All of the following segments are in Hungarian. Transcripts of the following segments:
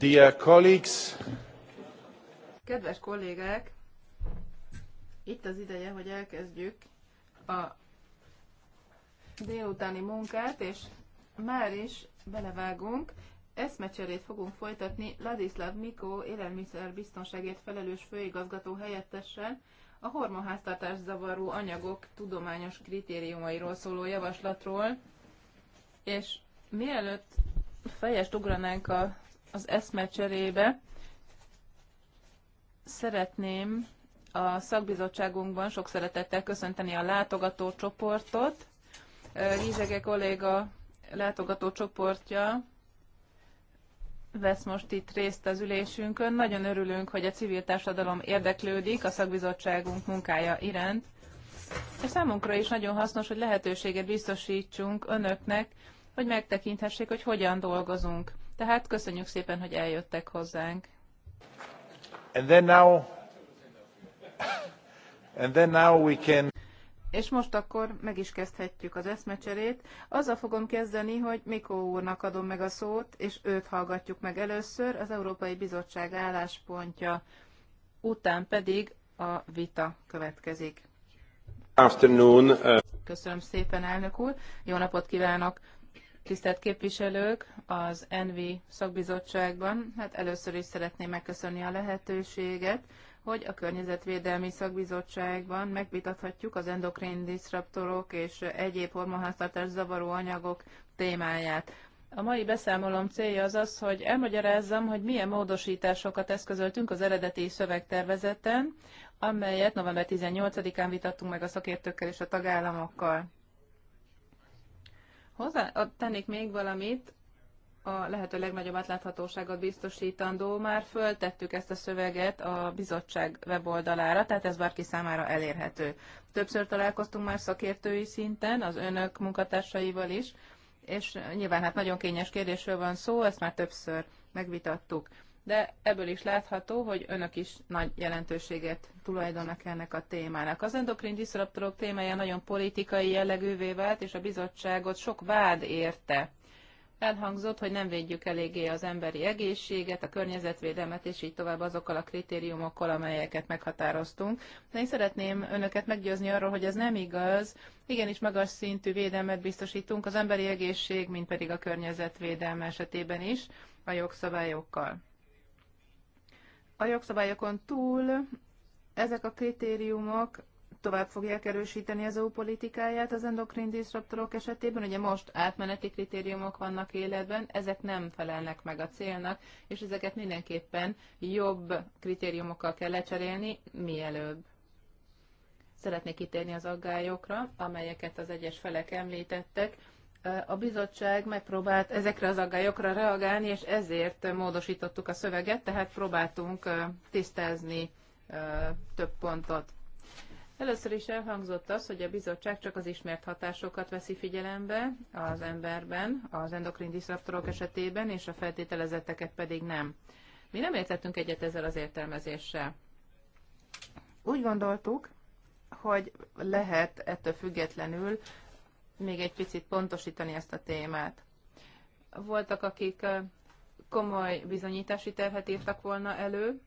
Dear colleagues. Kedves kollégák, itt az ideje, hogy elkezdjük a délutáni munkát, és már is belevágunk. Eszmecserét fogunk folytatni Ladislav Mikó biztonságért felelős főigazgató helyettessel, a hormonháztartás zavaró anyagok tudományos kritériumairól szóló javaslatról, és mielőtt fejest ugranánk a az eszmecserébe. Szeretném a szakbizottságunkban sok szeretettel köszönteni a látogató csoportot. Rizsege kolléga látogató csoportja vesz most itt részt az ülésünkön. Nagyon örülünk, hogy a civil társadalom érdeklődik a szakbizottságunk munkája iránt. És számunkra is nagyon hasznos, hogy lehetőséget biztosítsunk önöknek, hogy megtekinthessék, hogy hogyan dolgozunk. Tehát köszönjük szépen, hogy eljöttek hozzánk. And then now, and then now we can... És most akkor meg is kezdhetjük az eszmecserét. Azzal fogom kezdeni, hogy Mikó úrnak adom meg a szót, és őt hallgatjuk meg először, az Európai Bizottság álláspontja után pedig a vita következik. Afternoon. Uh- Köszönöm szépen, elnök úr. Jó napot kívánok Tisztelt képviselők, az ENVI szakbizottságban, hát először is szeretném megköszönni a lehetőséget, hogy a Környezetvédelmi Szakbizottságban megvitathatjuk az endokrin disruptorok és egyéb hormonháztartás zavaró anyagok témáját. A mai beszámolom célja az az, hogy elmagyarázzam, hogy milyen módosításokat eszközöltünk az eredeti szövegtervezeten, amelyet november 18-án vitattunk meg a szakértőkkel és a tagállamokkal. Hozzá tennék még valamit, a lehető legnagyobb átláthatóságot biztosítandó, már föltettük ezt a szöveget a bizottság weboldalára, tehát ez bárki számára elérhető. Többször találkoztunk már szakértői szinten, az önök munkatársaival is, és nyilván hát nagyon kényes kérdésről van szó, ezt már többször megvitattuk de ebből is látható, hogy önök is nagy jelentőséget tulajdonnak ennek a témának. Az endokrin diszruptorok témája nagyon politikai jellegűvé vált, és a bizottságot sok vád érte. Elhangzott, hogy nem védjük eléggé az emberi egészséget, a környezetvédelmet, és így tovább azokkal a kritériumokkal, amelyeket meghatároztunk. De én szeretném önöket meggyőzni arról, hogy ez nem igaz. Igenis magas szintű védelmet biztosítunk az emberi egészség, mint pedig a környezetvédelme esetében is a jogszabályokkal. A jogszabályokon túl ezek a kritériumok tovább fogják erősíteni az EU politikáját az endokrin diszruptorok esetében. Ugye most átmeneti kritériumok vannak életben, ezek nem felelnek meg a célnak, és ezeket mindenképpen jobb kritériumokkal kell lecserélni, mielőbb. Szeretnék kitérni az aggályokra, amelyeket az egyes felek említettek a bizottság megpróbált ezekre az aggályokra reagálni, és ezért módosítottuk a szöveget, tehát próbáltunk tisztázni több pontot. Először is elhangzott az, hogy a bizottság csak az ismert hatásokat veszi figyelembe az emberben, az endokrin diszaptorok esetében, és a feltételezetteket pedig nem. Mi nem értettünk egyet ezzel az értelmezéssel. Úgy gondoltuk, hogy lehet ettől függetlenül még egy picit pontosítani ezt a témát. Voltak, akik komoly bizonyítási terhet írtak volna elő.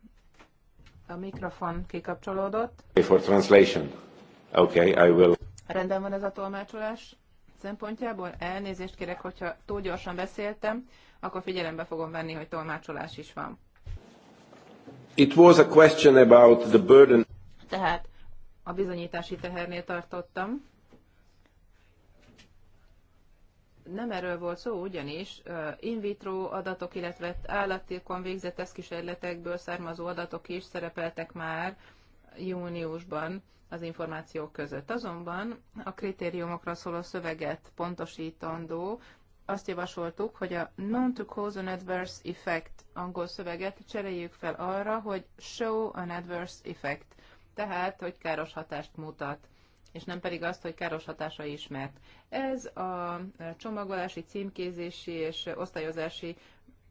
A mikrofon kikapcsolódott. For translation. Okay, I will. Rendben van ez a tolmácsolás szempontjából. Elnézést kérek, hogyha túl gyorsan beszéltem, akkor figyelembe fogom venni, hogy tolmácsolás is van. It was a question about the burden. Tehát a bizonyítási tehernél tartottam. nem erről volt szó, ugyanis in vitro adatok, illetve állattirkon végzett eszkísérletekből származó adatok is szerepeltek már júniusban az információk között. Azonban a kritériumokra szóló szöveget pontosítandó, azt javasoltuk, hogy a non to cause an adverse effect angol szöveget cseréljük fel arra, hogy show an adverse effect, tehát, hogy káros hatást mutat és nem pedig azt, hogy káros hatása ismert. Ez a e, csomagolási, címkézési és osztályozási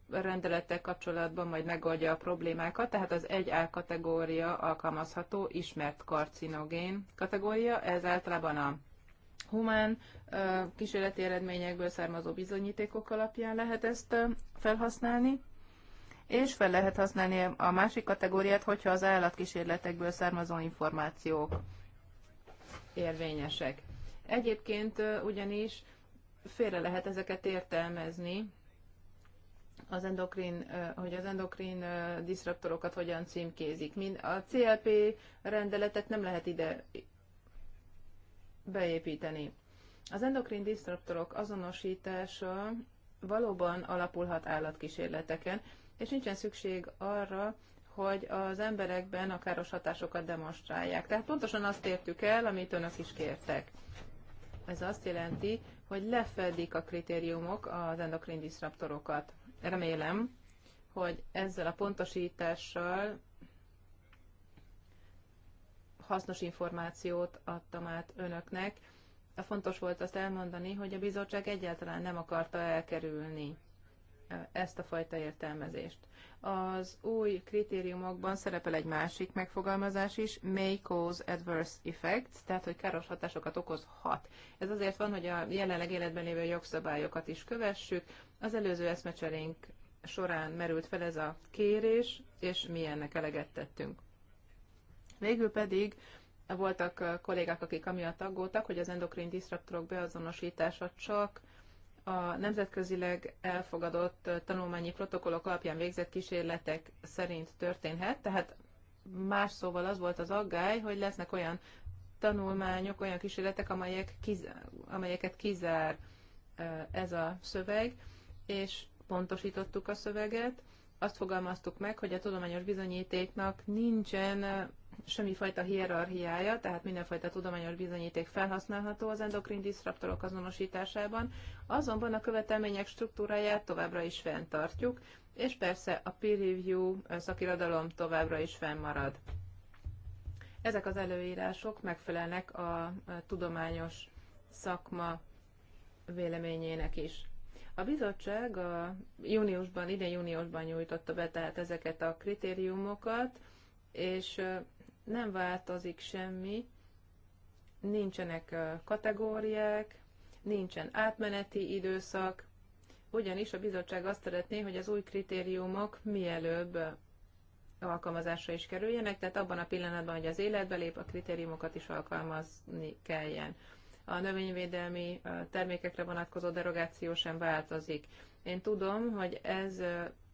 rendelettel kapcsolatban majd megoldja a problémákat, tehát az 1A kategória alkalmazható ismert karcinogén kategória, ez általában a humán e, kísérleti eredményekből származó bizonyítékok alapján lehet ezt e, felhasználni, és fel lehet használni a másik kategóriát, hogyha az állatkísérletekből származó információk érvényesek. Egyébként ugyanis félre lehet ezeket értelmezni, az endokrin, hogy az endokrin diszraptorokat hogyan címkézik. a CLP rendeletet nem lehet ide beépíteni. Az endokrin diszraptorok azonosítása valóban alapulhat állatkísérleteken, és nincsen szükség arra, hogy az emberekben a káros hatásokat demonstrálják. Tehát pontosan azt értük el, amit önök is kértek. Ez azt jelenti, hogy lefedik a kritériumok az endokrin diszraptorokat. Remélem, hogy ezzel a pontosítással hasznos információt adtam át önöknek. Fontos volt azt elmondani, hogy a bizottság egyáltalán nem akarta elkerülni ezt a fajta értelmezést. Az új kritériumokban szerepel egy másik megfogalmazás is, may cause adverse effects, tehát hogy káros hatásokat okozhat. Ez azért van, hogy a jelenleg életben lévő jogszabályokat is kövessük. Az előző eszmecserénk során merült fel ez a kérés, és mi ennek eleget tettünk. Végül pedig voltak kollégák, akik amiatt aggódtak, hogy az endokrin diszruptorok beazonosítása csak a nemzetközileg elfogadott tanulmányi protokollok alapján végzett kísérletek szerint történhet, tehát más szóval az volt az aggály, hogy lesznek olyan tanulmányok, olyan kísérletek, amelyek kizár, amelyeket kizár ez a szöveg, és pontosítottuk a szöveget, azt fogalmaztuk meg, hogy a tudományos bizonyítéknak nincsen semmifajta hierarchiája, tehát mindenfajta tudományos bizonyíték felhasználható az endokrin diszraptorok azonosításában, azonban a követelmények struktúráját továbbra is fenntartjuk, és persze a peer review szakirodalom továbbra is fennmarad. Ezek az előírások megfelelnek a tudományos szakma véleményének is. A bizottság a júniusban, ide júniusban nyújtotta be tehát ezeket a kritériumokat, és nem változik semmi, nincsenek kategóriák, nincsen átmeneti időszak, ugyanis a bizottság azt szeretné, hogy az új kritériumok mielőbb alkalmazásra is kerüljenek, tehát abban a pillanatban, hogy az életbe lép, a kritériumokat is alkalmazni kelljen. A növényvédelmi termékekre vonatkozó derogáció sem változik. Én tudom, hogy ez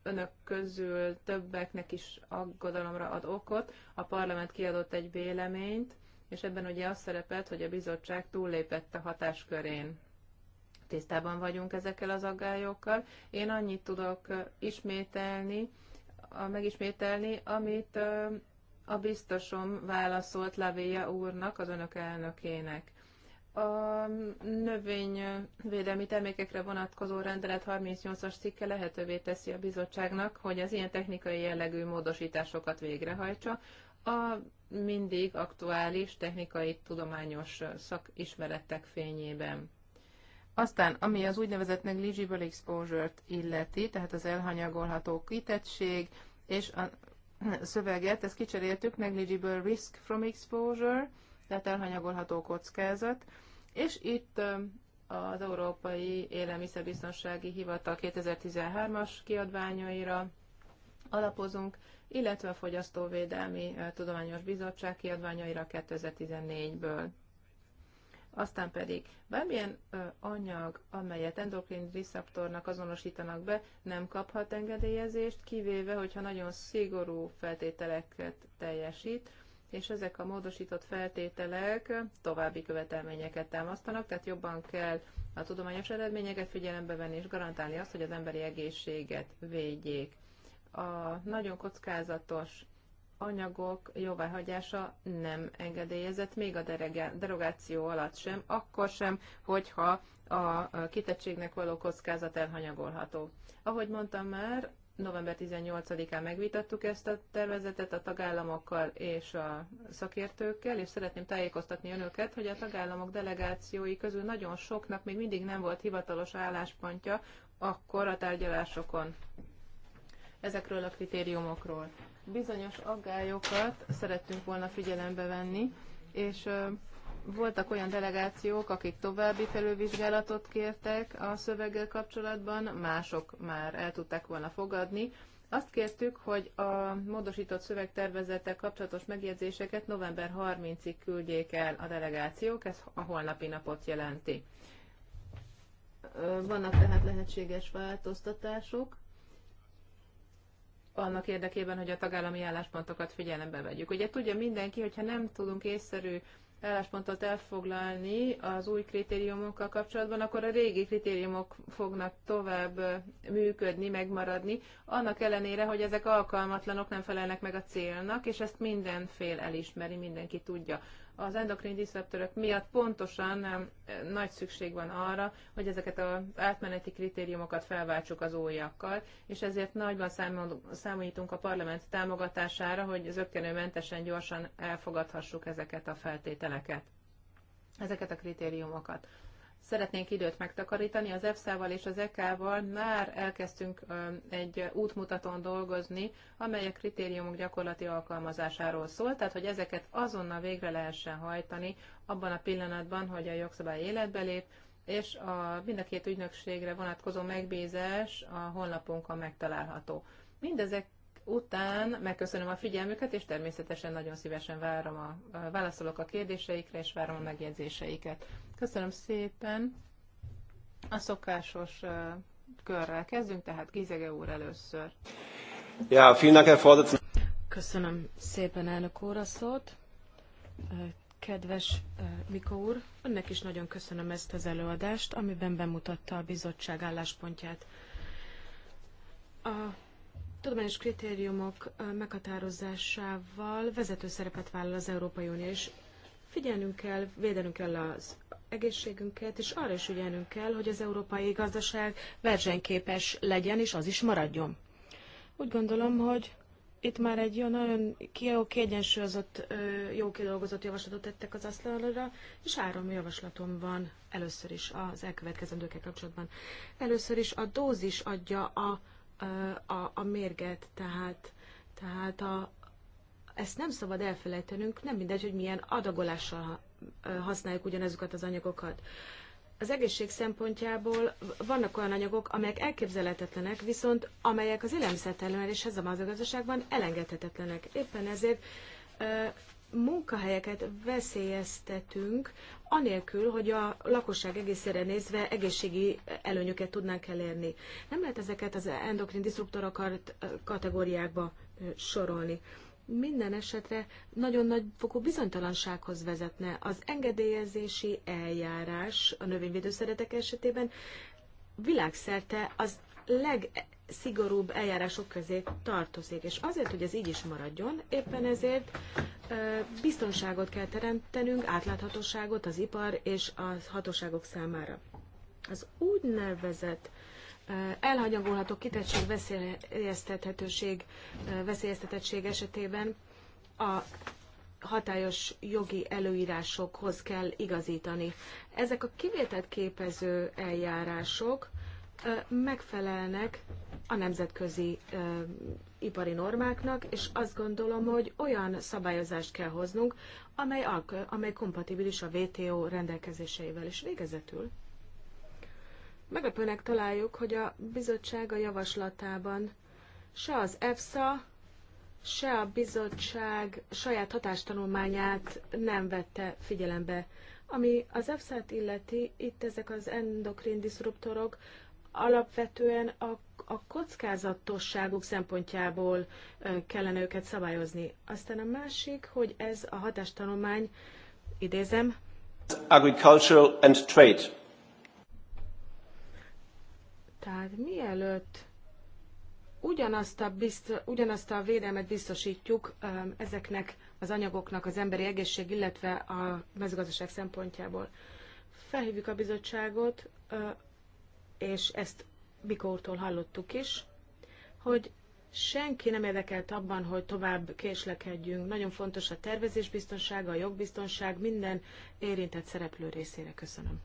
önök közül többeknek is aggodalomra ad okot. A parlament kiadott egy véleményt, és ebben ugye az szerepelt, hogy a bizottság túllépett a hatáskörén. Tisztában vagyunk ezekkel az aggályokkal. Én annyit tudok ismételni, a, megismételni, amit a biztosom válaszolt Lavéja úrnak, az önök elnökének. A növényvédelmi termékekre vonatkozó rendelet 38-as cikke lehetővé teszi a bizottságnak, hogy az ilyen technikai jellegű módosításokat végrehajtsa, a mindig aktuális technikai tudományos szakismeretek fényében. Aztán, ami az úgynevezett negligible exposure-t illeti, tehát az elhanyagolható kitettség, és a szöveget, ezt kicseréltük negligible risk from exposure, tehát elhanyagolható kockázat. És itt az Európai Élelmiszerbiztonsági Hivatal 2013-as kiadványaira alapozunk, illetve a Fogyasztóvédelmi Tudományos Bizottság kiadványaira 2014-ből. Aztán pedig bármilyen anyag, amelyet endokrin receptornak azonosítanak be, nem kaphat engedélyezést, kivéve, hogyha nagyon szigorú feltételeket teljesít, és ezek a módosított feltételek további követelményeket támasztanak, tehát jobban kell a tudományos eredményeket figyelembe venni, és garantálni azt, hogy az emberi egészséget védjék. A nagyon kockázatos anyagok jóváhagyása nem engedélyezett, még a derogáció alatt sem, akkor sem, hogyha a kitettségnek való kockázat elhanyagolható. Ahogy mondtam már, november 18-án megvitattuk ezt a tervezetet a tagállamokkal és a szakértőkkel, és szeretném tájékoztatni önöket, hogy a tagállamok delegációi közül nagyon soknak még mindig nem volt hivatalos álláspontja akkor a tárgyalásokon ezekről a kritériumokról. Bizonyos aggályokat szerettünk volna figyelembe venni, és voltak olyan delegációk, akik további felülvizsgálatot kértek a szöveggel kapcsolatban, mások már el tudták volna fogadni. Azt kértük, hogy a módosított szövegtervezettel kapcsolatos megjegyzéseket november 30-ig küldjék el a delegációk, ez a holnapi napot jelenti. Vannak tehát lehetséges változtatások annak érdekében, hogy a tagállami álláspontokat figyelembe vegyük. Ugye tudja mindenki, hogyha nem tudunk észszerű álláspontot elfoglalni az új kritériumokkal kapcsolatban, akkor a régi kritériumok fognak tovább működni, megmaradni, annak ellenére, hogy ezek alkalmatlanok, nem felelnek meg a célnak, és ezt minden fél elismeri, mindenki tudja az endokrin diszruptorok miatt pontosan nagy szükség van arra, hogy ezeket az átmeneti kritériumokat felváltsuk az újakkal, és ezért nagyban számolítunk a parlament támogatására, hogy zöggenőmentesen gyorsan elfogadhassuk ezeket a feltételeket, ezeket a kritériumokat szeretnénk időt megtakarítani. Az EFSA-val és az EK-val már elkezdtünk egy útmutatón dolgozni, amely a kritériumok gyakorlati alkalmazásáról szól, tehát hogy ezeket azonnal végre lehessen hajtani abban a pillanatban, hogy a jogszabály életbe lép, és a mind a két ügynökségre vonatkozó megbízás a honlapunkon megtalálható. Mindezek után megköszönöm a figyelmüket, és természetesen nagyon szívesen várom a, a válaszolok a kérdéseikre, és várom a megjegyzéseiket. Köszönöm szépen. A szokásos uh, körrel kezdünk, tehát Gizege úr először. Ja, vielen Dank, Köszönöm szépen, elnök úr, a szót. Kedves Miko úr, önnek is nagyon köszönöm ezt az előadást, amiben bemutatta a bizottság álláspontját. A tudományos kritériumok meghatározásával vezető szerepet vállal az Európai Unió, és figyelnünk kell, védenünk kell az egészségünket, és arra is ügyelnünk kell, hogy az európai gazdaság versenyképes legyen, és az is maradjon. Úgy gondolom, hogy itt már egy olyan nagyon jó kiegyensúlyozott, jó kidolgozott javaslatot tettek az asztalra, és három javaslatom van először is az elkövetkezendőkkel kapcsolatban. Először is a dózis adja a a, a mérget, tehát, tehát a, ezt nem szabad elfelejtenünk, nem mindegy, hogy milyen adagolással használjuk ugyanezokat az anyagokat. Az egészség szempontjából vannak olyan anyagok, amelyek elképzelhetetlenek, viszont amelyek az élelmiszertermeléshez a mezőgazdaságban elengedhetetlenek. Éppen ezért munkahelyeket veszélyeztetünk, anélkül, hogy a lakosság egészére nézve egészségi előnyöket tudnánk elérni. Nem lehet ezeket az endokrin disruptorokat kategóriákba sorolni. Minden esetre nagyon nagy fokú bizonytalansághoz vezetne az engedélyezési eljárás a növényvédőszeretek esetében, világszerte az legszigorúbb eljárások közé tartozik. És azért, hogy ez így is maradjon, éppen ezért biztonságot kell teremtenünk, átláthatóságot az ipar és a hatóságok számára. Az úgynevezett elhanyagolható kitettség veszélyeztethetőség, veszélyeztetettség esetében a hatályos jogi előírásokhoz kell igazítani. Ezek a kivételt képező eljárások megfelelnek a nemzetközi ipari normáknak, és azt gondolom, hogy olyan szabályozást kell hoznunk, amely, amely kompatibilis a WTO rendelkezéseivel. És végezetül meglepőnek találjuk, hogy a bizottság a javaslatában se az EFSA, se a bizottság saját hatástanulmányát nem vette figyelembe. Ami az EFSA-t illeti, itt ezek az endokrin diszruptorok alapvetően a, a kockázatosságuk szempontjából kellene őket szabályozni. Aztán a másik, hogy ez a hatástanulmány, idézem, Agricultural and Trade. Tehát mielőtt ugyanazt a, biztos, ugyanazt a védelmet biztosítjuk ezeknek az anyagoknak az emberi egészség, illetve a mezőgazdaság szempontjából. Felhívjuk a bizottságot és ezt Mikortól hallottuk is, hogy senki nem érdekelt abban, hogy tovább késlekedjünk. Nagyon fontos a tervezés biztonsága, a jogbiztonság, minden érintett szereplő részére. Köszönöm.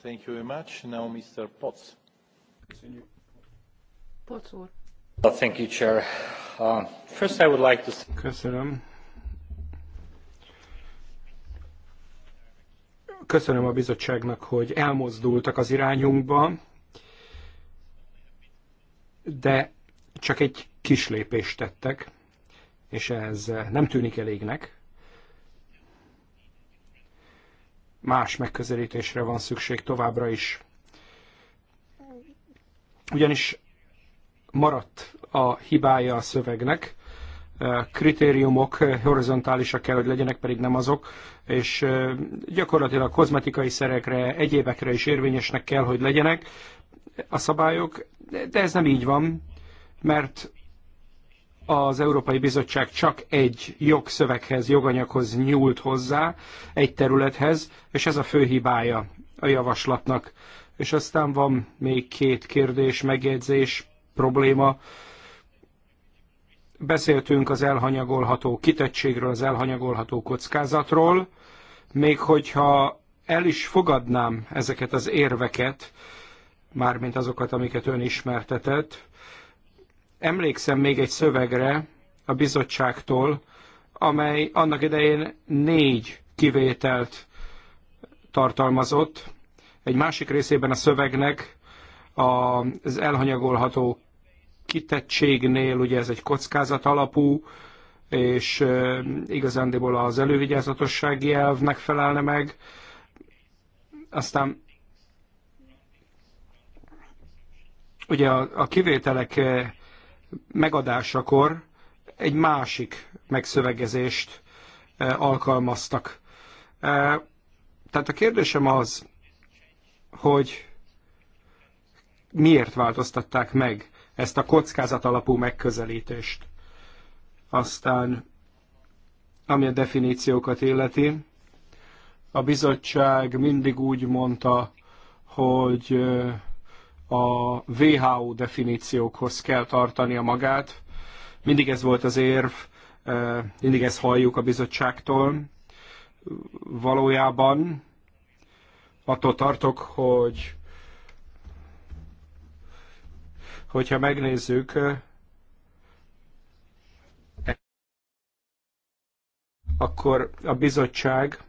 Thank you very much. Now Mr. Potts. Potts úr. thank you, Chair. Uh, first I would like to... Köszönöm. Köszönöm a bizottságnak, hogy elmozdultak az irányunkba, de csak egy kis lépést tettek, és ez nem tűnik elégnek. Más megközelítésre van szükség továbbra is. Ugyanis maradt a hibája a szövegnek, kritériumok horizontálisak kell, hogy legyenek, pedig nem azok, és gyakorlatilag kozmetikai szerekre, egyébekre is érvényesnek kell, hogy legyenek a szabályok, de ez nem így van, mert az Európai Bizottság csak egy jogszöveghez, joganyaghoz nyúlt hozzá, egy területhez, és ez a fő hibája a javaslatnak. És aztán van még két kérdés, megjegyzés, probléma, Beszéltünk az elhanyagolható kitettségről, az elhanyagolható kockázatról, még hogyha el is fogadnám ezeket az érveket, mármint azokat, amiket ön ismertetett, emlékszem még egy szövegre a bizottságtól, amely annak idején négy kivételt tartalmazott. Egy másik részében a szövegnek az elhanyagolható kitettségnél, ugye ez egy kockázat alapú, és igazándiból az elővigyázatossági elv megfelelne meg. Aztán ugye a, a kivételek megadásakor egy másik megszövegezést alkalmaztak. Tehát a kérdésem az, hogy miért változtatták meg ezt a kockázat alapú megközelítést. Aztán, ami a definíciókat illeti, a bizottság mindig úgy mondta, hogy a WHO definíciókhoz kell tartania magát. Mindig ez volt az érv, mindig ezt halljuk a bizottságtól. Valójában attól tartok, hogy Hogyha megnézzük, akkor a bizottság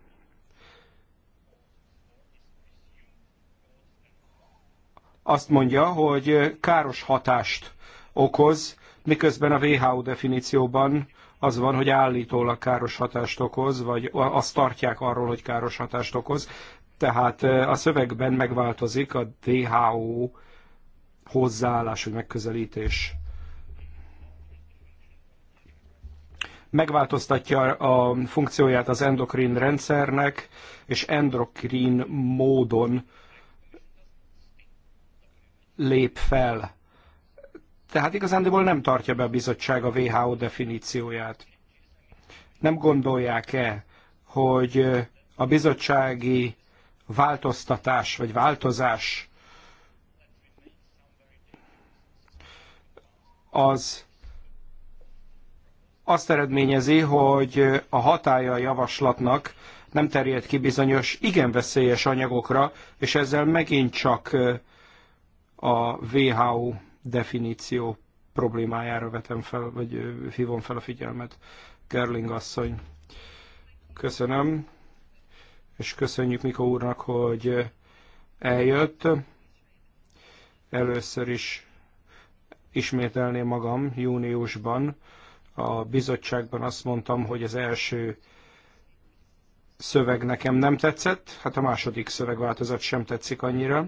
azt mondja, hogy káros hatást okoz, miközben a WHO definícióban az van, hogy állítólag káros hatást okoz, vagy azt tartják arról, hogy káros hatást okoz. Tehát a szövegben megváltozik a WHO hozzáállás vagy megközelítés megváltoztatja a funkcióját az endokrin rendszernek, és endokrin módon lép fel. Tehát igazándiból nem tartja be a bizottság a WHO definícióját. Nem gondolják-e, hogy a bizottsági változtatás vagy változás az azt eredményezi, hogy a hatája a javaslatnak nem terjed ki bizonyos igen veszélyes anyagokra, és ezzel megint csak a WHO definíció problémájára vetem fel, vagy hívom fel a figyelmet. Gerling asszony, köszönöm, és köszönjük Mika úrnak, hogy eljött. Először is ismételni magam júniusban. A bizottságban azt mondtam, hogy az első szöveg nekem nem tetszett, hát a második szövegváltozat sem tetszik annyira.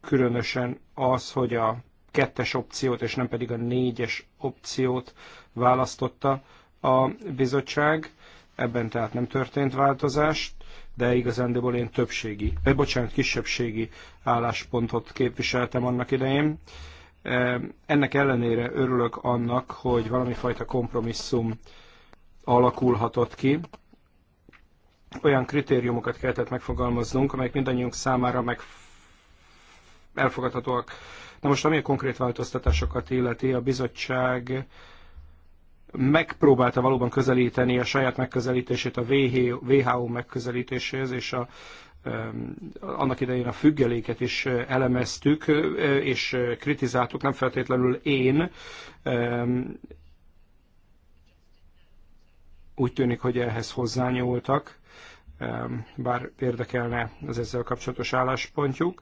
Különösen az, hogy a kettes opciót és nem pedig a négyes opciót választotta a bizottság. Ebben tehát nem történt változás, de igazándiból én többségi, eh, bocsánat, kisebbségi álláspontot képviseltem annak idején. Ennek ellenére örülök annak, hogy valami fajta kompromisszum alakulhatott ki. Olyan kritériumokat kellett megfogalmaznunk, amelyek mindannyiunk számára meg elfogadhatóak. Na most, ami a konkrét változtatásokat illeti, a bizottság megpróbálta valóban közelíteni a saját megközelítését a WHO megközelítéséhez, és a Ehm, annak idején a függeléket is elemeztük, és kritizáltuk, nem feltétlenül én. Ehm, úgy tűnik, hogy ehhez hozzányúltak, ehm, bár érdekelne az ezzel kapcsolatos álláspontjuk.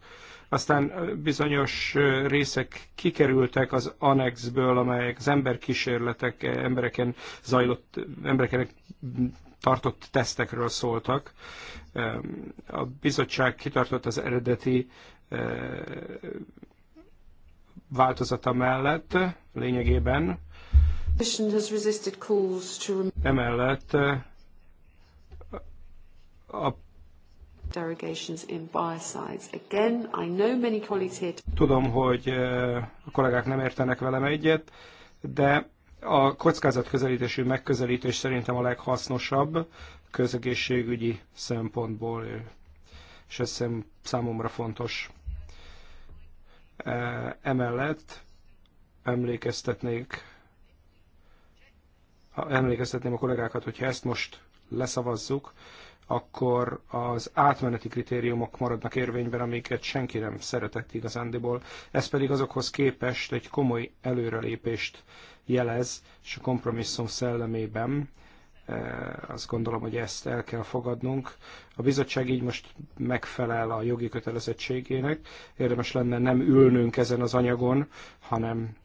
Aztán bizonyos részek kikerültek az annexből, amelyek az emberkísérletek, embereken zajlott, embereken tartott tesztekről szóltak. A bizottság kitartott az eredeti e, változata mellett lényegében. Emellett e, a Tudom, hogy e, a kollégák nem értenek velem egyet, de a kockázatközelítésű megközelítés szerintem a leghasznosabb közegészségügyi szempontból, és ez számomra fontos. E, emellett emlékeztetnék, emlékeztetném a kollégákat, hogyha ezt most leszavazzuk, akkor az átmeneti kritériumok maradnak érvényben, amiket senki nem szeretett igazándiból. Ez pedig azokhoz képest egy komoly előrelépést jelez, és a kompromisszum szellemében e, azt gondolom, hogy ezt el kell fogadnunk. A bizottság így most megfelel a jogi kötelezettségének. Érdemes lenne nem ülnünk ezen az anyagon, hanem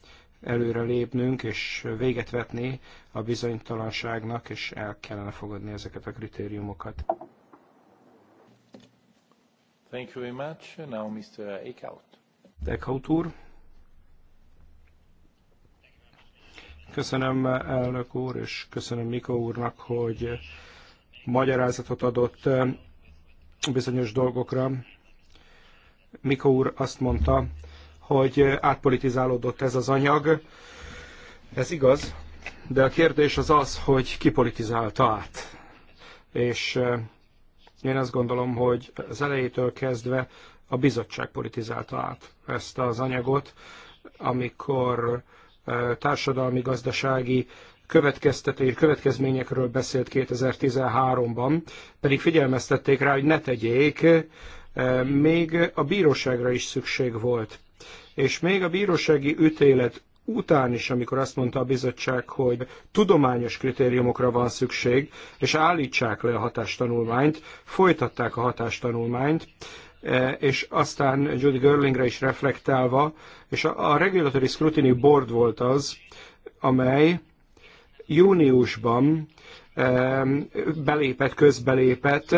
előre lépnünk és véget vetni a bizonytalanságnak, és el kellene fogadni ezeket a kritériumokat. Thank you very much. Now Mr. Eckhout. Eckhout úr. Köszönöm elnök úr, és köszönöm Mika úrnak, hogy magyarázatot adott bizonyos dolgokra. Mika úr azt mondta, hogy átpolitizálódott ez az anyag. Ez igaz, de a kérdés az az, hogy kipolitizálta át. És én azt gondolom, hogy az elejétől kezdve a bizottság politizálta át ezt az anyagot, amikor társadalmi-gazdasági következményekről beszélt 2013-ban, pedig figyelmeztették rá, hogy ne tegyék, még a bíróságra is szükség volt és még a bírósági ütélet után is, amikor azt mondta a bizottság, hogy tudományos kritériumokra van szükség, és állítsák le a hatástanulmányt, folytatták a hatástanulmányt, e, és aztán Judy Görlingre is reflektálva, és a Regulatory Scrutiny Board volt az, amely júniusban belépett, közbelépett.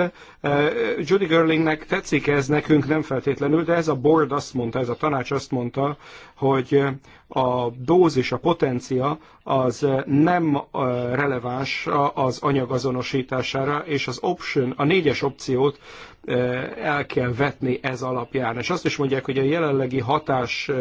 Judy Girlingnek tetszik ez nekünk, nem feltétlenül, de ez a board azt mondta, ez a tanács azt mondta, hogy a dózis, a potencia az nem eh, releváns az anyag azonosítására, és az option, a négyes opciót eh, el kell vetni ez alapján. És azt is mondják, hogy a jelenlegi hatás eh,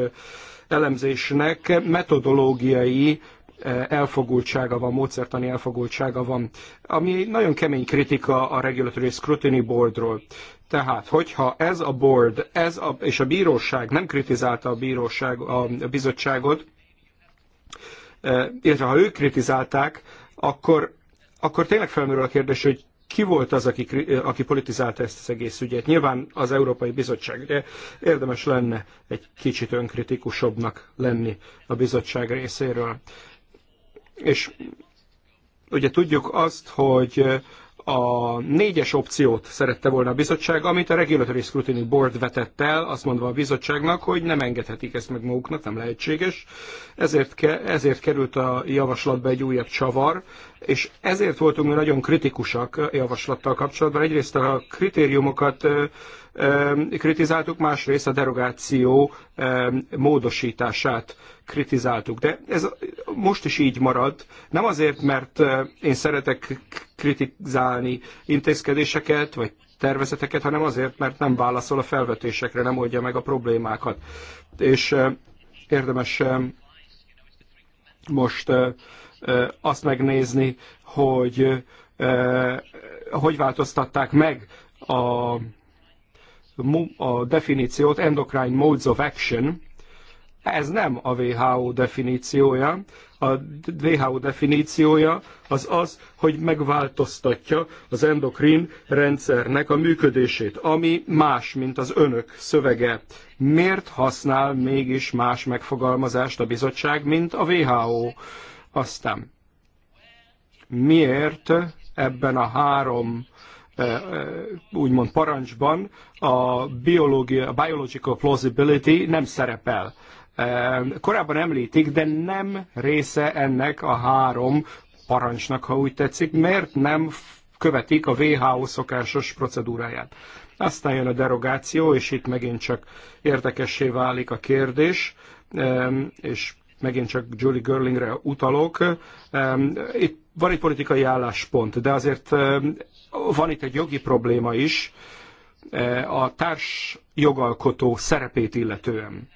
elemzésnek metodológiai Eh, elfogultsága van, módszertani elfogultsága van, ami nagyon kemény kritika a Regulatory Scrutiny Boardról. Tehát, hogyha ez a board ez a, és a bíróság nem kritizálta a, bíróság, a bizottságot, eh, illetve ha ők kritizálták, akkor, akkor tényleg felmerül a kérdés, hogy ki volt az, aki, aki politizálta ezt az egész ügyet. Nyilván az Európai Bizottság, de érdemes lenne egy kicsit önkritikusabbnak lenni a bizottság részéről. És ugye tudjuk azt, hogy a négyes opciót szerette volna a bizottság, amit a Regulatory Scrutiny Board vetett el, azt mondva a bizottságnak, hogy nem engedhetik ezt meg maguknak, nem lehetséges. Ezért, ke, ezért került a javaslatba egy újabb csavar, és ezért voltunk mi nagyon kritikusak a javaslattal kapcsolatban. Egyrészt a kritériumokat kritizáltuk, másrészt a derogáció módosítását kritizáltuk. De ez most is így marad. Nem azért, mert én szeretek kritizálni intézkedéseket, vagy tervezeteket, hanem azért, mert nem válaszol a felvetésekre, nem oldja meg a problémákat. És érdemes most azt megnézni, hogy hogy változtatták meg a, a definíciót, endocrine modes of action, ez nem a WHO definíciója. A WHO definíciója az az, hogy megváltoztatja az endokrin rendszernek a működését, ami más, mint az önök szövege. Miért használ mégis más megfogalmazást a bizottság, mint a WHO? Aztán miért ebben a három eh, eh, úgymond parancsban a, biológia, a biological plausibility nem szerepel korábban említik, de nem része ennek a három parancsnak, ha úgy tetszik, mert nem követik a WHO szokásos procedúráját. Aztán jön a derogáció, és itt megint csak érdekessé válik a kérdés, és megint csak Julie Görlingre utalok. Itt van egy politikai álláspont, de azért van itt egy jogi probléma is e, a társ jogalkotó szerepét illetően.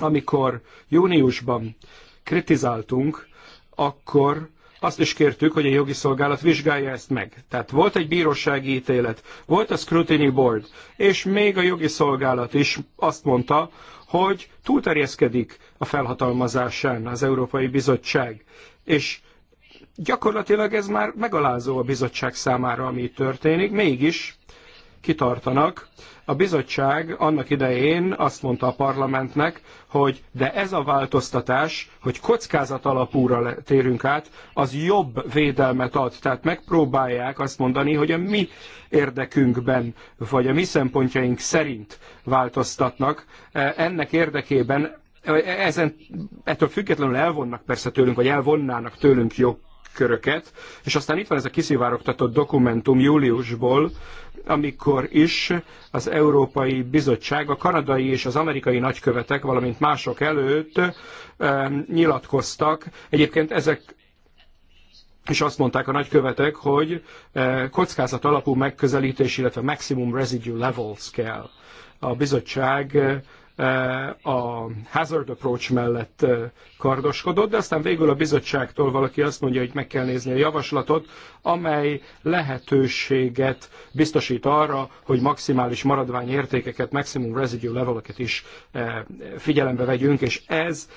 Amikor júniusban kritizáltunk, akkor azt is kértük, hogy a jogi szolgálat vizsgálja ezt meg. Tehát volt egy bírósági ítélet, volt a scrutiny board, és még a jogi szolgálat is azt mondta, hogy túlterjeszkedik a felhatalmazásán az Európai Bizottság. És gyakorlatilag ez már megalázó a bizottság számára, ami történik, mégis kitartanak, a bizottság annak idején azt mondta a parlamentnek, hogy de ez a változtatás, hogy kockázat alapúra térünk át, az jobb védelmet ad. Tehát megpróbálják azt mondani, hogy a mi érdekünkben, vagy a mi szempontjaink szerint változtatnak. E, ennek érdekében e, ezen, ettől függetlenül elvonnak persze tőlünk, vagy elvonnának tőlünk jogköröket, és aztán itt van ez a kiszivárogtatott dokumentum júliusból, amikor is az Európai Bizottság a kanadai és az amerikai nagykövetek, valamint mások előtt nyilatkoztak. Egyébként ezek és azt mondták a nagykövetek, hogy kockázat alapú megközelítés, illetve maximum residue levels kell. A bizottság a hazard approach mellett kardoskodott, de aztán végül a bizottságtól valaki azt mondja, hogy meg kell nézni a javaslatot, amely lehetőséget biztosít arra, hogy maximális maradványértékeket, maximum residue leveleket is figyelembe vegyünk, és ez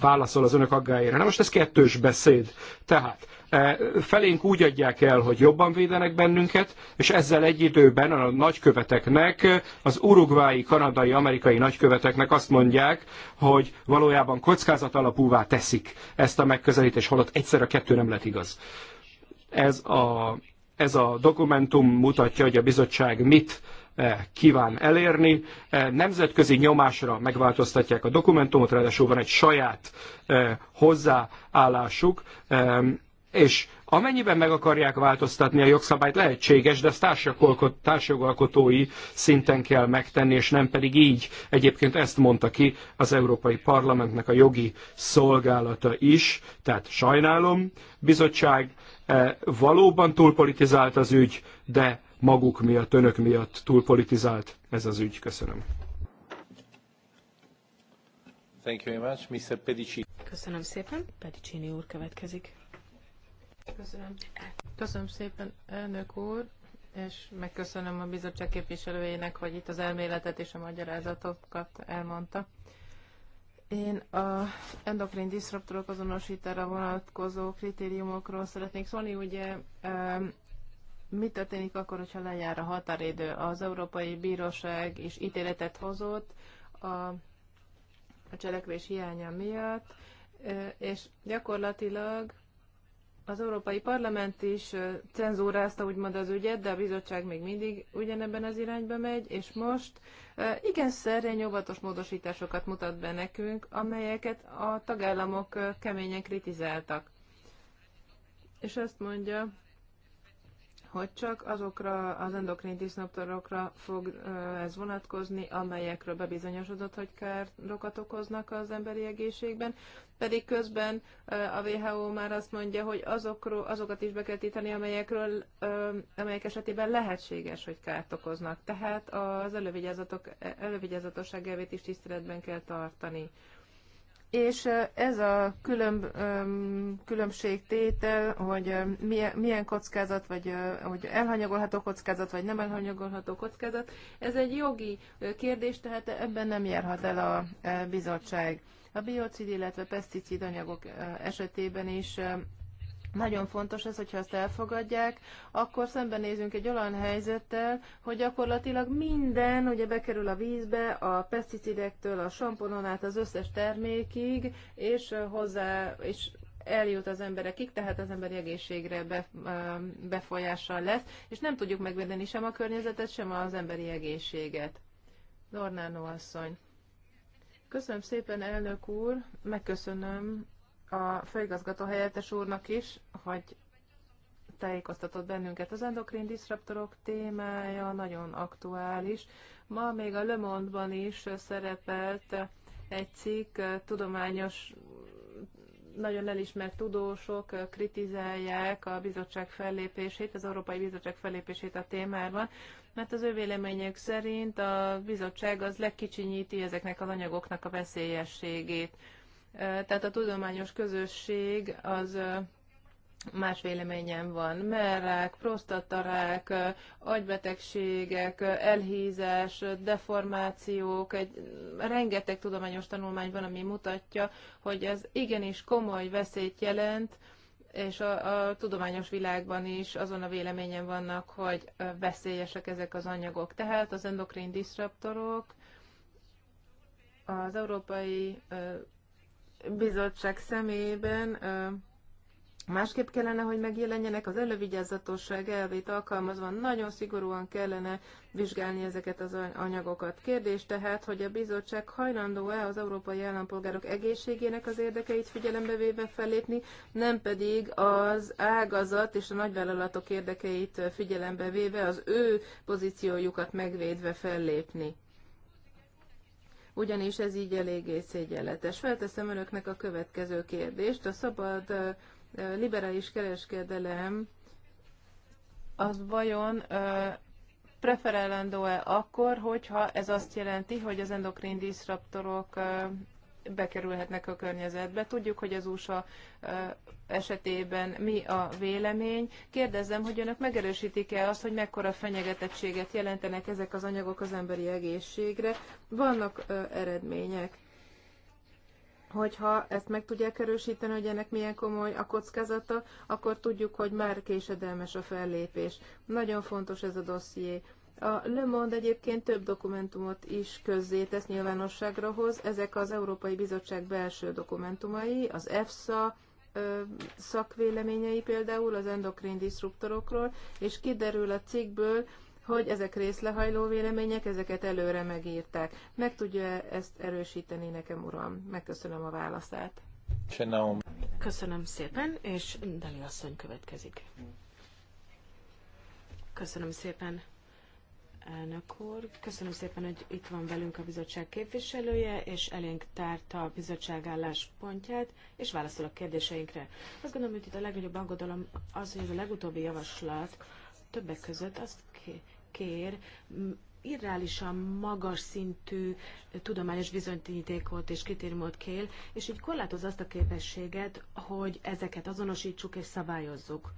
válaszol az önök aggájére. Na most ez kettős beszéd. Tehát E, felénk úgy adják el, hogy jobban védenek bennünket, és ezzel egy időben a nagyköveteknek, az urugvái, kanadai, amerikai nagyköveteknek azt mondják, hogy valójában kockázat alapúvá teszik ezt a megközelítést, holott egyszer a kettő nem lett igaz. Ez a, ez a dokumentum mutatja, hogy a bizottság mit e, kíván elérni. E, nemzetközi nyomásra megváltoztatják a dokumentumot, ráadásul van egy saját hozzáállásuk. És amennyiben meg akarják változtatni a jogszabályt, lehetséges, de ezt társjogalkotói szinten kell megtenni, és nem pedig így. Egyébként ezt mondta ki az Európai Parlamentnek a jogi szolgálata is, tehát sajnálom, bizottság eh, valóban túlpolitizált az ügy, de maguk miatt, önök miatt túlpolitizált ez az ügy. Köszönöm. Thank you very much, Mr. Pedicini. Köszönöm szépen. Pedicini úr következik. Köszönöm. Köszönöm szépen, elnök úr, és megköszönöm a bizottság képviselőjének, hogy itt az elméletet és a magyarázatokat elmondta. Én a endokrin diszruptorok azonosítára vonatkozó kritériumokról szeretnék szólni. Ugye mi történik akkor, hogyha lejár a határidő? Az Európai Bíróság is ítéletet hozott a, a cselekvés hiánya miatt, és gyakorlatilag az Európai Parlament is cenzúrázta úgymond az ügyet, de a bizottság még mindig ugyanebben az irányba megy, és most igen szerény óvatos módosításokat mutat be nekünk, amelyeket a tagállamok keményen kritizáltak. És azt mondja, hogy csak azokra az endokrin disznoptorokra fog ez vonatkozni, amelyekről bebizonyosodott, hogy károkat okoznak az emberi egészségben, pedig közben a WHO már azt mondja, hogy azokról, azokat is be kell títeni, amelyekről, amelyek esetében lehetséges, hogy kárt okoznak. Tehát az elővigyázatosság elvét is tiszteletben kell tartani. És ez a különb, különbségtétel, hogy milyen kockázat, vagy hogy elhanyagolható kockázat, vagy nem elhanyagolható kockázat, ez egy jogi kérdés, tehát ebben nem járhat el a bizottság. A biocid, illetve peszticid anyagok esetében is nagyon fontos ez, hogyha ezt elfogadják, akkor szembenézünk egy olyan helyzettel, hogy gyakorlatilag minden ugye bekerül a vízbe, a peszticidektől, a samponon át az összes termékig, és hozzá, és eljut az emberekig, tehát az emberi egészségre be, befolyással lesz, és nem tudjuk megvédeni sem a környezetet, sem az emberi egészséget. Dornánó asszony. Köszönöm szépen, elnök úr, megköszönöm a főigazgató helyettes úrnak is, hogy tájékoztatott bennünket. Az endokrin diszraptorok témája nagyon aktuális. Ma még a Le Monde-ban is szerepelt egy cikk, tudományos, nagyon elismert tudósok kritizálják a bizottság fellépését, az Európai Bizottság fellépését a témában, mert az ő vélemények szerint a bizottság az legkicsinyíti ezeknek az anyagoknak a veszélyességét tehát a tudományos közösség az más véleményen van. Merrák, prostatarák, agybetegségek, elhízás, deformációk, egy rengeteg tudományos tanulmány van, ami mutatja, hogy ez igenis komoly veszélyt jelent, és a, a tudományos világban is azon a véleményen vannak, hogy veszélyesek ezek az anyagok. Tehát az endokrin diszruptorok, az európai bizottság személyében másképp kellene, hogy megjelenjenek, az elővigyázatosság elvét alkalmazva nagyon szigorúan kellene vizsgálni ezeket az anyagokat. Kérdés tehát, hogy a bizottság hajlandó-e az európai állampolgárok egészségének az érdekeit figyelembe véve fellépni, nem pedig az ágazat és a nagyvállalatok érdekeit figyelembe véve az ő pozíciójukat megvédve fellépni ugyanis ez így eléggé szégyenletes. Felteszem önöknek a következő kérdést. A szabad liberális kereskedelem az vajon preferálandó-e akkor, hogyha ez azt jelenti, hogy az endokrin diszraptorok bekerülhetnek a környezetbe. Tudjuk, hogy az USA esetében mi a vélemény. Kérdezem, hogy önök megerősítik-e azt, hogy mekkora fenyegetettséget jelentenek ezek az anyagok az emberi egészségre? Vannak eredmények? hogyha ezt meg tudják erősíteni, hogy ennek milyen komoly a kockázata, akkor tudjuk, hogy már késedelmes a fellépés. Nagyon fontos ez a dosszié. A Le Monde egyébként több dokumentumot is közzétesz, nyilvánosságra hoz. Ezek az Európai Bizottság belső dokumentumai, az EFSA szakvéleményei például az endokrin disruptorokról, és kiderül a cikkből, hogy ezek részlehajló vélemények, ezeket előre megírták. Meg tudja ezt erősíteni nekem, uram? Megköszönöm a válaszát. Csinálom. Köszönöm szépen, és Dali asszony következik. Köszönöm szépen elnök úr. Köszönöm szépen, hogy itt van velünk a bizottság képviselője, és elénk tárta a bizottság álláspontját, és válaszol a kérdéseinkre. Azt gondolom, hogy itt a legnagyobb aggodalom az, hogy ez a legutóbbi javaslat többek között azt kér, irreálisan magas szintű tudományos bizonyítékot és kritériumot kér, és így korlátoz azt a képességet, hogy ezeket azonosítsuk és szabályozzuk.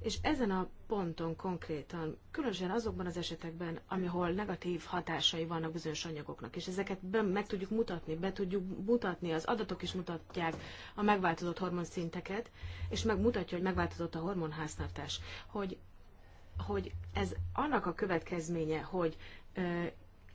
És ezen a ponton konkrétan, különösen azokban az esetekben, amihol negatív hatásai vannak bizonyos anyagoknak, és ezeket be, meg tudjuk mutatni, be tudjuk mutatni, az adatok is mutatják a megváltozott hormonszinteket, és megmutatja, hogy megváltozott a hormonháztartás, hogy, hogy ez annak a következménye, hogy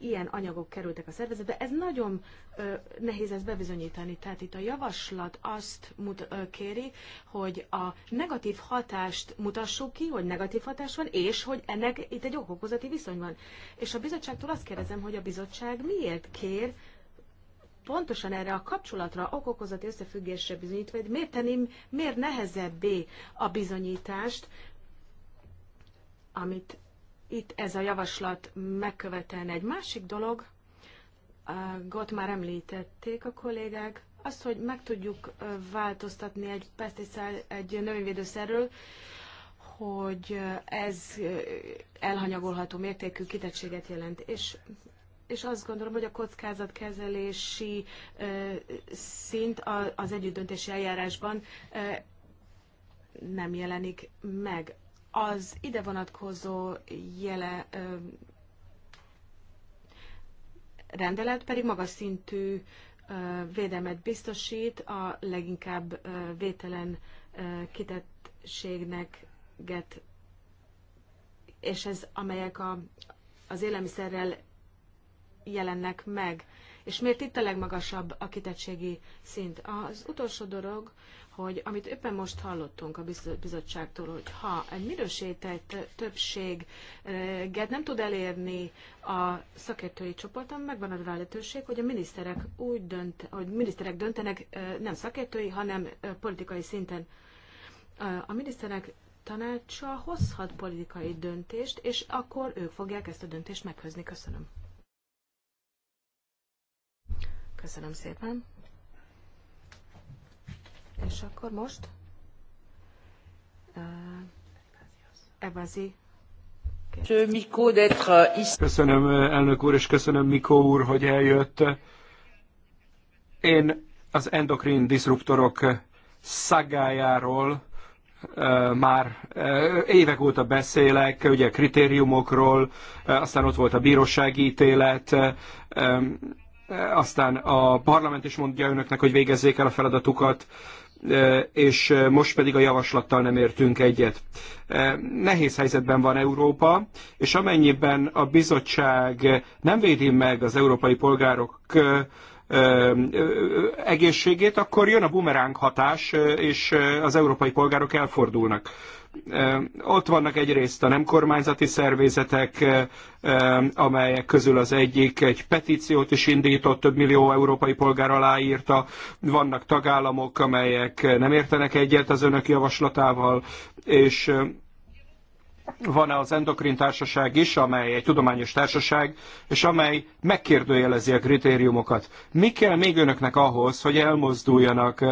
ilyen anyagok kerültek a szervezetbe. Ez nagyon ö, nehéz ezt bebizonyítani. Tehát itt a javaslat azt mut, ö, kéri, hogy a negatív hatást mutassuk ki, hogy negatív hatás van, és hogy ennek itt egy okokozati viszony van. És a bizottságtól azt kérdezem, hogy a bizottság miért kér pontosan erre a kapcsolatra, okokozati összefüggésre bizonyítva, hogy miért tenném, miért nehezebbé a bizonyítást, amit itt ez a javaslat megkövetelne. Egy másik dolog, Gott már említették a kollégák, az, hogy meg tudjuk változtatni egy pesticide, egy növényvédőszerről, hogy ez elhanyagolható mértékű kitettséget jelent. És, és azt gondolom, hogy a kockázatkezelési szint az együttdöntési eljárásban nem jelenik meg az ide vonatkozó jele ö, rendelet pedig magas szintű ö, védelmet biztosít a leginkább ö, vételen ö, kitettségnek, get, és ez amelyek a, az élelmiszerrel jelennek meg. És miért itt a legmagasabb a kitettségi szint? Az utolsó dolog, hogy amit éppen most hallottunk a bizottságtól, hogy ha egy minősített többséget eh, nem tud elérni a szakértői csoporton, megvan az a lehetőség, hogy a miniszterek úgy dönt, hogy miniszterek döntenek eh, nem szakértői, hanem eh, politikai szinten. A miniszterek tanácsa hozhat politikai döntést, és akkor ők fogják ezt a döntést meghozni. Köszönöm. Köszönöm szépen. És akkor most Ebazi. Eh, eh, köszönöm, eh, elnök úr, és köszönöm, Mikó úr, hogy eljött. Én az endokrin diszruptorok szagájáról már évek óta beszélek, ugye kritériumokról, aztán ott volt a bírósági ítélet, aztán a parlament is mondja önöknek, hogy végezzék el a feladatukat és most pedig a javaslattal nem értünk egyet. Nehéz helyzetben van Európa, és amennyiben a bizottság nem védi meg az európai polgárok egészségét, akkor jön a bumeráng hatás, és az európai polgárok elfordulnak ott vannak egyrészt a nem kormányzati szervezetek, amelyek közül az egyik egy petíciót is indított, több millió európai polgár aláírta, vannak tagállamok, amelyek nem értenek egyet az önök javaslatával, és van-e az endokrin társaság is, amely egy tudományos társaság, és amely megkérdőjelezi a kritériumokat. Mi kell még önöknek ahhoz, hogy elmozduljanak,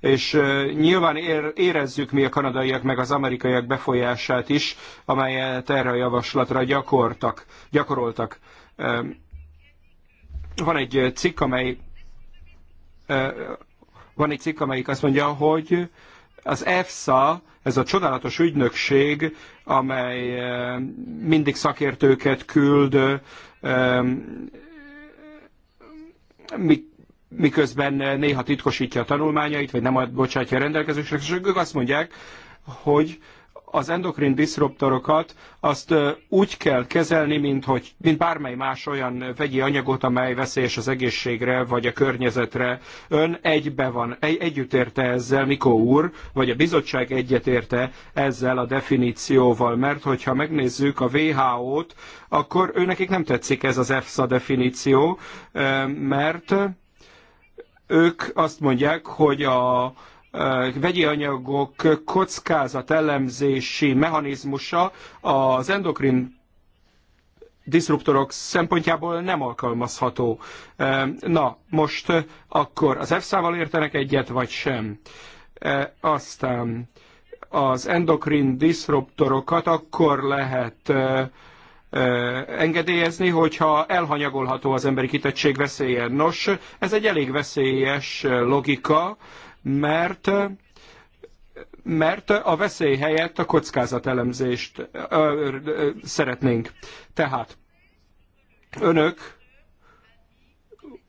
és nyilván érezzük mi a kanadaiak meg az amerikaiak befolyását is, amelyet erre a javaslatra gyakortak, gyakoroltak. Van egy cikk, amely van egy cikk, amelyik azt mondja, hogy az EFSA, ez a csodálatos ügynökség, amely eh, mindig szakértőket küld, eh, miközben néha titkosítja a tanulmányait, vagy nem bocsátja a rendelkezésre, és ők azt mondják, hogy az endokrin diszruptorokat azt úgy kell kezelni, mint, hogy, mint bármely más olyan vegyi anyagot, amely veszélyes az egészségre vagy a környezetre. Ön egybe van, egy, együttérte ezzel Mikó úr, vagy a bizottság egyetérte ezzel a definícióval, mert hogyha megnézzük a WHO-t, akkor őnekik nem tetszik ez az EFSA definíció, mert ők azt mondják, hogy a vegyi anyagok kockázat elemzési mechanizmusa az endokrin diszruptorok szempontjából nem alkalmazható. Na, most akkor az EFSA-val értenek egyet, vagy sem? Aztán az endokrin diszruptorokat akkor lehet engedélyezni, hogyha elhanyagolható az emberi kitettség veszélye. Nos, ez egy elég veszélyes logika, mert mert a veszély helyett a kockázat ö, ö, ö, szeretnénk. Tehát önök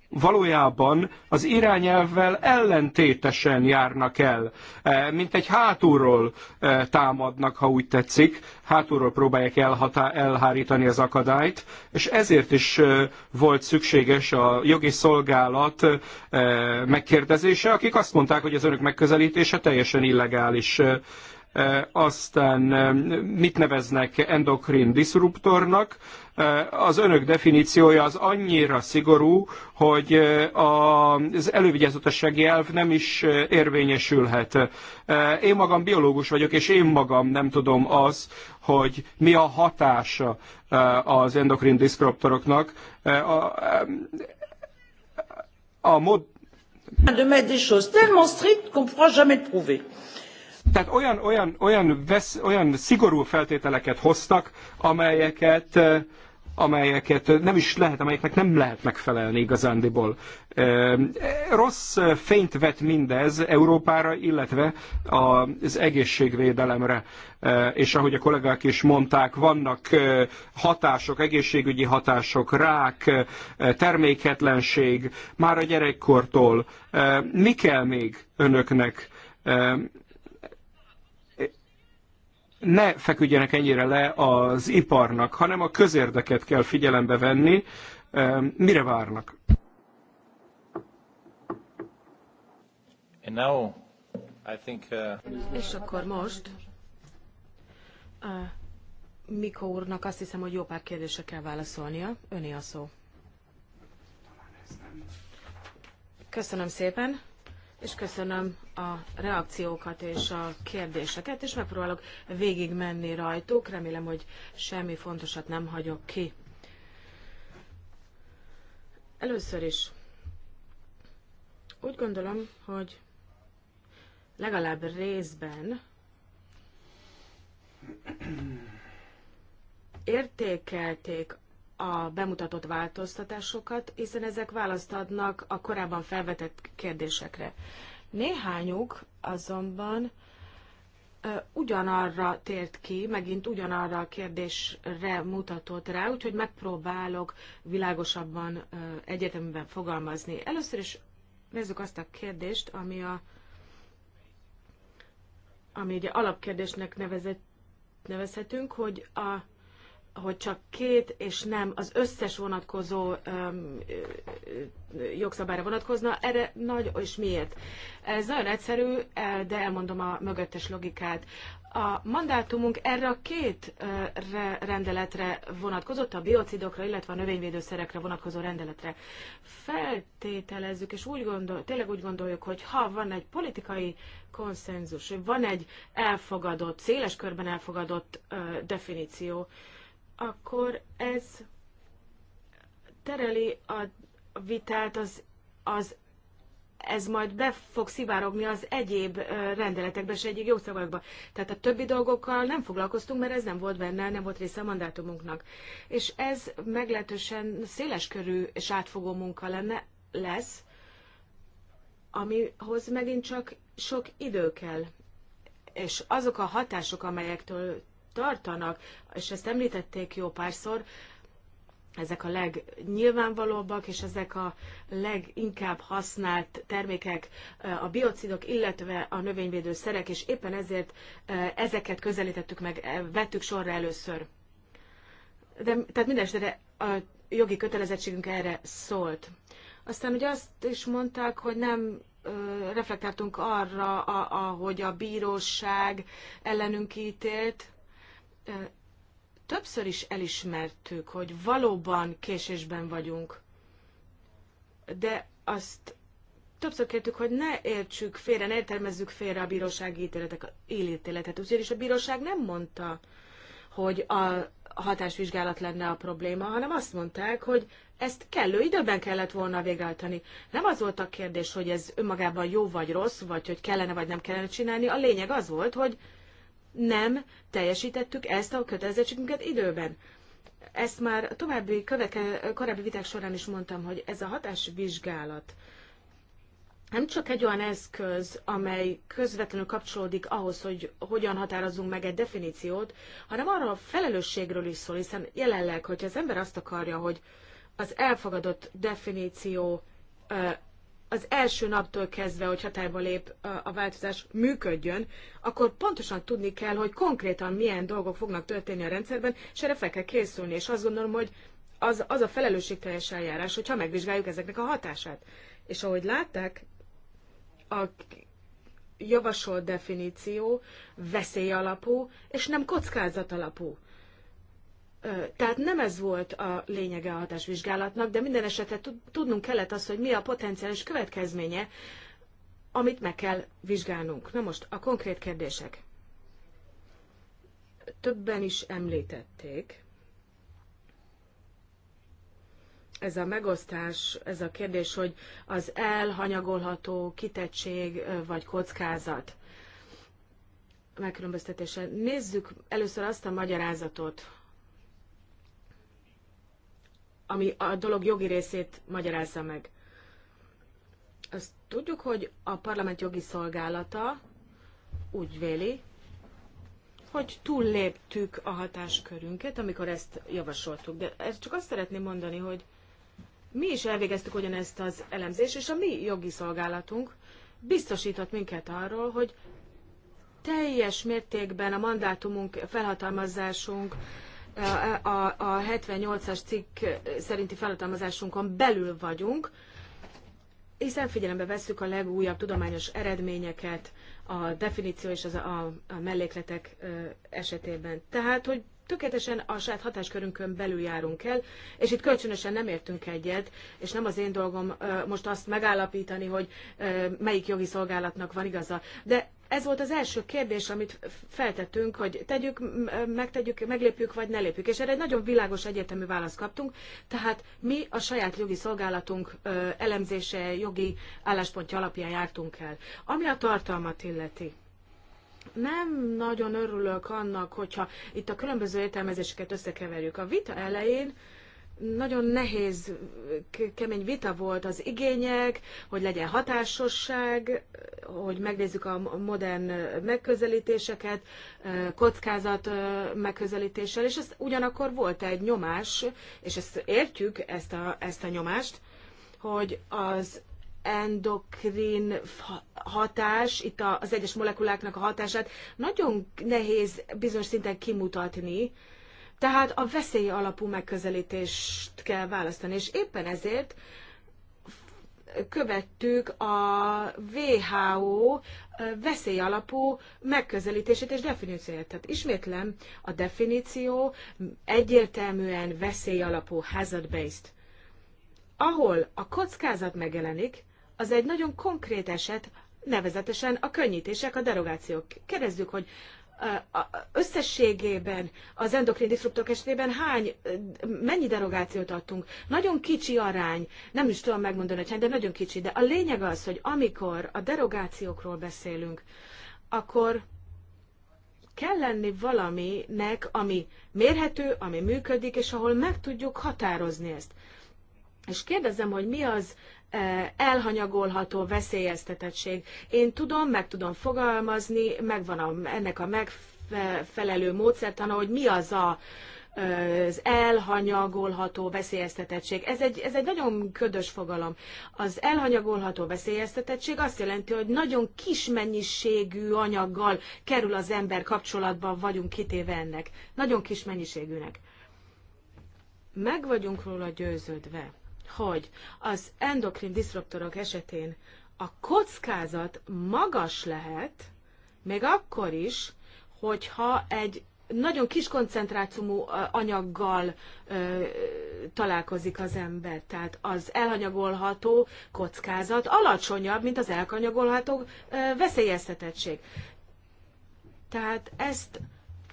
valójában az irányelvvel ellentétesen járnak el, e, mint egy hátulról e, támadnak, ha úgy tetszik, hátulról próbálják elhatá- elhárítani az akadályt, és ezért is e, volt szükséges a jogi szolgálat megkérdezése, akik azt mondták, hogy az önök megközelítése teljesen illegális aztán mit neveznek endokrin diszruptornak, Eh, az önök definíciója az annyira szigorú, hogy eh, az elővigyázatossági elv nem is eh, érvényesülhet. Én magam biológus vagyok, és én magam nem tudom az, hogy mi a hatása az endokrin diszkroptoroknak. A, a mod... de mettre des choses tellement strictes qu'on ne pourra jamais prouver. Tehát olyan, olyan, olyan, vesz, olyan szigorú feltételeket hoztak, amelyeket amelyeket nem is lehet, amelyeknek nem lehet megfelelni igazándiból. Rossz fényt vet mindez Európára, illetve az egészségvédelemre. És ahogy a kollégák is mondták, vannak hatások, egészségügyi hatások, rák, terméketlenség, már a gyerekkortól. Mi kell még önöknek? ne feküdjenek ennyire le az iparnak, hanem a közérdeket kell figyelembe venni. Mire várnak? And now, I think, uh... És akkor most uh, Mikó úrnak azt hiszem, hogy jó pár kérdésre kell válaszolnia. Öné a szó. Köszönöm szépen és köszönöm a reakciókat és a kérdéseket, és megpróbálok végig menni rajtuk. Remélem, hogy semmi fontosat nem hagyok ki. Először is úgy gondolom, hogy legalább részben értékelték a bemutatott változtatásokat, hiszen ezek választ adnak a korábban felvetett kérdésekre. Néhányuk azonban ö, ugyanarra tért ki, megint ugyanarra a kérdésre mutatott rá, úgyhogy megpróbálok világosabban, ö, egyetemben fogalmazni. Először is nézzük azt a kérdést, ami a ami ugye alapkérdésnek nevezett, nevezhetünk, hogy a hogy csak két és nem az összes vonatkozó jogszabályra vonatkozna, erre nagy, és miért? Ez nagyon egyszerű, e, de elmondom a mögöttes logikát. A mandátumunk erre a két rendeletre vonatkozott, a biocidokra, illetve a növényvédőszerekre vonatkozó rendeletre. Feltételezzük, és úgy gondol, tényleg úgy gondoljuk, hogy ha van egy politikai konszenzus, van egy elfogadott, széles körben elfogadott definíció, akkor ez tereli a vitát, az, az ez majd be fog szivárogni az egyéb rendeletekbe és egyéb jogszabályokba. Tehát a többi dolgokkal nem foglalkoztunk, mert ez nem volt benne, nem volt része a mandátumunknak. És ez meglehetősen széleskörű és átfogó munka lenne, lesz, amihoz megint csak sok idő kell. És azok a hatások, amelyektől tartanak, és ezt említették jó párszor, ezek a legnyilvánvalóbbak, és ezek a leginkább használt termékek eh, a biocidok, illetve a növényvédőszerek, és éppen ezért eh, ezeket közelítettük meg, eh, vettük sorra először. De, tehát esetre a jogi kötelezettségünk erre szólt. Aztán ugye azt is mondták, hogy nem reflektáltunk arra, ahogy a bíróság ellenünk ítélt, többször is elismertük, hogy valóban késésben vagyunk, de azt többször kértük, hogy ne értsük félre, ne értelmezzük félre a bírósági ítéletek, ítéletet. Ugyanis a bíróság nem mondta, hogy a hatásvizsgálat lenne a probléma, hanem azt mondták, hogy ezt kellő időben kellett volna végrehajtani. Nem az volt a kérdés, hogy ez önmagában jó vagy rossz, vagy hogy kellene vagy nem kellene csinálni. A lényeg az volt, hogy nem teljesítettük ezt a kötelezettségünket időben. Ezt már további köveke, korábbi viták során is mondtam, hogy ez a hatásvizsgálat nem csak egy olyan eszköz, amely közvetlenül kapcsolódik ahhoz, hogy hogyan határozzunk meg egy definíciót, hanem arra a felelősségről is szól, hiszen jelenleg, hogyha az ember azt akarja, hogy az elfogadott definíció az első naptól kezdve, hogy hatályba lép a változás, működjön, akkor pontosan tudni kell, hogy konkrétan milyen dolgok fognak történni a rendszerben, és erre fel kell készülni. És azt gondolom, hogy az, az a felelősségteljes eljárás, hogyha megvizsgáljuk ezeknek a hatását. És ahogy látták, a javasolt definíció alapú és nem kockázat alapú. Tehát nem ez volt a lényege a hatásvizsgálatnak, de minden esetre tudnunk kellett azt, hogy mi a potenciális következménye, amit meg kell vizsgálnunk. Na most a konkrét kérdések. Többen is említették. Ez a megosztás, ez a kérdés, hogy az elhanyagolható kitettség vagy kockázat megkülönböztetése. Nézzük először azt a magyarázatot, ami a dolog jogi részét magyarázza meg. Azt tudjuk, hogy a parlament jogi szolgálata úgy véli, hogy túlléptük a hatáskörünket, amikor ezt javasoltuk. De ezt csak azt szeretném mondani, hogy mi is elvégeztük ugyanezt az elemzést, és a mi jogi szolgálatunk biztosított minket arról, hogy teljes mértékben a mandátumunk, felhatalmazásunk, a, a 78-as cikk szerinti felhatalmazásunkon belül vagyunk, hiszen figyelembe vesszük a legújabb tudományos eredményeket a definíció és az a, a mellékletek esetében. Tehát, hogy tökéletesen a saját hatáskörünkön belül járunk el, és itt kölcsönösen nem értünk egyet, és nem az én dolgom most azt megállapítani, hogy melyik jogi szolgálatnak van igaza. De ez volt az első kérdés, amit feltettünk, hogy tegyük, megtegyük, meglépjük, vagy ne lépjük. És erre egy nagyon világos, egyértelmű választ kaptunk. Tehát mi a saját jogi szolgálatunk elemzése, jogi álláspontja alapján jártunk el. Ami a tartalmat illeti nem nagyon örülök annak, hogyha itt a különböző értelmezéseket összekeverjük. A vita elején nagyon nehéz, kemény vita volt az igények, hogy legyen hatásosság, hogy megnézzük a modern megközelítéseket, kockázat megközelítéssel, és ez ugyanakkor volt egy nyomás, és ezt értjük, ezt a, ezt a nyomást, hogy az endokrin hatás, itt az egyes molekuláknak a hatását nagyon nehéz bizonyos szinten kimutatni, tehát a veszély alapú megközelítést kell választani, és éppen ezért követtük a WHO veszély alapú megközelítését és definícióját. Tehát ismétlem, a definíció egyértelműen veszély alapú, hazard-based. Ahol a kockázat megjelenik, az egy nagyon konkrét eset, nevezetesen a könnyítések, a derogációk. Kérdezzük, hogy összességében az endokrin diszruptorok esetében hány, mennyi derogációt adtunk? Nagyon kicsi arány, nem is tudom megmondani, hogy hány, de nagyon kicsi. De a lényeg az, hogy amikor a derogációkról beszélünk, akkor kell lenni valaminek, ami mérhető, ami működik, és ahol meg tudjuk határozni ezt. És kérdezem, hogy mi az elhanyagolható veszélyeztetettség. Én tudom, meg tudom fogalmazni, megvan a, ennek a megfelelő módszertana, hogy mi az a, az elhanyagolható veszélyeztetettség. Ez egy, ez egy nagyon ködös fogalom. Az elhanyagolható veszélyeztetettség azt jelenti, hogy nagyon kis mennyiségű anyaggal kerül az ember kapcsolatban, vagyunk kitéve ennek. Nagyon kis mennyiségűnek. Meg vagyunk róla győződve, hogy az endokrin diszruptorok esetén a kockázat magas lehet, még akkor is, hogyha egy nagyon kis koncentrációmú anyaggal ö, találkozik az ember. Tehát az elhanyagolható kockázat alacsonyabb, mint az elhanyagolható ö, veszélyeztetettség. Tehát ezt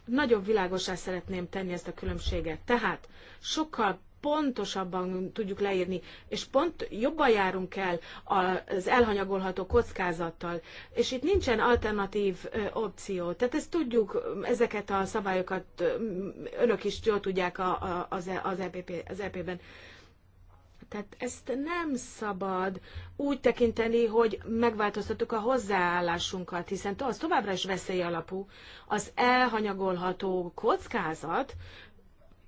nagyon világosá szeretném tenni ezt a különbséget. Tehát sokkal pontosabban tudjuk leírni, és pont jobban járunk el az elhanyagolható kockázattal, és itt nincsen alternatív opció. Tehát ezt tudjuk, ezeket a szabályokat önök is jól tudják az, EPP, az EP-ben. E Tehát ezt nem szabad úgy tekinteni, hogy megváltoztatjuk a hozzáállásunkat, hiszen az továbbra is alapú Az elhanyagolható kockázat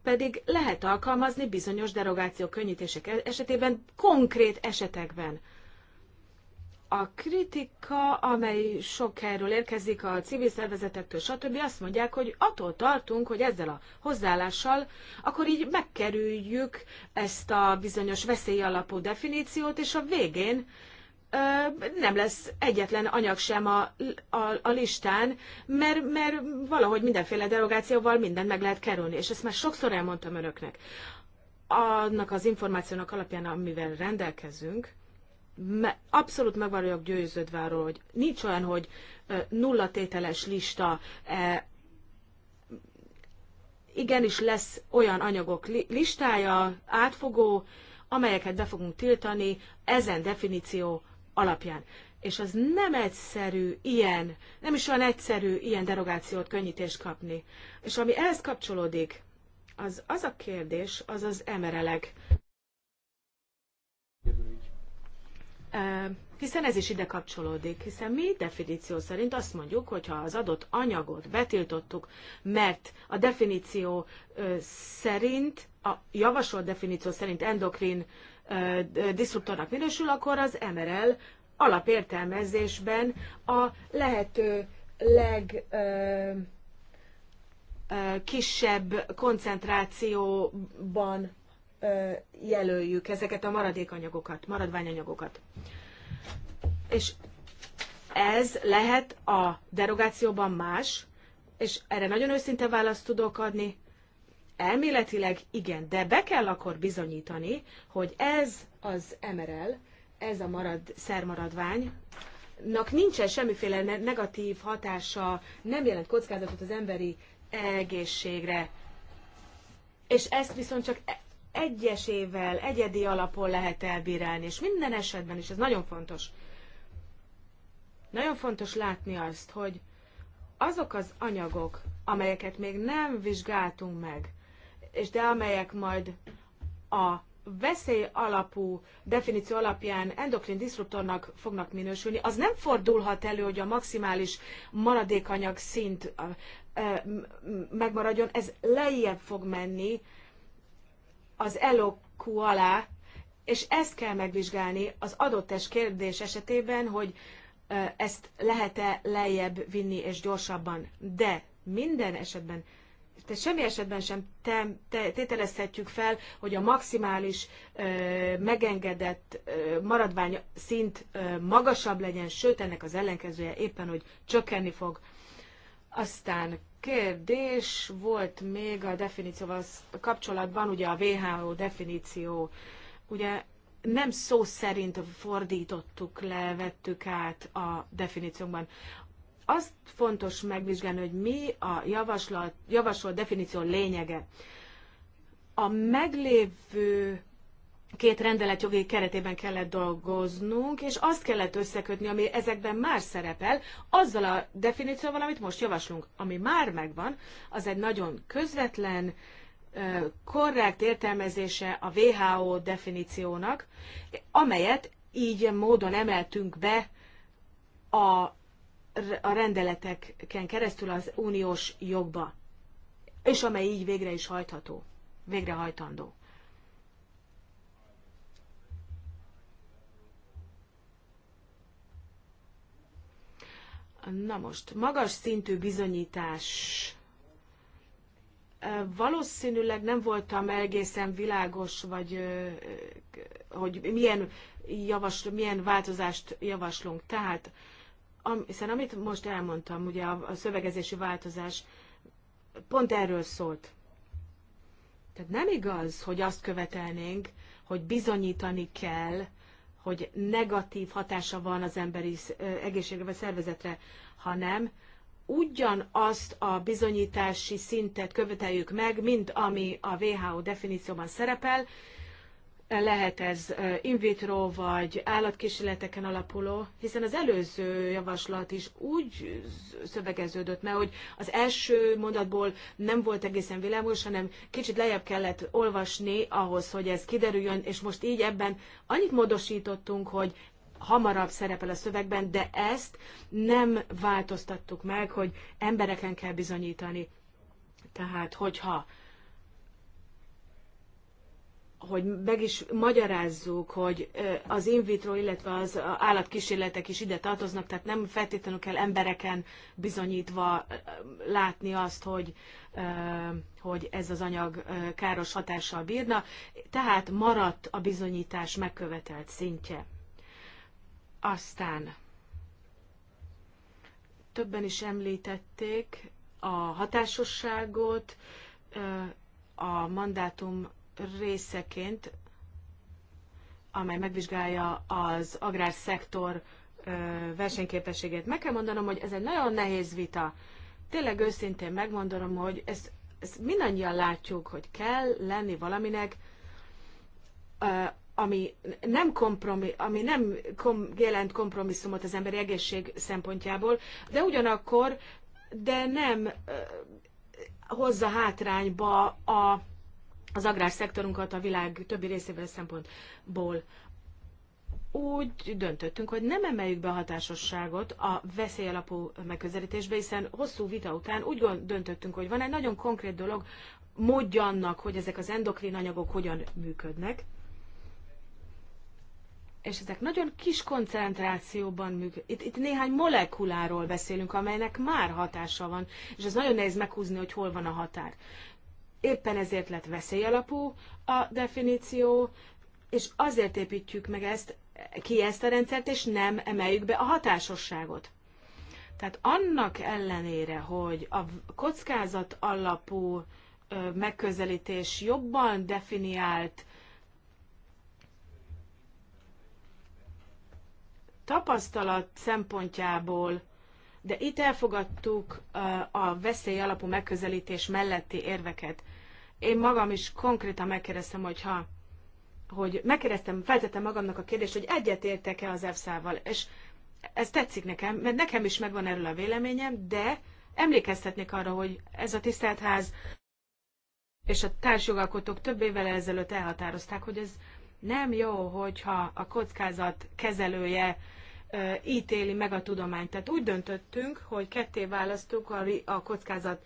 pedig lehet alkalmazni bizonyos derogáció könnyítések e- esetében, konkrét esetekben. A kritika, amely sok helyről érkezik, a civil szervezetektől, stb. azt mondják, hogy attól tartunk, hogy ezzel a hozzáállással akkor így megkerüljük ezt a bizonyos veszélyalapú definíciót, és a végén nem lesz egyetlen anyag sem a, a, a listán, mert, mert valahogy mindenféle derogációval mindent meg lehet kerülni, és ezt már sokszor elmondtam önöknek. Annak az információnak alapján, amivel rendelkezünk, abszolút meg vagyok győződve arról, hogy nincs olyan, hogy nulla tételes lista, igenis lesz olyan anyagok listája, átfogó, amelyeket be fogunk tiltani ezen definíció alapján. És az nem egyszerű ilyen, nem is olyan egyszerű ilyen derogációt, könnyítést kapni. És ami ehhez kapcsolódik, az az a kérdés, az az emereleg. Hiszen ez is ide kapcsolódik, hiszen mi definíció szerint azt mondjuk, hogy ha az adott anyagot betiltottuk, mert a definíció szerint, a javasolt definíció szerint endokrin diszruptornak minősül, akkor az MRL alapértelmezésben a lehető leg ö, ö, kisebb koncentrációban ö, jelöljük ezeket a maradékanyagokat, maradványanyagokat. És ez lehet a derogációban más, és erre nagyon őszinte választ tudok adni, Elméletileg igen, de be kell akkor bizonyítani, hogy ez az MRL, ez a marad, szermaradvány, nak nincsen semmiféle negatív hatása, nem jelent kockázatot az emberi egészségre. És ezt viszont csak e-, egyesével, egyedi alapon lehet elbírálni, és minden esetben, és ez nagyon fontos. Nagyon fontos látni azt, hogy azok az anyagok, amelyeket még nem vizsgáltunk meg, és de amelyek majd a veszély alapú definíció alapján endokrin diszruptornak fognak minősülni, az nem fordulhat elő, hogy a maximális maradékanyag szint megmaradjon, ez lejjebb fog menni az elokú alá, és ezt kell megvizsgálni az adott kérdés esetében, hogy ezt lehet-e lejjebb vinni és gyorsabban. De minden esetben tehát semmi esetben sem tételezhetjük fel, hogy a maximális megengedett maradvány szint magasabb legyen, sőt ennek az ellenkezője éppen, hogy csökkenni fog. Aztán kérdés volt még a definícióval kapcsolatban, ugye a WHO definíció, ugye nem szó szerint fordítottuk le, vettük át a definíciónkban azt fontos megvizsgálni, hogy mi a javaslat, javasolt definíció lényege. A meglévő két rendelet jogi keretében kellett dolgoznunk, és azt kellett összekötni, ami ezekben már szerepel, azzal a definícióval, amit most javaslunk. Ami már megvan, az egy nagyon közvetlen, korrekt értelmezése a WHO definíciónak, amelyet így módon emeltünk be a a rendeleteken keresztül az uniós jogba, és amely így végre is hajtható, végrehajtandó. Na most, magas szintű bizonyítás. Valószínűleg nem voltam egészen világos, vagy hogy milyen, javasl, milyen változást javaslunk. Tehát Am, hiszen amit most elmondtam, ugye a, a szövegezési változás pont erről szólt. Tehát nem igaz, hogy azt követelnénk, hogy bizonyítani kell, hogy negatív hatása van az emberi egészségre vagy szervezetre, hanem ugyanazt a bizonyítási szintet követeljük meg, mint ami a WHO definícióban szerepel, lehet ez in vitro vagy állatkísérleteken alapuló, hiszen az előző javaslat is úgy szövegeződött, mert hogy az első mondatból nem volt egészen világos, hanem kicsit lejjebb kellett olvasni ahhoz, hogy ez kiderüljön, és most így ebben annyit módosítottunk, hogy hamarabb szerepel a szövegben, de ezt nem változtattuk meg, hogy embereken kell bizonyítani. Tehát, hogyha hogy meg is magyarázzuk, hogy az in vitro, illetve az állatkísérletek is ide tartoznak, tehát nem feltétlenül kell embereken bizonyítva látni azt, hogy, hogy ez az anyag káros hatással bírna, tehát maradt a bizonyítás megkövetelt szintje. Aztán többen is említették a hatásosságot, a mandátum részeként, amely megvizsgálja az agrárszektor versenyképességét. Meg kell mondanom, hogy ez egy nagyon nehéz vita. Tényleg őszintén megmondanom, hogy ezt, ezt mindannyian látjuk, hogy kell lenni valaminek, ami nem, kompromi, ami nem kom, jelent kompromisszumot az emberi egészség szempontjából, de ugyanakkor, de nem hozza hátrányba a az agrárszektorunkat a világ többi részével szempontból úgy döntöttünk, hogy nem emeljük be a hatásosságot a alapú megközelítésbe, hiszen hosszú vita után úgy döntöttünk, hogy van egy nagyon konkrét dolog, módja annak, hogy ezek az endokrin anyagok hogyan működnek, és ezek nagyon kis koncentrációban működnek. Itt, itt néhány molekuláról beszélünk, amelynek már hatása van, és ez nagyon nehéz meghúzni, hogy hol van a határ éppen ezért lett veszélyalapú a definíció, és azért építjük meg ezt, ki ezt a rendszert, és nem emeljük be a hatásosságot. Tehát annak ellenére, hogy a kockázat alapú megközelítés jobban definiált tapasztalat szempontjából de itt elfogadtuk a veszély alapú megközelítés melletti érveket. Én magam is konkrétan megkérdeztem, hogyha hogy megkérdeztem, feltettem magamnak a kérdést, hogy egyetértek-e az EFSA-val, és ez tetszik nekem, mert nekem is megvan erről a véleményem, de emlékeztetnék arra, hogy ez a tisztelt ház és a társjogalkotók több évvel ezelőtt elhatározták, hogy ez nem jó, hogyha a kockázat kezelője ítéli meg a tudományt. Tehát úgy döntöttünk, hogy ketté választjuk a, a kockázat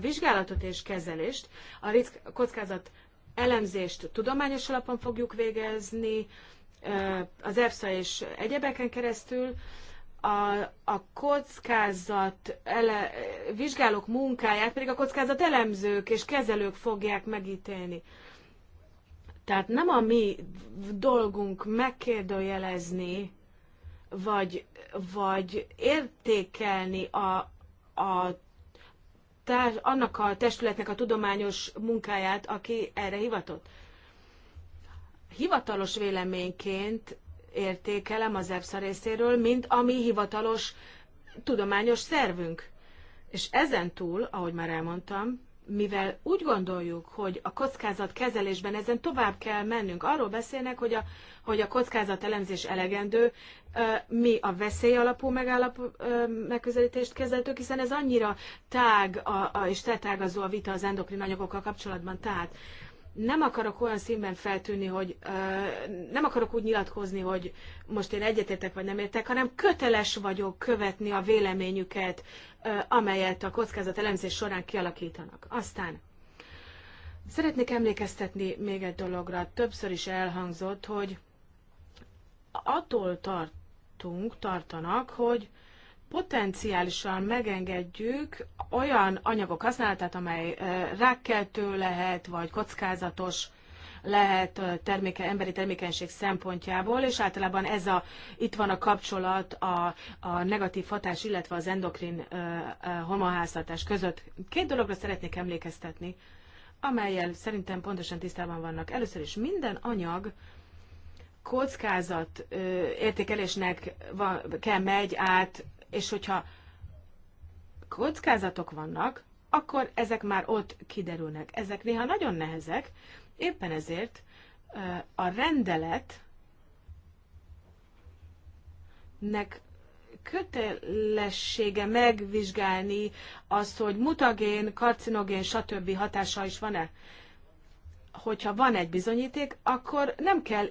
vizsgálatot és kezelést. A kockázat elemzést tudományos alapon fogjuk végezni, az EFSA és egyebeken keresztül, a, a kockázat ele, vizsgálók munkáját pedig a kockázat elemzők és kezelők fogják megítélni. Tehát nem a mi dolgunk megkérdőjelezni vagy, vagy értékelni a, a tár, annak a testületnek a tudományos munkáját, aki erre hivatott. Hivatalos véleményként értékelem az EFSA részéről, mint ami hivatalos tudományos szervünk. És ezen túl, ahogy már elmondtam, mivel úgy gondoljuk, hogy a kockázat kezelésben ezen tovább kell mennünk, arról beszélnek, hogy a, hogy a kockázat elemzés elegendő, mi a veszély alapú megállap, megközelítést kezeltük, hiszen ez annyira tág a, a, és tetágazó a vita az endokrin anyagokkal kapcsolatban. Tehát nem akarok olyan színben feltűnni, hogy ö, nem akarok úgy nyilatkozni, hogy most én egyetértek vagy nem értek, hanem köteles vagyok követni a véleményüket, amelyet a elemzés során kialakítanak. Aztán szeretnék emlékeztetni még egy dologra, többször is elhangzott, hogy attól tartunk, tartanak, hogy potenciálisan megengedjük olyan anyagok használatát, amely rákkeltő lehet, vagy kockázatos lehet terméke, emberi termékenység szempontjából, és általában ez a, itt van a kapcsolat a, a negatív hatás, illetve az endokrin homoháztartás között. Két dologra szeretnék emlékeztetni, amelyel szerintem pontosan tisztában vannak. Először is minden anyag, kockázat ö, értékelésnek van, kell megy át, és hogyha kockázatok vannak, akkor ezek már ott kiderülnek. Ezek néha nagyon nehezek, Éppen ezért a rendeletnek kötelessége megvizsgálni azt, hogy mutagén, karcinogén, stb. hatása is van-e. Hogyha van egy bizonyíték, akkor nem kell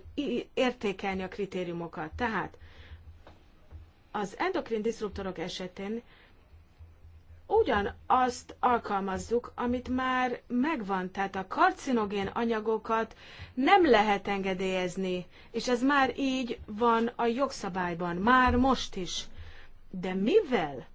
értékelni a kritériumokat. Tehát az endokrin diszruptorok esetén ugyanazt alkalmazzuk, amit már megvan. Tehát a karcinogén anyagokat nem lehet engedélyezni, és ez már így van a jogszabályban, már most is. De mivel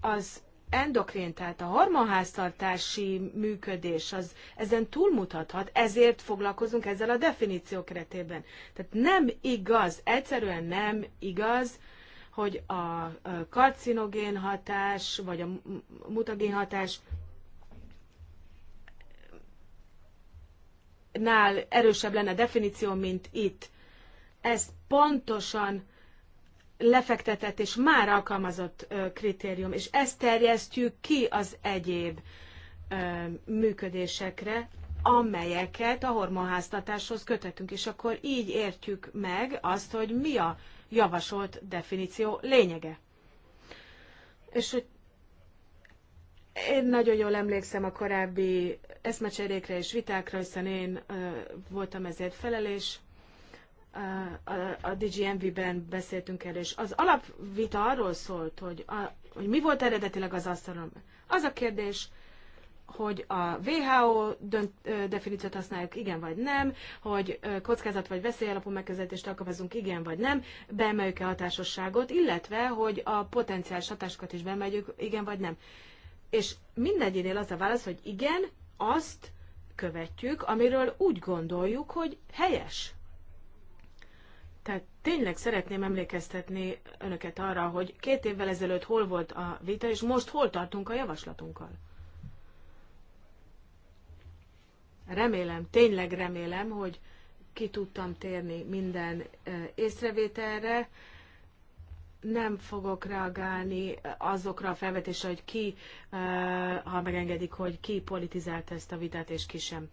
az endokrén, tehát a hormonháztartási működés az ezen túlmutathat, ezért foglalkozunk ezzel a definíció keretében. Tehát nem igaz, egyszerűen nem igaz, hogy a karcinogén hatás, vagy a mutagén hatás nál erősebb lenne a definíció, mint itt. Ez pontosan lefektetett és már alkalmazott kritérium, és ezt terjesztjük ki az egyéb működésekre, amelyeket a hormonháztatáshoz kötetünk, és akkor így értjük meg azt, hogy mi a javasolt definíció lényege. És hogy én nagyon jól emlékszem a korábbi eszmecserékre és vitákra, hiszen én ö, voltam ezért felelés. A, a DGMV-ben beszéltünk erről, és az alapvita arról szólt, hogy, a, hogy mi volt eredetileg az asztalon. Az a kérdés, hogy a WHO dönt, definíciót használjuk, igen vagy nem, hogy kockázat vagy veszélyalapú megközelítést alkalmazunk, igen vagy nem, beemeljük-e hatásosságot, illetve, hogy a potenciális hatásokat is beemeljük, igen vagy nem. És mindegyénél az a válasz, hogy igen, azt követjük, amiről úgy gondoljuk, hogy helyes. Tehát tényleg szeretném emlékeztetni önöket arra, hogy két évvel ezelőtt hol volt a vita, és most hol tartunk a javaslatunkkal. remélem, tényleg remélem, hogy ki tudtam térni minden észrevételre. Nem fogok reagálni azokra a felvetésre, hogy ki, ha megengedik, hogy ki politizált ezt a vitát, és ki sem.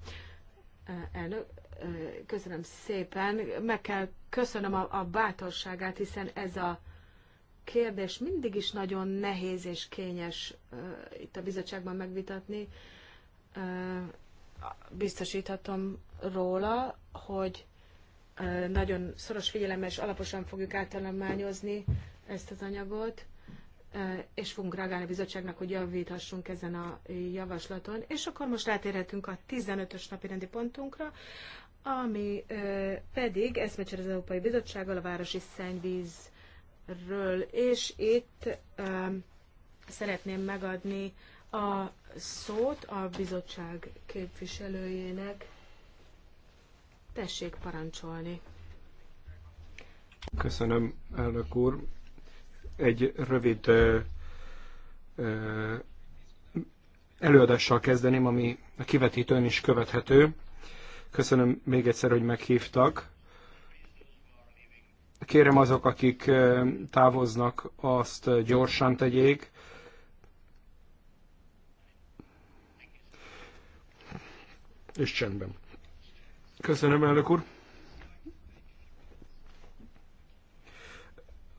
Elnök, köszönöm szépen. Meg kell köszönöm a, a bátorságát, hiszen ez a kérdés mindig is nagyon nehéz és kényes uh, itt a bizottságban megvitatni. Uh, biztosíthatom róla, hogy nagyon szoros figyelemmel és alaposan fogjuk átalanmányozni ezt az anyagot, és fogunk reagálni a bizottságnak, hogy javíthassunk ezen a javaslaton. És akkor most rátérhetünk a 15-ös napi rendi pontunkra, ami pedig eszmecser az Európai Bizottsággal a Városi Szennyvízről, és itt szeretném megadni a szót a bizottság képviselőjének. Tessék parancsolni. Köszönöm, elnök úr. Egy rövid ö, ö, előadással kezdeném, ami a kivetítőn is követhető. Köszönöm még egyszer, hogy meghívtak. Kérem azok, akik távoznak, azt gyorsan tegyék és csendben. Köszönöm, elnök úr.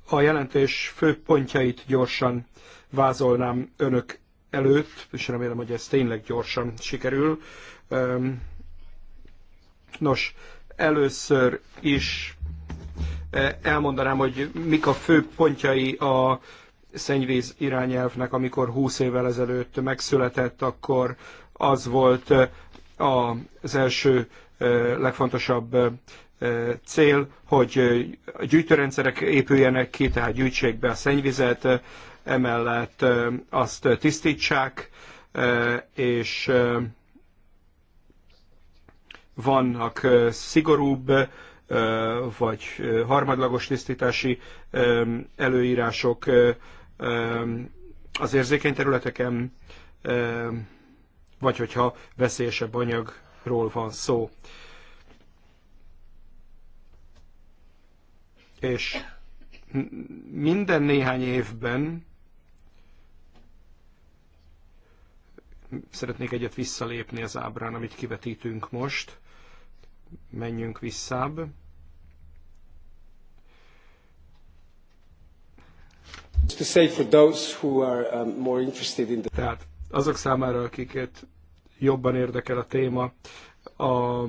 A jelentés fő pontjait gyorsan vázolnám önök előtt, és remélem, hogy ez tényleg gyorsan sikerül. Nos, először is e, elmondanám, hogy mik a fő pontjai a szennyvíz irányelvnek, amikor 20 évvel ezelőtt megszületett, akkor az volt az első legfontosabb cél, hogy gyűjtőrendszerek épüljenek ki, tehát gyűjtsék be a szennyvizet, emellett azt tisztítsák, és vannak szigorúbb vagy harmadlagos tisztítási előírások az érzékeny területeken vagy hogyha veszélyesebb anyagról van szó. És minden néhány évben szeretnék egyet visszalépni az ábrán, amit kivetítünk most. Menjünk visszább. Um, Tehát azok számára, akiket jobban érdekel a téma, a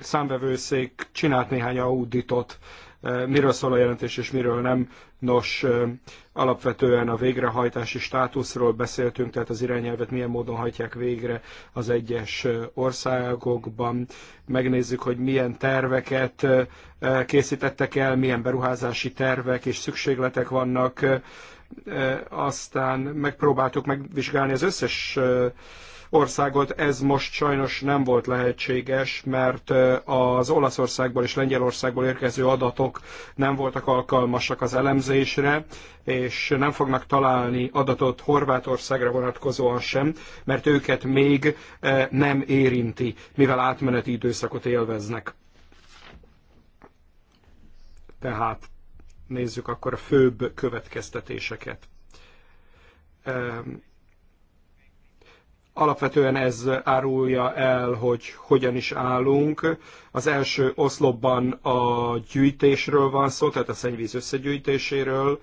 számvevőszék csinált néhány auditot, eh, miről szól a jelentés és miről nem. Nos, eh, alapvetően a végrehajtási státuszról beszéltünk, tehát az irányelvet milyen módon hajtják végre az egyes eh, országokban. Megnézzük, hogy milyen terveket készítettek el, milyen beruházási tervek és szükségletek vannak Eh, aztán megpróbáltuk megvizsgálni az összes eh, országot, ez most sajnos nem volt lehetséges, mert eh, az Olaszországból és Lengyelországból érkező adatok nem voltak alkalmasak az elemzésre, és nem fognak találni adatot Horvátországra vonatkozóan sem, mert őket még nem érinti, mivel átmeneti időszakot élveznek. Tehát nézzük akkor a főbb következtetéseket. Alapvetően ez árulja el, hogy hogyan is állunk. Az első oszlopban a gyűjtésről van szó, tehát a szennyvíz összegyűjtéséről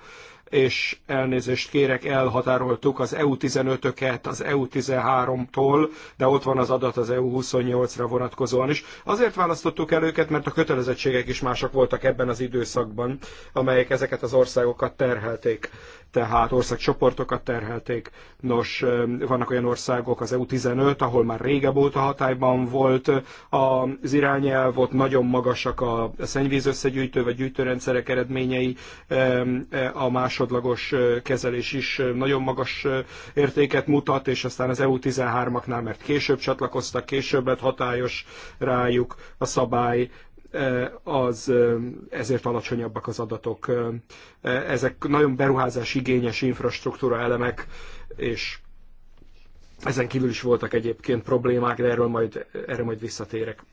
és elnézést kérek, elhatároltuk az EU15-öket az EU13-tól, de ott van az adat az EU28-ra vonatkozóan is. Azért választottuk el őket, mert a kötelezettségek is mások voltak ebben az időszakban, amelyek ezeket az országokat terhelték tehát országcsoportokat terhelték. Nos, vannak olyan országok, az EU15, ahol már régebb óta hatályban volt az irányelv, ott nagyon magasak a szennyvíz összegyűjtő vagy gyűjtőrendszerek eredményei, a másodlagos kezelés is nagyon magas értéket mutat, és aztán az EU13-aknál, mert később csatlakoztak, későbbet hatályos rájuk a szabály, az ezért alacsonyabbak az adatok. Ezek nagyon beruházás igényes infrastruktúra elemek, és ezen kívül is voltak egyébként problémák, de erről majd, erre majd visszatérek.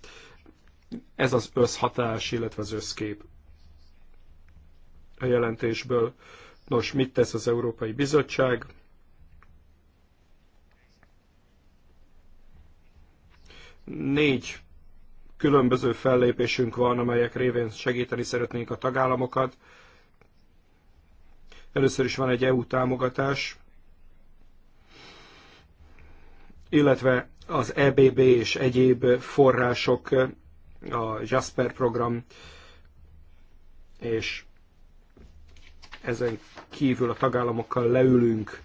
Ez az összhatás, illetve az összkép a jelentésből. Nos, mit tesz az Európai Bizottság? Négy különböző fellépésünk van, amelyek révén segíteni szeretnénk a tagállamokat. Először is van egy EU támogatás, illetve az EBB és egyéb források, a Jasper program, és ezen kívül a tagállamokkal leülünk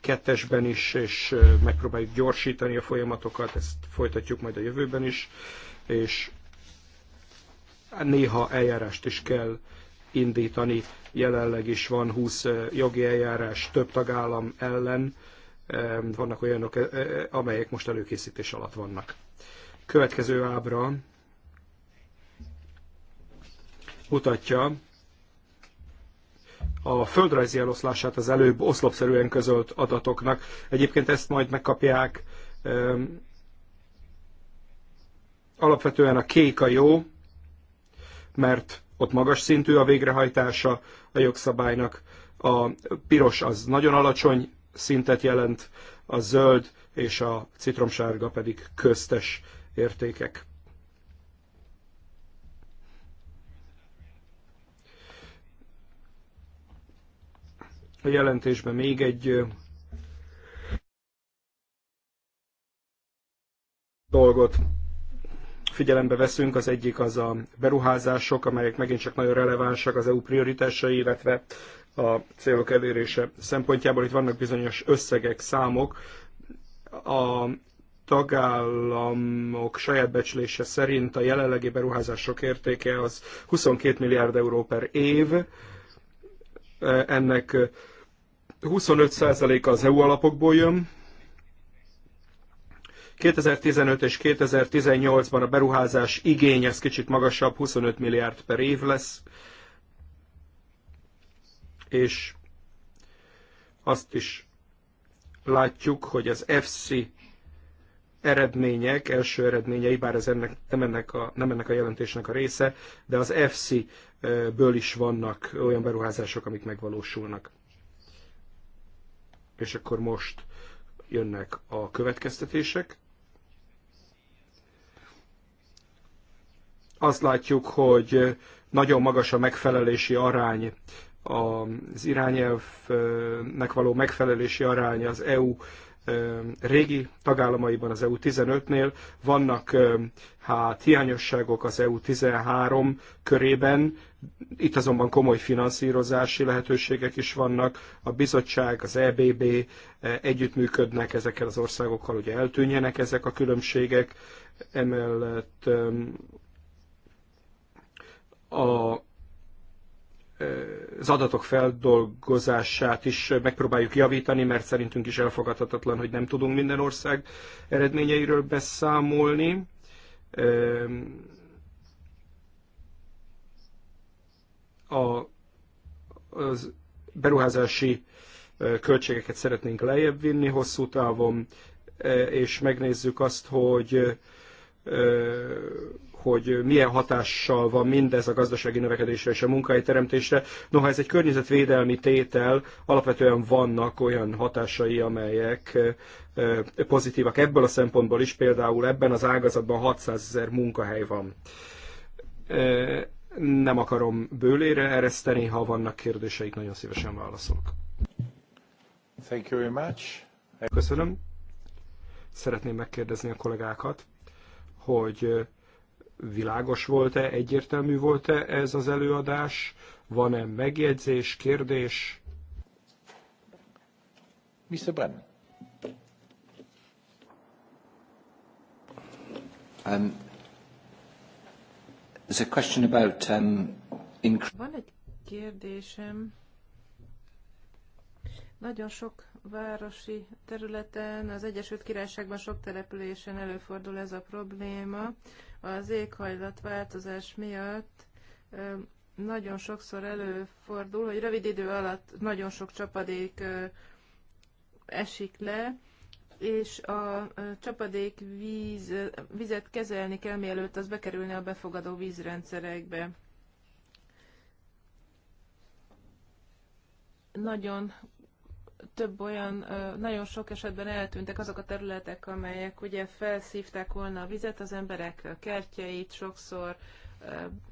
kettesben is, és megpróbáljuk gyorsítani a folyamatokat, ezt folytatjuk majd a jövőben is, és néha eljárást is kell indítani. Jelenleg is van 20 jogi eljárás több tagállam ellen, vannak olyanok, amelyek most előkészítés alatt vannak. Következő ábra mutatja, a földrajzi eloszlását az előbb oszlopszerűen közölt adatoknak. Egyébként ezt majd megkapják. Alapvetően a kék a jó, mert ott magas szintű a végrehajtása a jogszabálynak. A piros az nagyon alacsony szintet jelent, a zöld és a citromsárga pedig köztes értékek. a jelentésben még egy dolgot figyelembe veszünk, az egyik az a beruházások, amelyek megint csak nagyon relevánsak az EU prioritásai, illetve a célok elérése szempontjából. Itt vannak bizonyos összegek, számok. A tagállamok saját becslése szerint a jelenlegi beruházások értéke az 22 milliárd euró per év. Ennek 25% az EU alapokból jön, 2015 és 2018-ban a beruházás igény, ez kicsit magasabb, 25 milliárd per év lesz, és azt is látjuk, hogy az EFSI eredmények, első eredményei, bár ez ennek, nem, ennek a, nem ennek a jelentésnek a része, de az efsi ből is vannak olyan beruházások, amik megvalósulnak. És akkor most jönnek a következtetések. Azt látjuk, hogy nagyon magas a megfelelési arány az irányelvnek való megfelelési arány az EU régi tagállamaiban, az EU15-nél vannak hát hiányosságok az EU13 körében, itt azonban komoly finanszírozási lehetőségek is vannak, a bizottság, az EBB együttműködnek ezekkel az országokkal, hogy eltűnjenek ezek a különbségek, emellett a az adatok feldolgozását is megpróbáljuk javítani, mert szerintünk is elfogadhatatlan, hogy nem tudunk minden ország eredményeiről beszámolni. A, az beruházási költségeket szeretnénk lejjebb vinni hosszú távon, és megnézzük azt, hogy hogy milyen hatással van mindez a gazdasági növekedésre és a munkahelyteremtésre. Noha ez egy környezetvédelmi tétel, alapvetően vannak olyan hatásai, amelyek pozitívak ebből a szempontból is, például ebben az ágazatban 600 ezer munkahely van nem akarom bőlére ereszteni, ha vannak kérdéseik, nagyon szívesen válaszolok. Thank you very much. Köszönöm. Szeretném megkérdezni a kollégákat, hogy világos volt-e, egyértelmű volt-e ez az előadás, van-e megjegyzés, kérdés? Mr. Brennan. Um, a question about um, Van egy kérdésem. Nagyon sok városi területen, az Egyesült Királyságban sok településen előfordul ez a probléma, az éghajlatváltozás miatt nagyon sokszor előfordul, hogy rövid idő alatt nagyon sok csapadék esik le, és a csapadék víz, vizet kezelni kell, mielőtt az bekerülne a befogadó vízrendszerekbe. Nagyon több olyan, nagyon sok esetben eltűntek azok a területek, amelyek ugye felszívták volna a vizet, az emberek kertjeit sokszor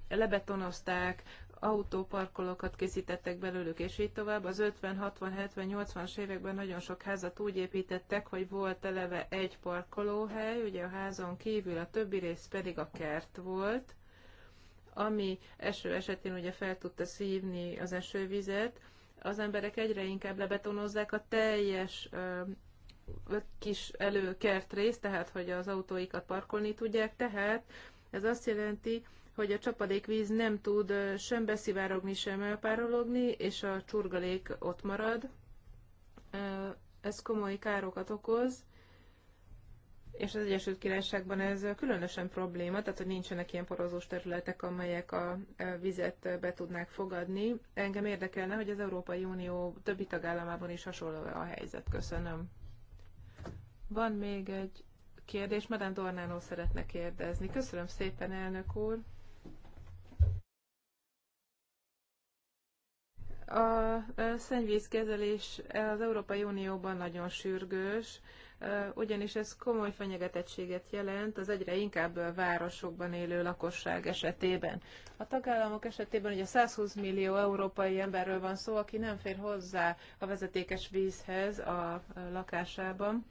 lebetonozták, autóparkolókat készítettek belőlük, és így tovább. Az 50, 60, 70, 80-as években nagyon sok házat úgy építettek, hogy volt eleve egy parkolóhely, ugye a házon kívül a többi rész pedig a kert volt, ami eső esetén ugye fel tudta szívni az esővizet, az emberek egyre inkább lebetonozzák a teljes kis előkert részt, tehát hogy az autóikat parkolni tudják, tehát ez azt jelenti, hogy a csapadékvíz nem tud sem beszivárogni, sem elpárologni, és a csurgalék ott marad. Ez komoly károkat okoz, és az Egyesült Királyságban ez különösen probléma, tehát hogy nincsenek ilyen porozós területek, amelyek a e, vizet be tudnák fogadni. Engem érdekelne, hogy az Európai Unió többi tagállamában is hasonló a helyzet. Köszönöm. Van még egy kérdés, Madame Dornánó szeretne kérdezni. Köszönöm szépen, elnök úr. A e, szennyvízkezelés e, az Európai Unióban nagyon sürgős, ugyanis ez komoly fenyegetettséget jelent az egyre inkább a városokban élő lakosság esetében. A tagállamok esetében ugye 120 millió európai emberről van szó, aki nem fér hozzá a vezetékes vízhez a lakásában.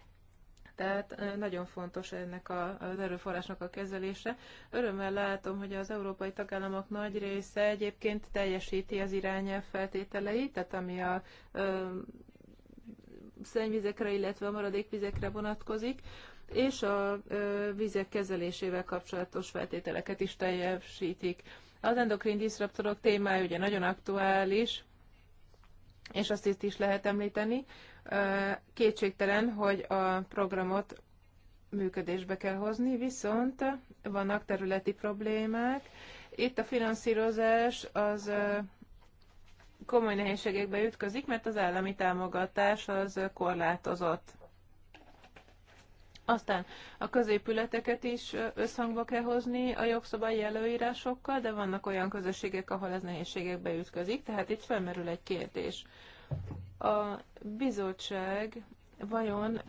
Tehát nagyon fontos ennek az erőforrásnak a kezelése. Örömmel látom, hogy az európai tagállamok nagy része egyébként teljesíti az irányelv feltételeit, tehát ami a szennyvizekre, illetve a maradékvizekre vonatkozik, és a vizek kezelésével kapcsolatos feltételeket is teljesítik. Az endokrin diszraptorok témája ugye nagyon aktuális, és azt itt is lehet említeni. Kétségtelen, hogy a programot működésbe kell hozni, viszont vannak területi problémák. Itt a finanszírozás az komoly nehézségekbe ütközik, mert az állami támogatás az korlátozott. Aztán a középületeket is összhangba kell hozni a jogszabályi előírásokkal, de vannak olyan közösségek, ahol ez nehézségekbe ütközik, tehát itt felmerül egy kérdés. A bizottság vajon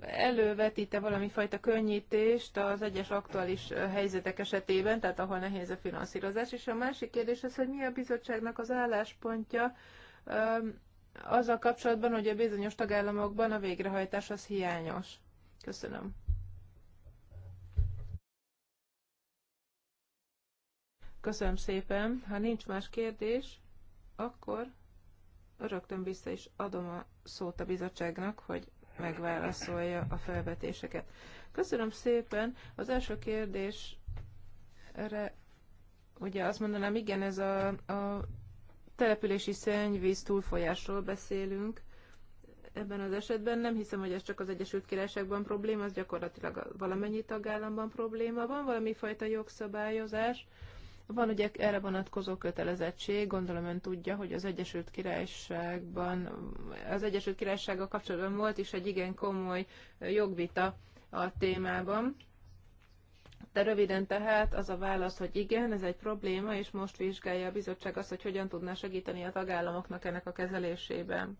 elővetíte e valami fajta könnyítést az egyes aktuális helyzetek esetében, tehát ahol nehéz a finanszírozás. És a másik kérdés az, hogy mi a bizottságnak az álláspontja azzal kapcsolatban, hogy a bizonyos tagállamokban a végrehajtás az hiányos. Köszönöm. Köszönöm szépen. Ha nincs más kérdés, akkor rögtön vissza is adom a szót a bizottságnak, hogy megválaszolja a felvetéseket. Köszönöm szépen. Az első kérdésre ugye azt mondanám, igen, ez a, a települési szennyvíz túlfolyásról beszélünk. Ebben az esetben nem hiszem, hogy ez csak az Egyesült Királyságban probléma, az gyakorlatilag valamennyi tagállamban probléma. Van valami fajta jogszabályozás, van ugye erre vonatkozó kötelezettség, gondolom ön tudja, hogy az Egyesült Királyságban, az Egyesült Királysággal kapcsolatban volt is egy igen komoly jogvita a témában. De röviden tehát az a válasz, hogy igen, ez egy probléma, és most vizsgálja a bizottság azt, hogy hogyan tudná segíteni a tagállamoknak ennek a kezelésében.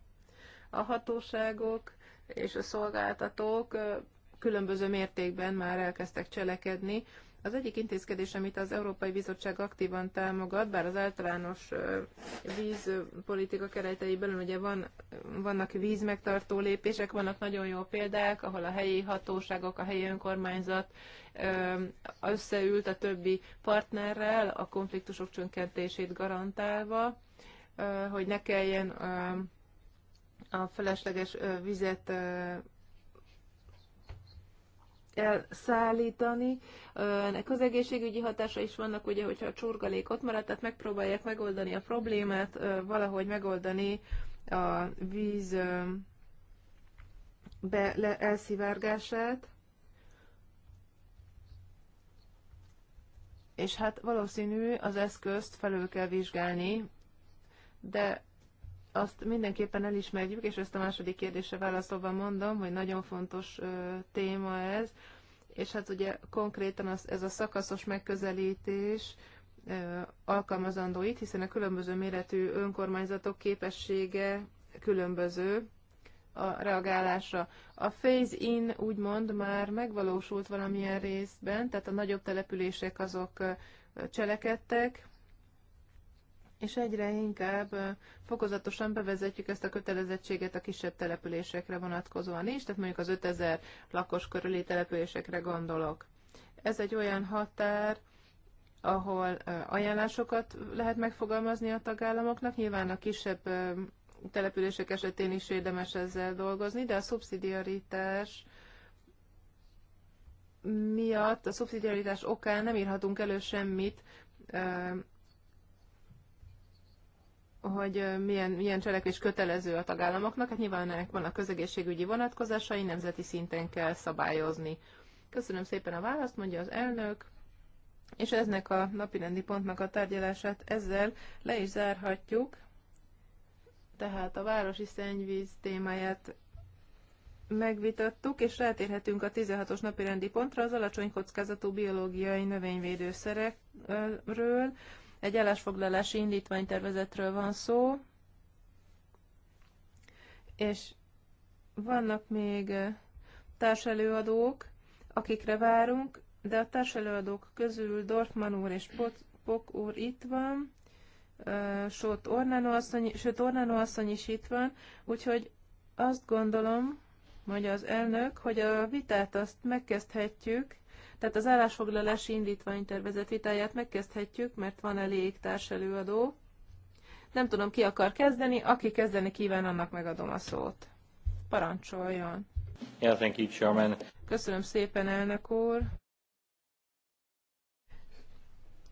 A hatóságok és a szolgáltatók különböző mértékben már elkezdtek cselekedni, az egyik intézkedés, amit az Európai Bizottság aktívan támogat, bár az általános vízpolitika keretei belül ugye van, vannak vízmegtartó lépések, vannak nagyon jó példák, ahol a helyi hatóságok, a helyi önkormányzat összeült a többi partnerrel, a konfliktusok csökkentését garantálva, hogy ne kelljen a felesleges vizet elszállítani. Ennek az egészségügyi hatása is vannak, ugye, hogyha a csurgalék ott marad, tehát megpróbálják megoldani a problémát, valahogy megoldani a víz be, le, elszivárgását. És hát valószínű az eszközt felül kell vizsgálni, de azt mindenképpen elismerjük, és ezt a második kérdése válaszolva mondom, hogy nagyon fontos téma ez, és hát ugye konkrétan az, ez a szakaszos megközelítés alkalmazandó itt, hiszen a különböző méretű önkormányzatok képessége különböző a reagálásra. A phase-in úgymond már megvalósult valamilyen részben, tehát a nagyobb települések azok cselekedtek, és egyre inkább fokozatosan bevezetjük ezt a kötelezettséget a kisebb településekre vonatkozóan is, tehát mondjuk az 5000 lakos körüli településekre gondolok. Ez egy olyan határ, ahol ajánlásokat lehet megfogalmazni a tagállamoknak, nyilván a kisebb települések esetén is érdemes ezzel dolgozni, de a szubszidiaritás miatt, a szubszidiaritás okán nem írhatunk elő semmit hogy milyen, milyen cselekvés kötelező a tagállamoknak, hát nyilván ennek a közegészségügyi vonatkozásai, nemzeti szinten kell szabályozni. Köszönöm szépen a választ, mondja az elnök, és eznek a napirendi pontnak a tárgyalását ezzel le is zárhatjuk, tehát a városi szennyvíz témáját megvitattuk, és rátérhetünk a 16-os napirendi pontra az alacsony kockázatú biológiai növényvédőszerekről, egy állásfoglalási indítványtervezetről van szó, és vannak még társelőadók, akikre várunk, de a társelőadók közül Dortman úr és Pok úr itt van, sőt Ornano asszony, sőt Ornano asszony is itt van, úgyhogy azt gondolom, mondja az elnök, hogy a vitát azt megkezdhetjük, tehát az állásfoglalási indítványtervezet vitáját megkezdhetjük, mert van elég társelőadó. Nem tudom, ki akar kezdeni. Aki kezdeni kíván, annak megadom a szót. Parancsoljon. Yeah, thank you, Chairman. Köszönöm szépen, elnök úr.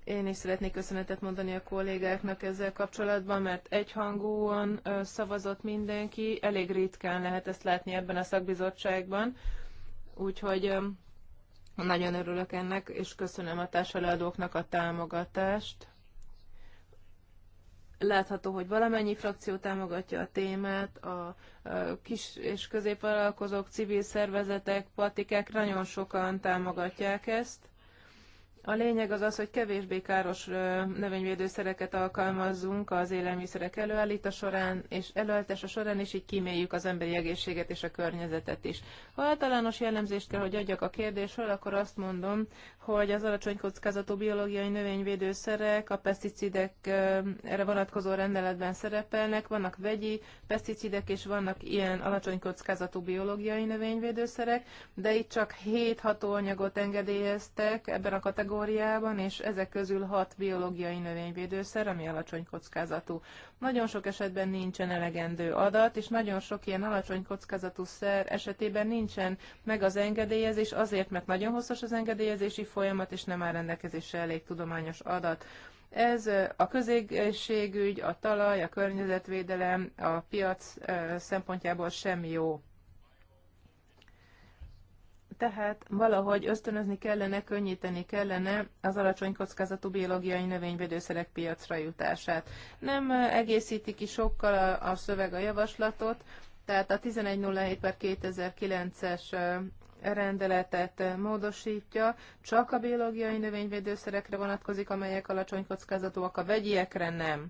Én is szeretnék köszönetet mondani a kollégáknak ezzel kapcsolatban, mert egyhangúan szavazott mindenki, elég ritkán lehet ezt látni ebben a szakbizottságban, úgyhogy nagyon örülök ennek, és köszönöm a társadalmadóknak a támogatást. Látható, hogy valamennyi frakció támogatja a témát, a kis és középvállalkozók, civil szervezetek, patikák nagyon sokan támogatják ezt a lényeg az az, hogy kevésbé káros növényvédőszereket alkalmazzunk az élelmiszerek előállítása során, és előállítása során is így kíméljük az emberi egészséget és a környezetet is. Ha általános jellemzést kell, hogy adjak a kérdésről, akkor azt mondom, hogy az alacsony kockázatú biológiai növényvédőszerek a peszticidek erre vonatkozó rendeletben szerepelnek, vannak vegyi peszticidek, és vannak ilyen alacsony kockázatú biológiai növényvédőszerek, de itt csak 7 hatóanyagot engedélyeztek ebben a kategóriában, kategóriában, és ezek közül hat biológiai növényvédőszer, ami alacsony kockázatú. Nagyon sok esetben nincsen elegendő adat, és nagyon sok ilyen alacsony kockázatú szer esetében nincsen meg az engedélyezés, azért, mert nagyon hosszas az engedélyezési folyamat, és nem áll rendelkezésre elég tudományos adat. Ez a közégségügy, a talaj, a környezetvédelem, a piac szempontjából sem jó. Tehát valahogy ösztönözni kellene, könnyíteni kellene az alacsony kockázatú biológiai növényvédőszerek piacra jutását. Nem eh, egészíti ki sokkal a, szöveg a javaslatot, tehát a 1107 per 2009-es eh, rendeletet eh, módosítja, csak a biológiai növényvédőszerekre vonatkozik, amelyek alacsony kockázatúak, a vegyiekre nem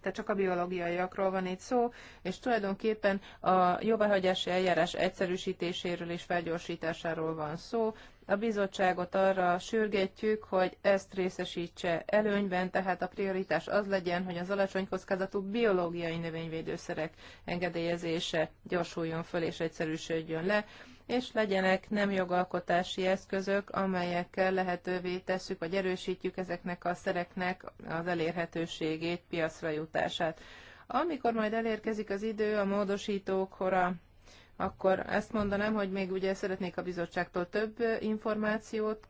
tehát csak a biológiaiakról van itt szó, és tulajdonképpen a jóváhagyási eljárás egyszerűsítéséről és felgyorsításáról van szó. A bizottságot arra sürgetjük, hogy ezt részesítse előnyben, tehát a prioritás az legyen, hogy az alacsony kockázatú biológiai növényvédőszerek engedélyezése gyorsuljon föl és egyszerűsödjön le és legyenek nem jogalkotási eszközök, amelyekkel lehetővé tesszük, vagy erősítjük ezeknek a szereknek az elérhetőségét, piacra jutását. Amikor majd elérkezik az idő a hora, akkor ezt mondanám, hogy még ugye szeretnék a bizottságtól több információt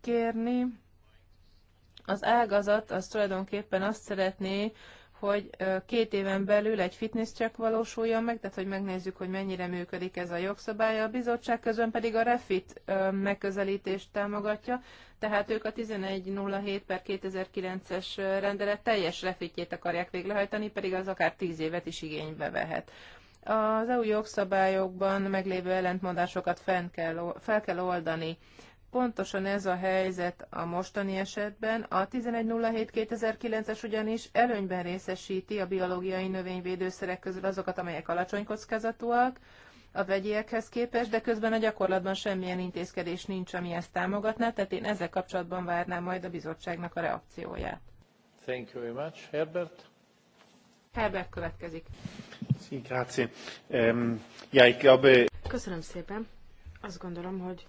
kérni. Az ágazat az tulajdonképpen azt szeretné, hogy két éven belül egy fitness check valósuljon meg, tehát hogy megnézzük, hogy mennyire működik ez a jogszabály. A bizottság közön pedig a refit megközelítést támogatja, tehát ők a 1107 per 2009-es rendelet teljes refitjét akarják végrehajtani, pedig az akár 10 évet is igénybe vehet. Az EU jogszabályokban meglévő ellentmondásokat fel kell, fel kell oldani pontosan ez a helyzet a mostani esetben. A 1107-2009-es ugyanis előnyben részesíti a biológiai növényvédőszerek közül azokat, amelyek alacsony kockázatúak, a vegyiekhez képest, de közben a gyakorlatban semmilyen intézkedés nincs, ami ezt támogatná, tehát én ezzel kapcsolatban várnám majd a bizottságnak a reakcióját. Thank you very much. Herbert? Herbert következik. Sí, grazie. Um, ja, ich glaube... Köszönöm szépen. Azt gondolom, hogy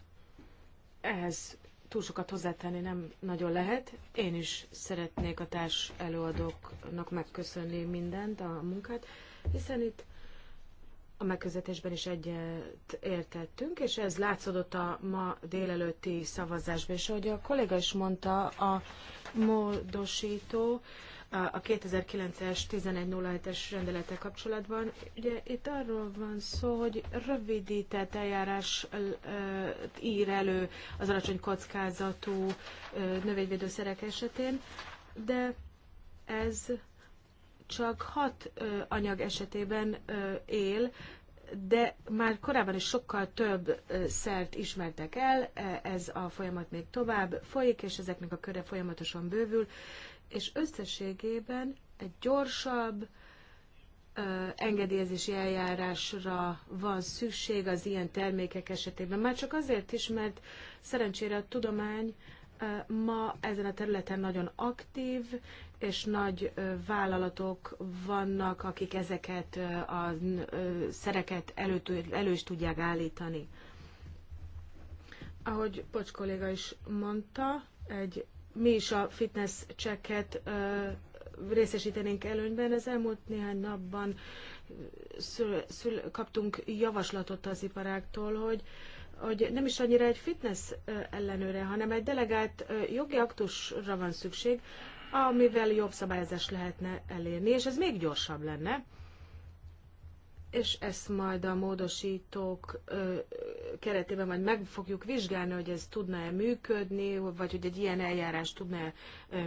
ehhez túl sokat hozzátenni nem nagyon lehet. Én is szeretnék a társ előadóknak megköszönni mindent, a munkát, hiszen itt a megközelítésben is egyet értettünk, és ez látszódott a ma délelőtti szavazásban. És ahogy a kolléga is mondta, a módosító a 2009-es 1107-es rendelete kapcsolatban. Ugye itt arról van szó, hogy rövidített eljárás ír elő az alacsony kockázatú növényvédőszerek esetén, de ez csak hat anyag esetében él, de már korábban is sokkal több szert ismertek el, ez a folyamat még tovább folyik, és ezeknek a köre folyamatosan bővül, és összességében egy gyorsabb ö, engedélyezési eljárásra van szükség az ilyen termékek esetében. Már csak azért is, mert szerencsére a tudomány ö, ma ezen a területen nagyon aktív, és nagy ö, vállalatok vannak, akik ezeket ö, a ö, szereket elő, elő is tudják állítani. Ahogy Pocs kolléga is mondta, egy mi is a fitness checket részesítenénk előnyben. Az elmúlt néhány napban szül, szül, kaptunk javaslatot az iparáktól, hogy hogy nem is annyira egy fitness ellenőre, hanem egy delegált jogi aktusra van szükség, amivel jobb szabályozást lehetne elérni, és ez még gyorsabb lenne, és ezt majd a módosítók ö, keretében majd meg fogjuk vizsgálni, hogy ez tudna-e működni, vagy hogy egy ilyen eljárás tudna-e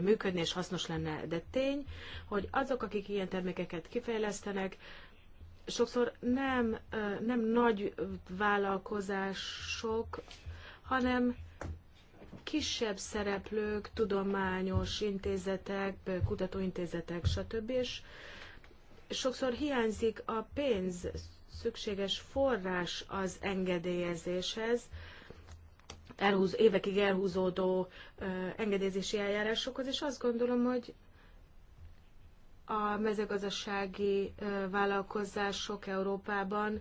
működni, és hasznos lenne. De tény, hogy azok, akik ilyen termékeket kifejlesztenek, sokszor nem, ö, nem nagy vállalkozások, hanem kisebb szereplők, tudományos intézetek, kutatóintézetek, stb. És, ö, sokszor hiányzik a pénz, szükséges forrás az engedélyezéshez, elhúz, évekig elhúzódó engedélyezési eljárásokhoz, és azt gondolom, hogy a mezőgazdasági vállalkozások Európában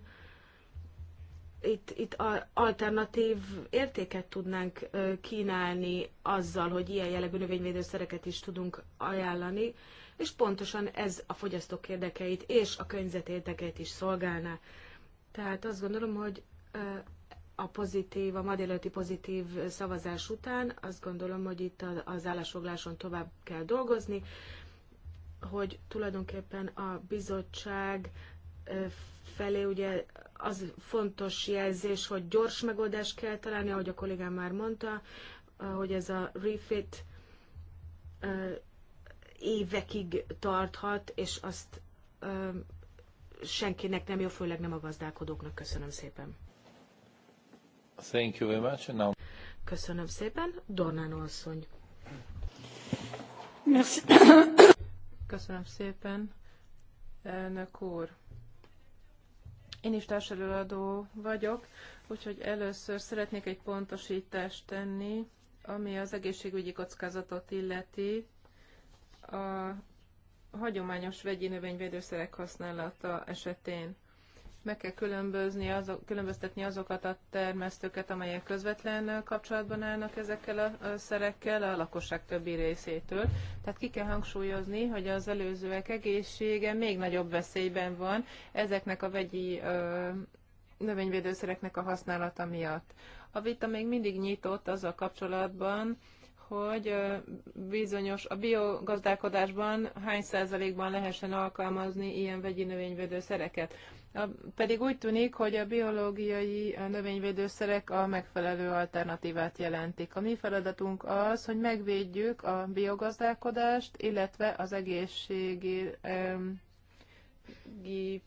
itt, itt a alternatív értéket tudnánk kínálni azzal, hogy ilyen jellegű növényvédőszereket is tudunk ajánlani, és pontosan ez a fogyasztók érdekeit és a környezet érdekeit is szolgálná. Tehát azt gondolom, hogy a pozitív, a ma pozitív szavazás után azt gondolom, hogy itt az állásfogláson tovább kell dolgozni, hogy tulajdonképpen a bizottság felé ugye az fontos jelzés, hogy gyors megoldást kell találni, ahogy a kollégám már mondta, hogy ez a refit évekig tarthat, és azt ö, senkinek nem jó, főleg nem a gazdálkodóknak. Köszönöm szépen. Thank you very much. Now... Köszönöm szépen. Dornán asszony. Merci. Köszönöm szépen, elnök úr. Én is társadalmadó vagyok, úgyhogy először szeretnék egy pontosítást tenni, ami az egészségügyi kockázatot illeti a hagyományos vegyi növényvédőszerek használata esetén meg kell különbözni azok, különböztetni azokat a termesztőket, amelyek közvetlen kapcsolatban állnak ezekkel a szerekkel a lakosság többi részétől. Tehát ki kell hangsúlyozni, hogy az előzőek egészsége még nagyobb veszélyben van ezeknek a vegyi ö, növényvédőszereknek a használata miatt. A vita még mindig nyitott az a kapcsolatban, hogy bizonyos a biogazdálkodásban hány százalékban lehessen alkalmazni ilyen vegyi növényvédőszereket. Pedig úgy tűnik, hogy a biológiai növényvédőszerek a megfelelő alternatívát jelentik. A mi feladatunk az, hogy megvédjük a biogazdálkodást, illetve az egészségi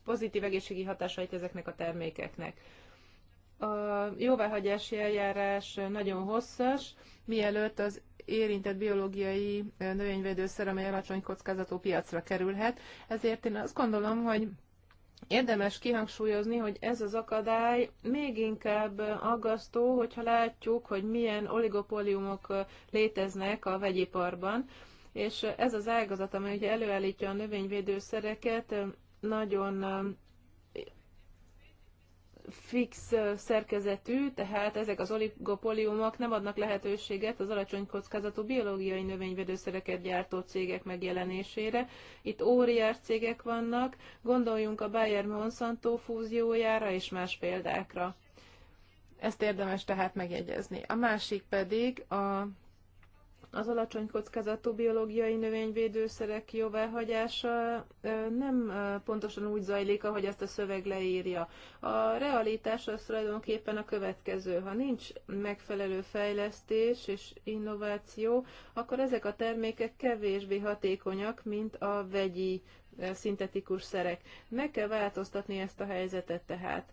pozitív egészségi hatásait ezeknek a termékeknek. A jóváhagyási eljárás nagyon hosszas, mielőtt az érintett biológiai növényvédőszer, amely alacsony kockázatú piacra kerülhet. Ezért én azt gondolom, hogy Érdemes kihangsúlyozni, hogy ez az akadály még inkább aggasztó, hogyha látjuk, hogy milyen oligopóliumok léteznek a vegyiparban, és ez az ágazat, amely ugye előállítja a növényvédőszereket, nagyon fix szerkezetű, tehát ezek az oligopóliumok nem adnak lehetőséget az alacsony kockázatú biológiai növényvédőszereket gyártó cégek megjelenésére. Itt óriás cégek vannak, gondoljunk a Bayer-Monsanto fúziójára és más példákra. Ezt érdemes tehát megjegyezni. A másik pedig a az alacsony kockázatú biológiai növényvédőszerek jóváhagyása nem pontosan úgy zajlik, ahogy ezt a szöveg leírja. A realitás az tulajdonképpen a következő. Ha nincs megfelelő fejlesztés és innováció, akkor ezek a termékek kevésbé hatékonyak, mint a vegyi szintetikus szerek. Meg kell változtatni ezt a helyzetet tehát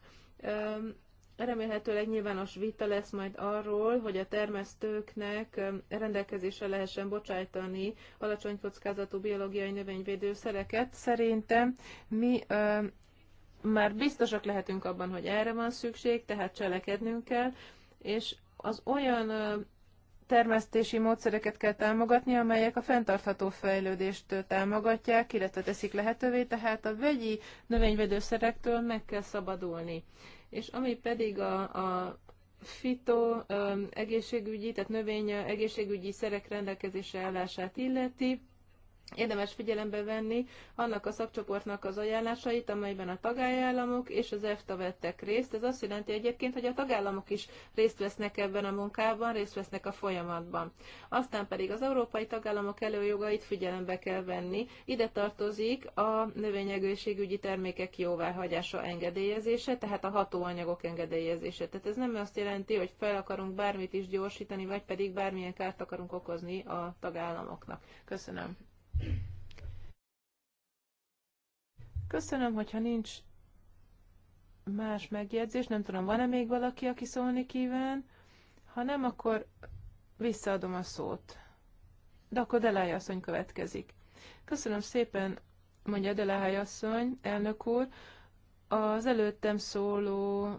Remélhetőleg nyilvános vita lesz majd arról, hogy a termesztőknek um, rendelkezésre lehessen bocsájtani alacsony kockázatú biológiai növényvédőszereket. Szerintem mi ö, um, már biztosak lehetünk abban, hogy erre van szükség, tehát cselekednünk kell, és az olyan ö, um, termesztési módszereket kell támogatni, amelyek a fenntartható fejlődést uh, támogatják, illetve teszik lehetővé, tehát a vegyi növényvédőszerektől meg kell szabadulni. És ami pedig a, a fito egészségügyi, tehát növény egészségügyi szerek rendelkezésre állását illeti, Érdemes figyelembe venni annak a szakcsoportnak az ajánlásait, amelyben a tagállamok és az EFTA vettek részt. Ez azt jelenti egyébként, hogy a tagállamok is részt vesznek ebben a munkában, részt vesznek a folyamatban. Aztán pedig az európai tagállamok előjogait figyelembe kell venni. Ide tartozik a növényegészségügyi termékek jóváhagyása, engedélyezése, tehát a hatóanyagok engedélyezése. Tehát ez nem azt jelenti, hogy fel akarunk bármit is gyorsítani, vagy pedig bármilyen kárt akarunk okozni a tagállamoknak. Köszönöm. Köszönöm, hogyha nincs más megjegyzés, nem tudom, van-e még valaki, aki szólni kíván? Ha nem, akkor visszaadom a szót. De akkor Delája asszony következik. Köszönöm szépen, mondja Delája asszony, elnök úr. Az előttem szóló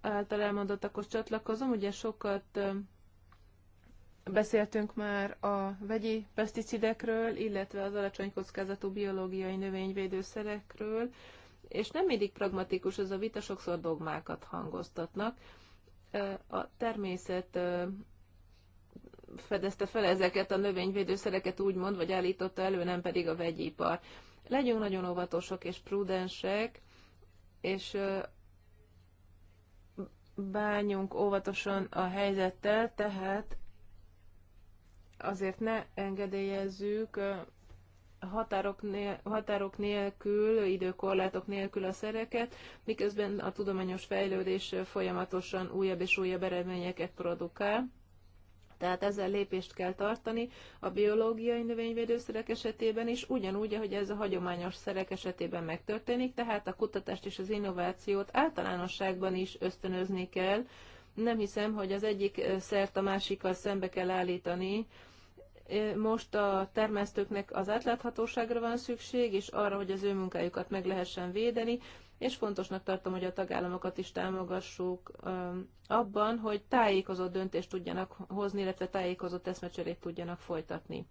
által elmondottakhoz csatlakozom, ugye sokat Beszéltünk már a vegyi peszticidekről, illetve az alacsony kockázatú biológiai növényvédőszerekről, és nem mindig pragmatikus ez a vita, sokszor dogmákat hangoztatnak. A természet fedezte fel ezeket a növényvédőszereket úgymond, vagy állította elő, nem pedig a vegyipar. Legyünk nagyon óvatosak és prudensek, és bánjunk óvatosan a helyzettel, tehát azért ne engedélyezzük határok, nél, határok nélkül, időkorlátok nélkül a szereket, miközben a tudományos fejlődés folyamatosan újabb és újabb eredményeket produkál. Tehát ezzel lépést kell tartani a biológiai növényvédőszerek esetében is, ugyanúgy, ahogy ez a hagyományos szerek esetében megtörténik, tehát a kutatást és az innovációt általánosságban is ösztönözni kell. Nem hiszem, hogy az egyik szert a másikkal szembe kell állítani, most a termesztőknek az átláthatóságra van szükség, és arra, hogy az ő munkájukat meg lehessen védeni, és fontosnak tartom, hogy a tagállamokat is támogassuk abban, hogy tájékozott döntést tudjanak hozni, illetve tájékozott eszmecserét tudjanak folytatni.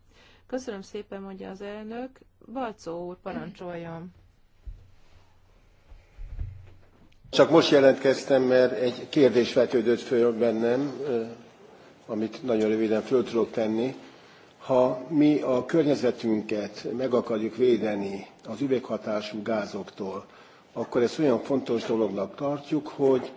Köszönöm szépen, mondja az elnök. Balcó úr, parancsoljon! Csak most jelentkeztem, mert egy kérdés vetődött föl bennem, amit nagyon röviden föl tudok tenni. Ha mi a környezetünket meg akarjuk védeni az üveghatású gázoktól, akkor ezt olyan fontos dolognak tartjuk, hogy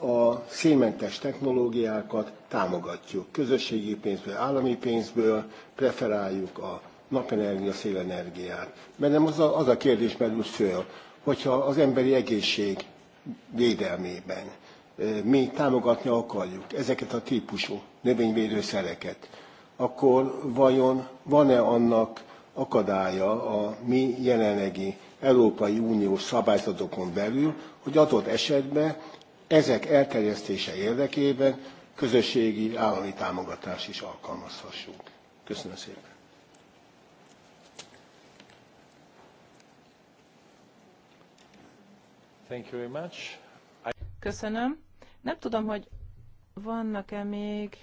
a szénmentes technológiákat támogatjuk. Közösségi pénzből, állami pénzből preferáljuk a napenergia, szélenergiát. nem az a, az a kérdés merül föl, hogyha az emberi egészség védelmében eh, mi támogatni akarjuk ezeket a típusú növényvédőszereket, akkor vajon van-e annak akadálya a mi jelenlegi Európai Uniós szabályzatokon belül, hogy adott esetben ezek elterjesztése érdekében közösségi állami támogatást is alkalmazhassunk. Köszönöm szépen. Thank you very much. I... Köszönöm. Nem tudom, hogy vannak-e még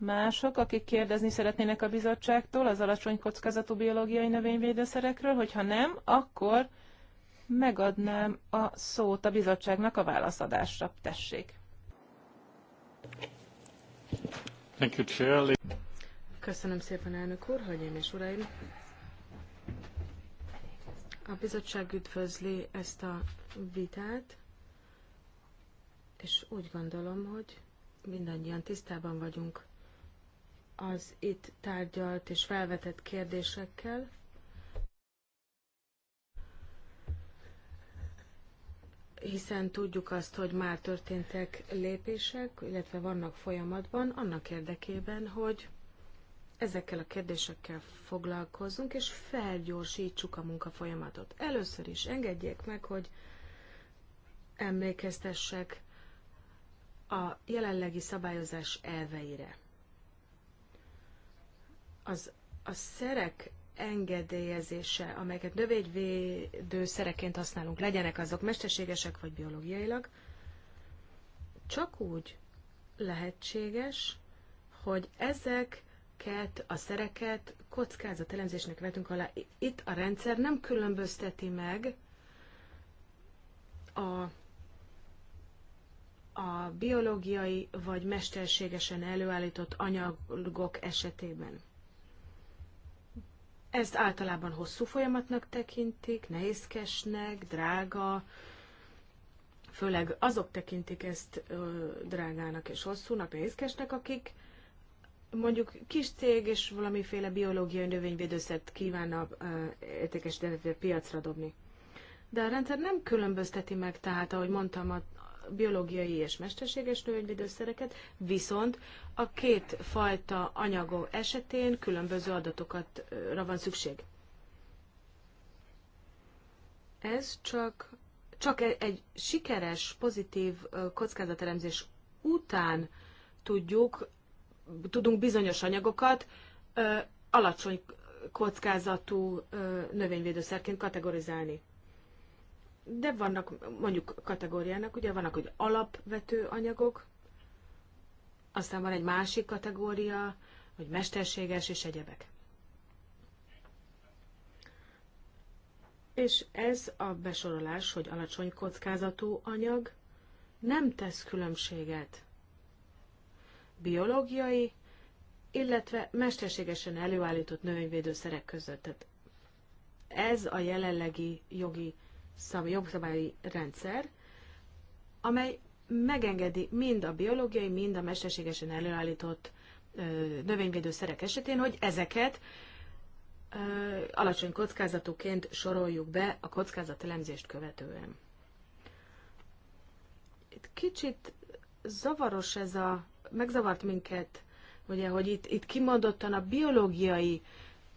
Mások, akik kérdezni szeretnének a bizottságtól az alacsony kockázatú biológiai növényvédőszerekről, hogyha nem, akkor megadnám a szót a bizottságnak a válaszadásra. Tessék! Köszönöm szépen, elnök úr, hölgyeim és uraim! A bizottság üdvözli ezt a vitát, és úgy gondolom, hogy mindannyian tisztában vagyunk az itt tárgyalt és felvetett kérdésekkel. hiszen tudjuk azt, hogy már történtek lépések, illetve vannak folyamatban, annak érdekében, hogy ezekkel a kérdésekkel foglalkozzunk, és felgyorsítsuk a munkafolyamatot. Először is engedjék meg, hogy emlékeztessek a jelenlegi szabályozás elveire az, a szerek engedélyezése, amelyeket növényvédő szereként használunk, legyenek azok mesterségesek vagy biológiailag, csak úgy lehetséges, hogy ezeket a szereket kockázat elemzésnek vetünk alá. Itt a rendszer nem különbözteti meg a, a biológiai vagy mesterségesen előállított anyagok esetében. Ezt általában hosszú folyamatnak tekintik, nehézkesnek, drága, főleg azok tekintik ezt ö, drágának és hosszúnak, nehézkesnek, akik mondjuk kis cég és valamiféle biológiai növényvédőszert kívánna értékes piacra dobni. De a rendszer nem különbözteti meg, tehát ahogy mondtam, a, biológiai és mesterséges növényvédőszereket, viszont a két fajta anyagok esetén különböző adatokatra van szükség. Ez csak, csak e- egy sikeres, pozitív kockázatelemzés után tudjuk, tudunk bizonyos anyagokat alacsony kockázatú növényvédőszerként kategorizálni de vannak mondjuk kategóriának, ugye vannak hogy alapvető anyagok, aztán van egy másik kategória, hogy mesterséges és egyebek. És ez a besorolás, hogy alacsony kockázatú anyag nem tesz különbséget biológiai, illetve mesterségesen előállított növényvédőszerek között. Tehát ez a jelenlegi jogi szab, jogszabályi rendszer, amely megengedi mind a biológiai, mind a mesterségesen előállított ö, növényvédőszerek esetén, hogy ezeket ö, alacsony kockázatúként soroljuk be a kockázatelemzést követően. Itt kicsit zavaros ez a, megzavart minket, ugye, hogy itt, itt kimondottan a biológiai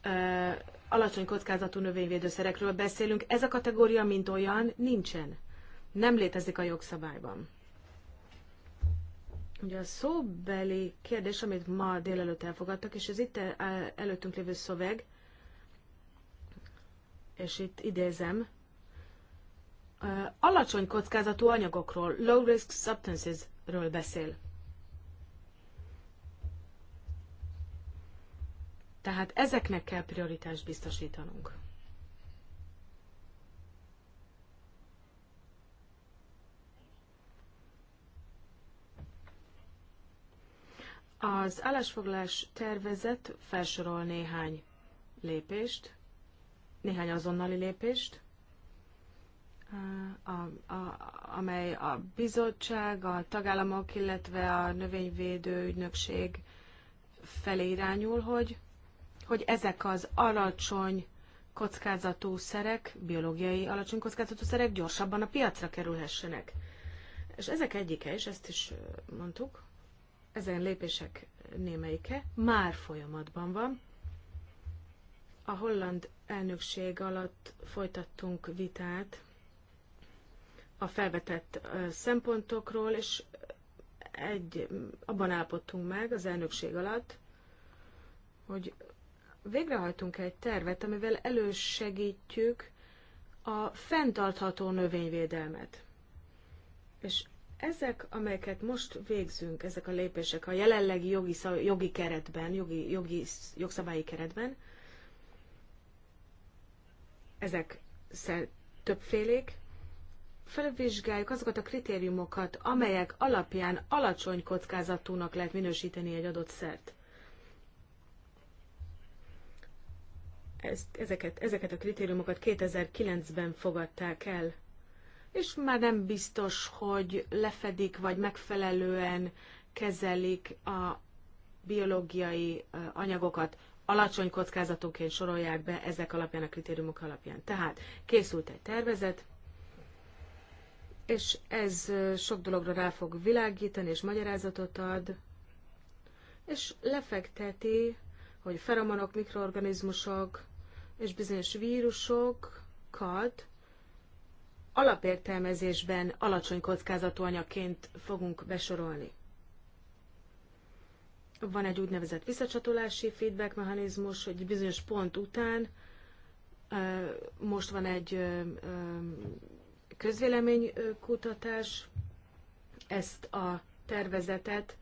ö, alacsony kockázatú növényvédőszerekről beszélünk, ez a kategória mint olyan nincsen. Nem létezik a jogszabályban. Ugye a szóbeli kérdés, amit ma délelőtt elfogadtak, és ez itt előttünk lévő szöveg, és itt idézem, alacsony kockázatú anyagokról, low risk substances ről beszél. Tehát ezeknek kell prioritást biztosítanunk. Az állásfoglalás tervezet felsorol néhány lépést, néhány azonnali lépést, a, a, amely a bizottság, a tagállamok, illetve a növényvédő ügynökség felé irányul, hogy hogy ezek az alacsony kockázatú szerek, biológiai alacsony kockázatú szerek gyorsabban a piacra kerülhessenek. És ezek egyike is, ezt is mondtuk, ezen lépések némelyike már folyamatban van. A holland elnökség alatt folytattunk vitát a felvetett szempontokról, és egy, abban állapodtunk meg az elnökség alatt, hogy végrehajtunk egy tervet, amivel elősegítjük a fenntartható növényvédelmet. És ezek, amelyeket most végzünk, ezek a lépések a jelenlegi jogi, jogi keretben, jogi, jogi, jogszabályi keretben, ezek többfélék, felvizsgáljuk azokat a kritériumokat, amelyek alapján alacsony kockázatúnak lehet minősíteni egy adott szert. ezt, ezeket, ezeket a kritériumokat 2009-ben fogadták el, és már nem biztos, hogy lefedik vagy megfelelően kezelik a biológiai anyagokat, alacsony kockázatoként sorolják be ezek alapján, a kritériumok alapján. Tehát készült egy tervezet, és ez sok dologra rá fog világítani, és magyarázatot ad, és lefekteti, hogy feromonok, mikroorganizmusok, és bizonyos vírusokat alapértelmezésben alacsony kockázatú anyagként fogunk besorolni. Van egy úgynevezett visszacsatolási feedback mechanizmus, hogy bizonyos pont után most van egy közvéleménykutatás, ezt a tervezetet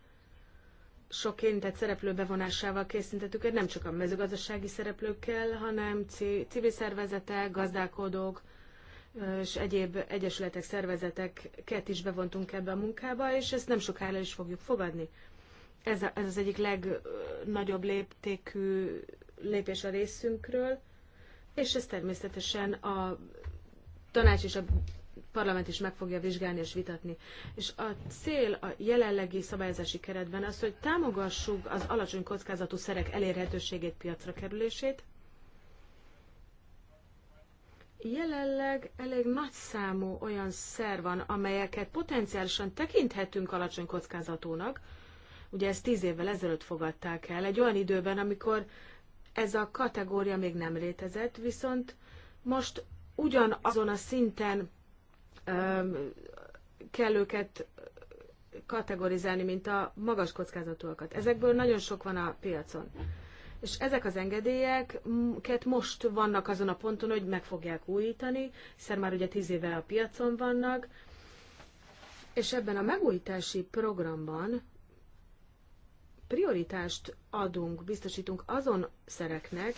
sok érintett szereplő bevonásával készítettük nem csak a mezőgazdasági szereplőkkel, hanem civil szervezetek, gazdálkodók és egyéb egyesületek, szervezeteket is bevontunk ebbe a munkába, és ezt nem sokára is fogjuk fogadni. Ez, a, ez az egyik legnagyobb léptékű lépés a részünkről, és ez természetesen a tanács és a parlament is meg fogja vizsgálni és vitatni. És a cél a jelenlegi szabályozási keretben az, hogy támogassuk az alacsony kockázatú szerek elérhetőségét, piacra kerülését. Jelenleg elég nagy számú olyan szer van, amelyeket potenciálisan tekinthetünk alacsony kockázatúnak. Ugye ezt tíz évvel ezelőtt fogadták el, egy olyan időben, amikor ez a kategória még nem létezett, viszont most ugyanazon a szinten kell őket kategorizálni, mint a magas kockázatúakat. Ezekből nagyon sok van a piacon. És ezek az engedélyeket most vannak azon a ponton, hogy meg fogják újítani, hiszen már ugye tíz éve a piacon vannak, és ebben a megújítási programban prioritást adunk, biztosítunk azon szereknek,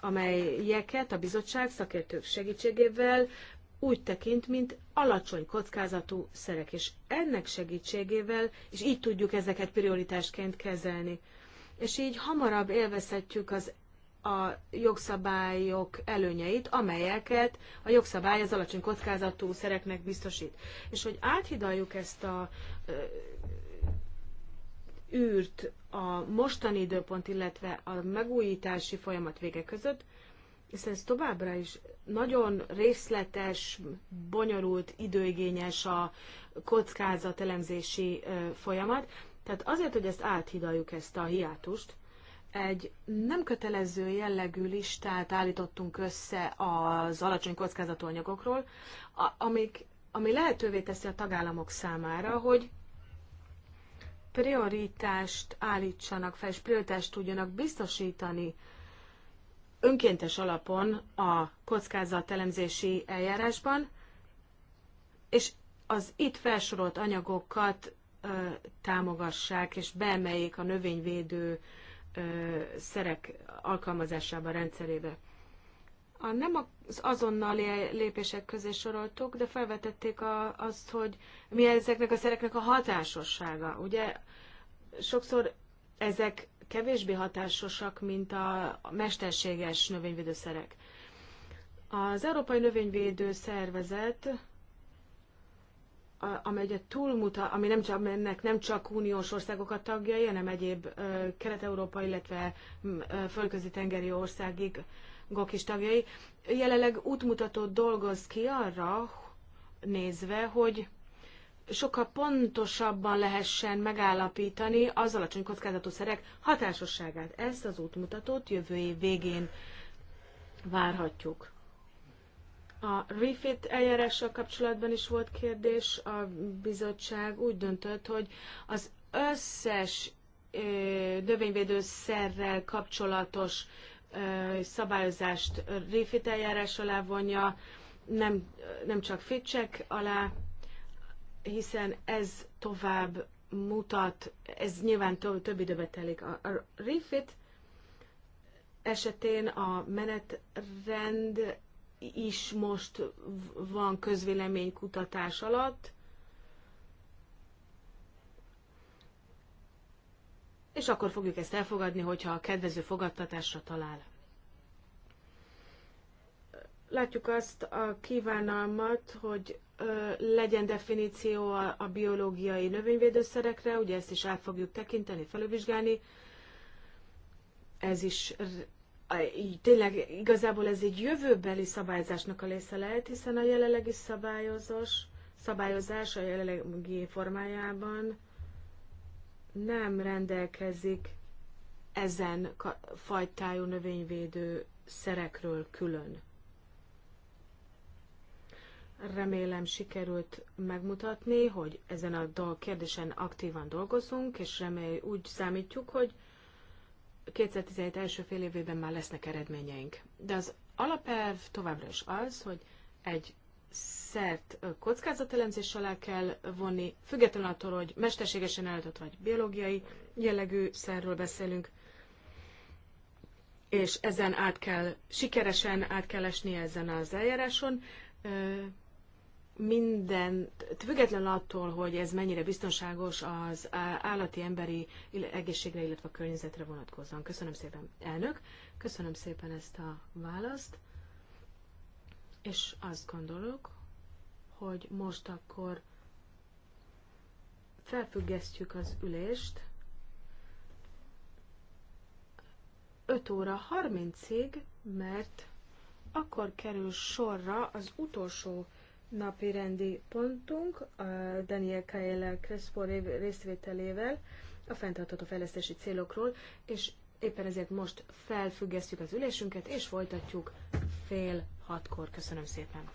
amelyeket a bizottság szakértők segítségével úgy tekint, mint alacsony kockázatú szerek, és ennek segítségével, és így tudjuk ezeket prioritásként kezelni. És így hamarabb élvezhetjük az a jogszabályok előnyeit, amelyeket a jogszabály az alacsony kockázatú szereknek biztosít. És hogy áthidaljuk ezt a űrt a mostani időpont, illetve a megújítási folyamat vége között, hiszen ez továbbra is nagyon részletes, bonyolult, időigényes a kockázatelemzési folyamat. Tehát azért, hogy ezt áthidaljuk, ezt a hiátust, egy nem kötelező jellegű listát állítottunk össze az alacsony kockázatú anyagokról, amik, ami lehetővé teszi a tagállamok számára, hogy prioritást állítsanak fel, és prioritást tudjanak biztosítani önkéntes alapon a kockázatelemzési eljárásban, és az itt felsorolt anyagokat ö, támogassák és beemeljék a növényvédő ö, szerek alkalmazásába rendszerébe. A, nem az azonnali lépések közé soroltuk, de felvetették a, azt, hogy mi ezeknek a szereknek a hatásossága. Ugye sokszor ezek kevésbé hatásosak, mint a mesterséges növényvédőszerek. Az Európai Növényvédő Szervezet, amely túlmuta, túlmutat, ami nem csak, ennek nem csak uniós országokat tagjai, hanem egyéb kelet-európai, illetve fölközi tengeri országig gok is tagjai, jelenleg útmutatót dolgoz ki arra nézve, hogy sokkal pontosabban lehessen megállapítani az alacsony kockázatú szerek hatásosságát. Ezt az útmutatót jövő év végén várhatjuk. A refit eljárással kapcsolatban is volt kérdés. A bizottság úgy döntött, hogy az összes növényvédőszerrel kapcsolatos szabályozást refit eljárás alá vonja, nem, nem csak fitcsek alá, hiszen ez tovább mutat, ez nyilván több, több időbe telik. A, a refit esetén a menetrend is most van közvélemény kutatás alatt, és akkor fogjuk ezt elfogadni, hogyha a kedvező fogadtatásra talál. Látjuk azt a kívánalmat, hogy legyen definíció a, biológiai növényvédőszerekre, ugye ezt is át fogjuk tekinteni, felülvizsgálni. Ez is tényleg igazából ez egy jövőbeli szabályzásnak a része lehet, hiszen a jelenlegi szabályozás, szabályozás a jelenlegi formájában nem rendelkezik ezen fajtájú növényvédő szerekről külön remélem sikerült megmutatni, hogy ezen a dolg kérdésen aktívan dolgozunk, és remél úgy számítjuk, hogy 2017 első fél évében már lesznek eredményeink. De az alapelv továbbra is az, hogy egy szert kockázatelemzés alá kell vonni, függetlenül attól, hogy mesterségesen eltött vagy biológiai jellegű szerről beszélünk, és ezen át kell, sikeresen át kell esni ezen az eljáráson, minden, független attól, hogy ez mennyire biztonságos az állati emberi egészségre, illetve a környezetre vonatkozóan. Köszönöm szépen, elnök, köszönöm szépen ezt a választ, és azt gondolok, hogy most akkor felfüggesztjük az ülést 5 óra 30-ig, mert akkor kerül sorra az utolsó napi rendi pontunk a Daniel Kaela Crespo részvételével a fenntartható fejlesztési célokról, és éppen ezért most felfüggesztjük az ülésünket, és folytatjuk fél hatkor. Köszönöm szépen!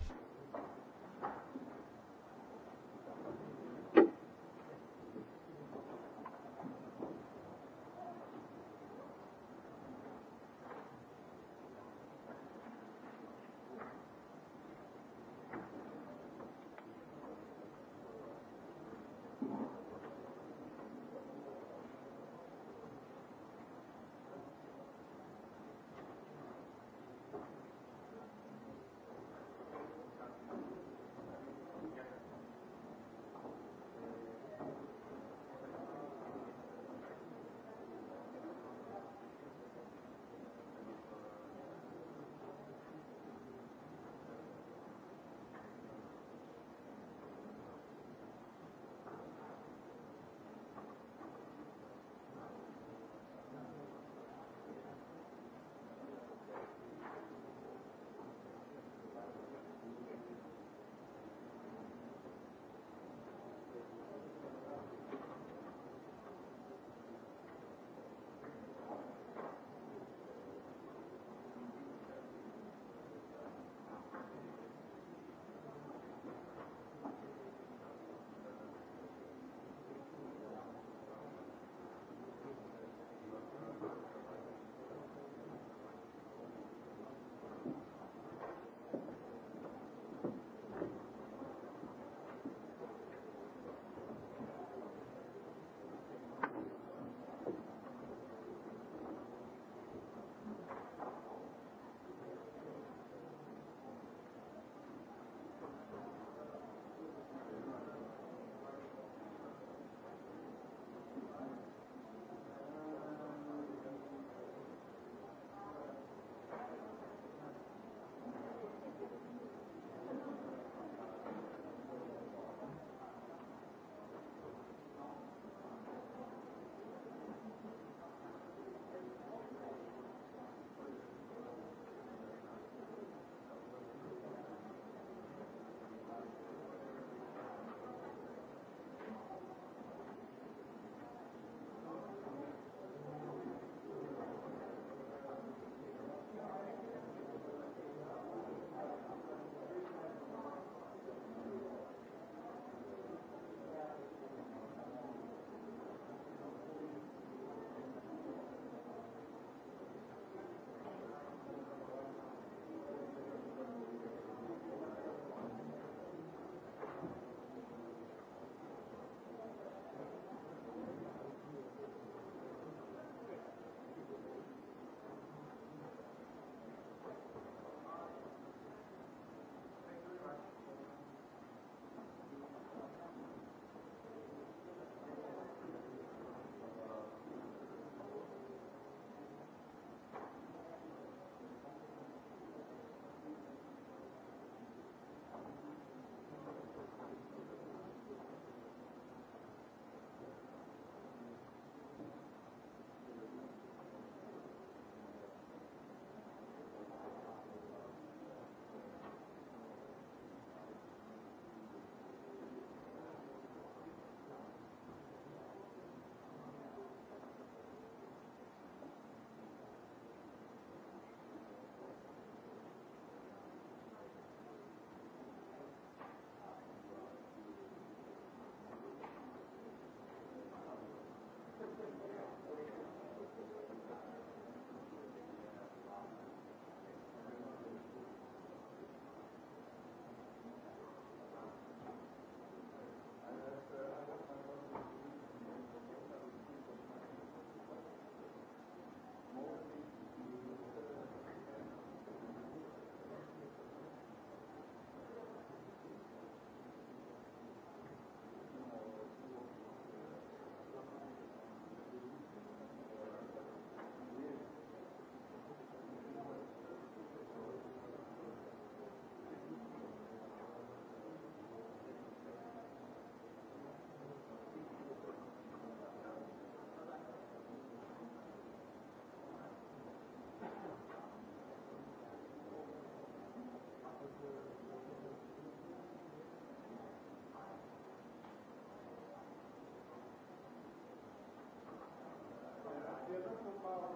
Köszönöm.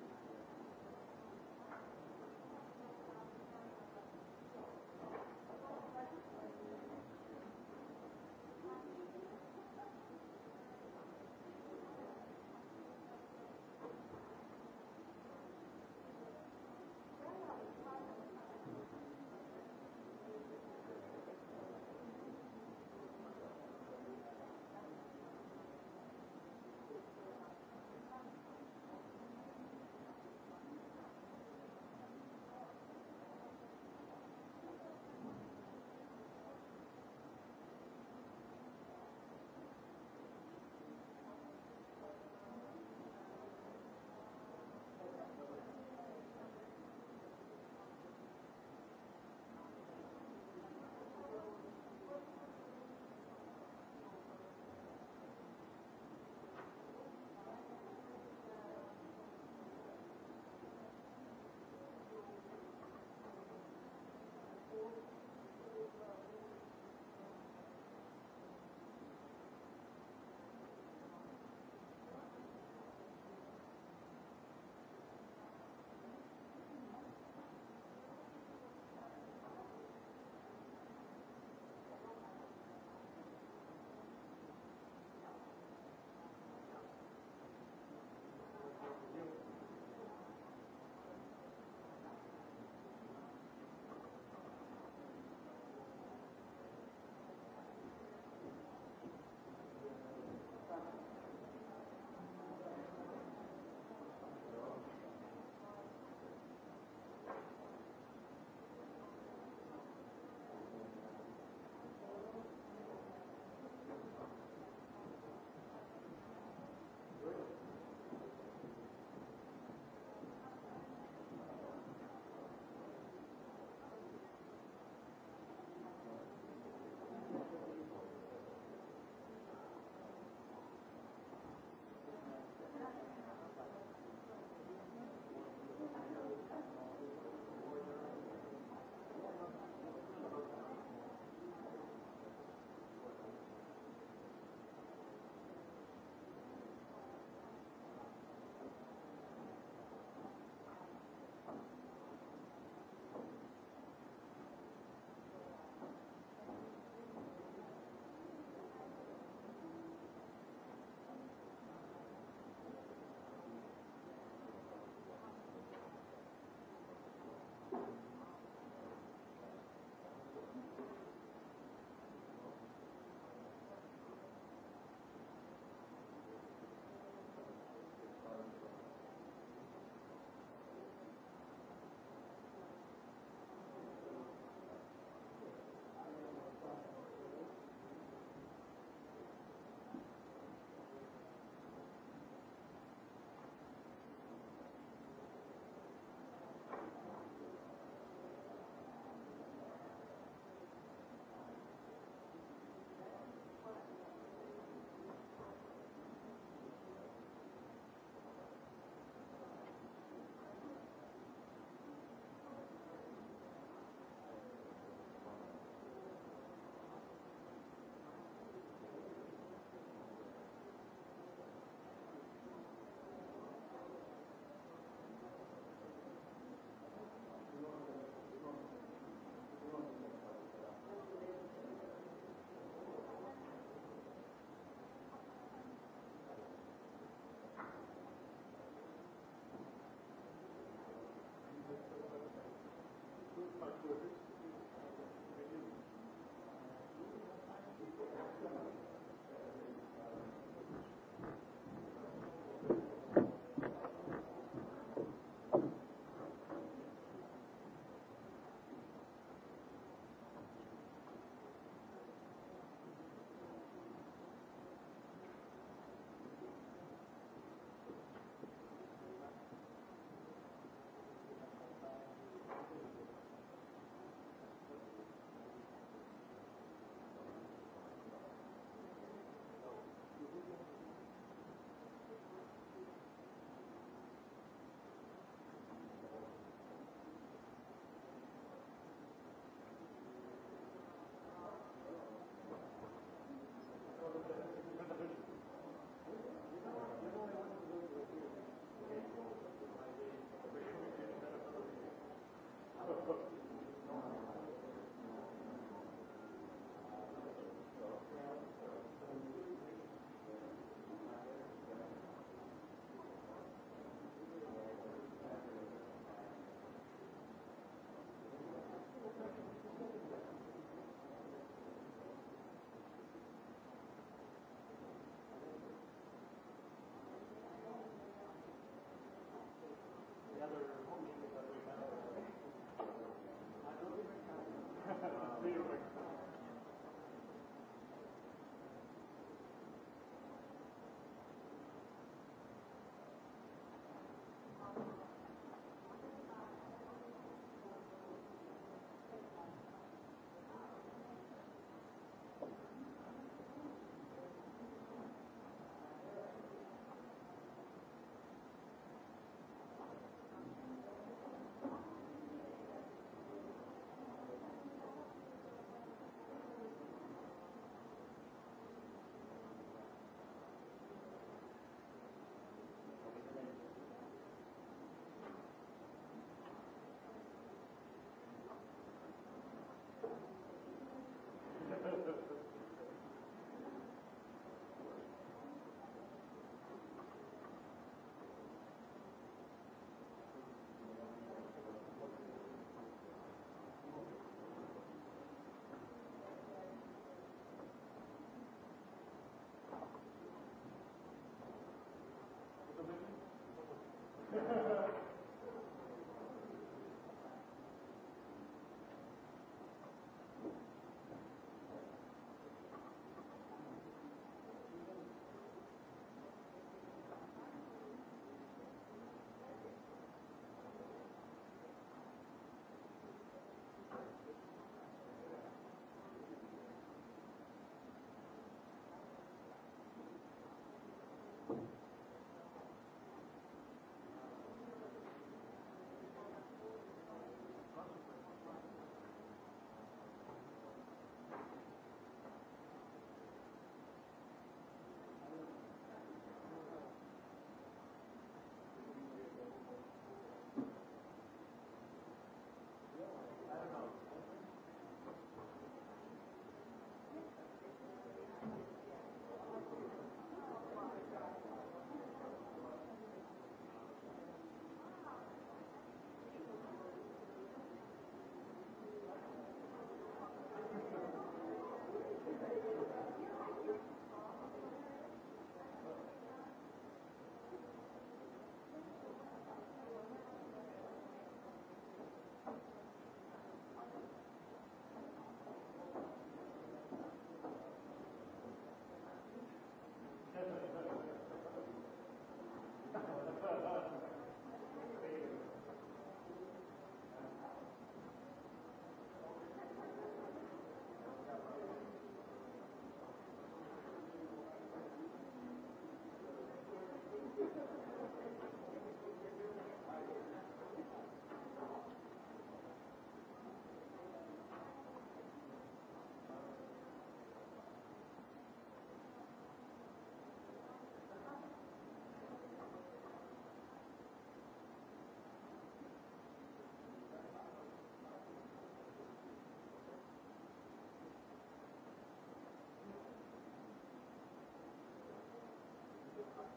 Thank you.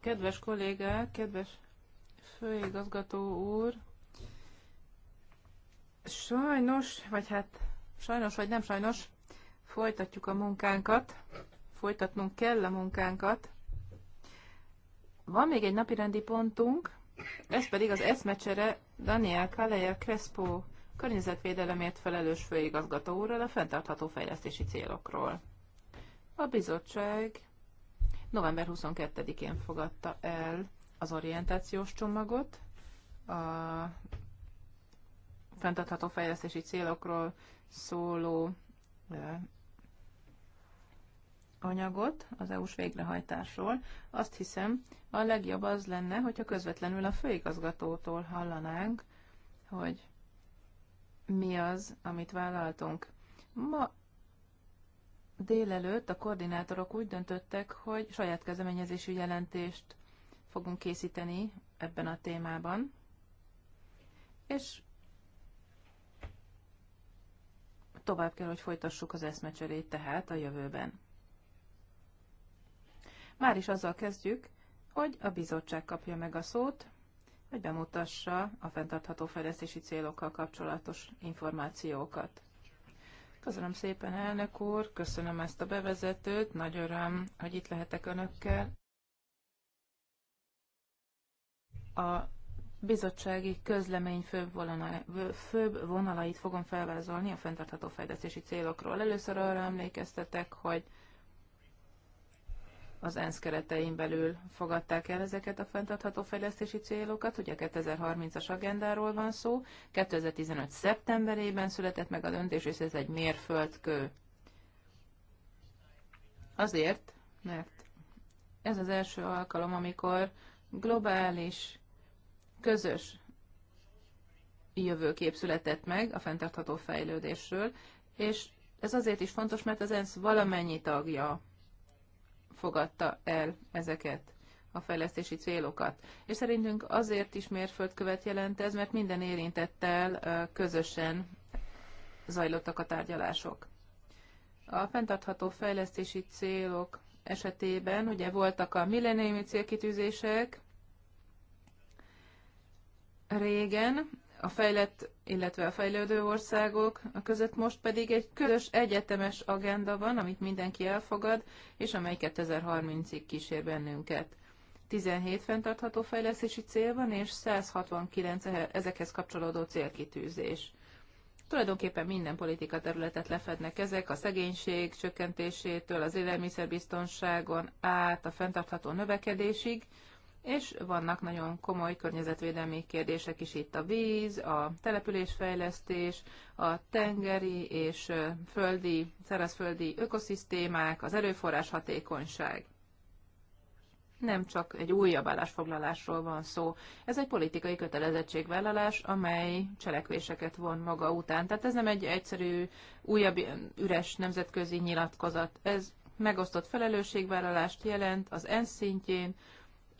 Kedves kollégák, kedves főigazgató úr, sajnos, vagy hát sajnos, vagy nem sajnos, folytatjuk a munkánkat, folytatnunk kell a munkánkat. Van még egy napirendi pontunk, ez pedig az eszmecsere Daniel Kaleja Crespo környezetvédelemért felelős főigazgató úrral a fenntartható fejlesztési célokról. A bizottság november 22-én fogadta el az orientációs csomagot, a fenntartható fejlesztési célokról szóló anyagot az EU-s végrehajtásról, azt hiszem a legjobb az lenne, hogyha közvetlenül a főigazgatótól hallanánk, hogy mi az, amit vállaltunk. Ma délelőtt a koordinátorok úgy döntöttek, hogy saját kezdeményezésű jelentést fogunk készíteni ebben a témában, és tovább kell, hogy folytassuk az eszmecserét tehát a jövőben. Már is azzal kezdjük, hogy a bizottság kapja meg a szót, hogy bemutassa a fenntartható fejlesztési célokkal kapcsolatos információkat. Köszönöm szépen, elnök úr, köszönöm ezt a bevezetőt, nagy öröm, hogy itt lehetek önökkel. A bizottsági közlemény főbb, vonala, főbb vonalait fogom felvázolni a fenntartható fejlesztési célokról. Először arra emlékeztetek, hogy az ENSZ keretein belül fogadták el ezeket a fenntartható fejlesztési célokat. Ugye 2030-as agendáról van szó, 2015. szeptemberében született meg a döntés, és ez egy mérföldkő. Azért, mert ez az első alkalom, amikor globális, közös jövőkép született meg a fenntartható fejlődésről, és ez azért is fontos, mert az ENSZ valamennyi tagja fogadta el ezeket a fejlesztési célokat. És szerintünk azért is mérföldkövet jelent ez, mert minden érintettel közösen zajlottak a tárgyalások. A fenntartható fejlesztési célok esetében ugye voltak a milleniumi célkitűzések régen, a fejlett, illetve a fejlődő országok között most pedig egy közös egyetemes agenda van, amit mindenki elfogad, és amely 2030-ig kísér bennünket. 17 fenntartható fejlesztési cél van, és 169 ezekhez kapcsolódó célkitűzés. Tulajdonképpen minden politika területet lefednek ezek, a szegénység csökkentésétől, az élelmiszerbiztonságon át, a fenntartható növekedésig, és vannak nagyon komoly környezetvédelmi kérdések is itt a víz, a településfejlesztés, a tengeri és földi, szárazföldi ökoszisztémák, az erőforrás hatékonyság. Nem csak egy újabb állásfoglalásról van szó. Ez egy politikai kötelezettségvállalás, amely cselekvéseket von maga után. Tehát ez nem egy egyszerű, újabb üres nemzetközi nyilatkozat. Ez megosztott felelősségvállalást jelent az ENSZ szintjén,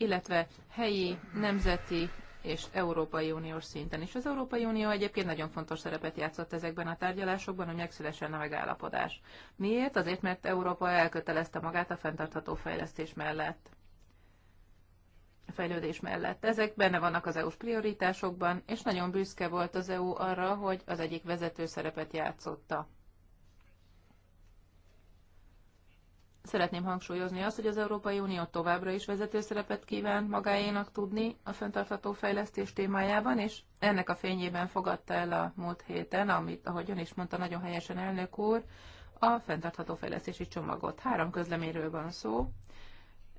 illetve helyi, nemzeti és Európai Uniós szinten is. Az Európai Unió egyébként nagyon fontos szerepet játszott ezekben a tárgyalásokban, hogy megszülesen a megállapodás. Miért? Azért, mert Európa elkötelezte magát a fenntartható fejlesztés mellett a fejlődés mellett. Ezek benne vannak az EU-s prioritásokban, és nagyon büszke volt az EU arra, hogy az egyik vezető szerepet játszotta Szeretném hangsúlyozni azt, hogy az Európai Unió továbbra is vezető szerepet kíván magáénak tudni a fenntartható fejlesztés témájában, és ennek a fényében fogadta el a múlt héten, amit, ahogy ön is mondta, nagyon helyesen elnök úr, a fenntartható fejlesztési csomagot. Három közleményről van szó.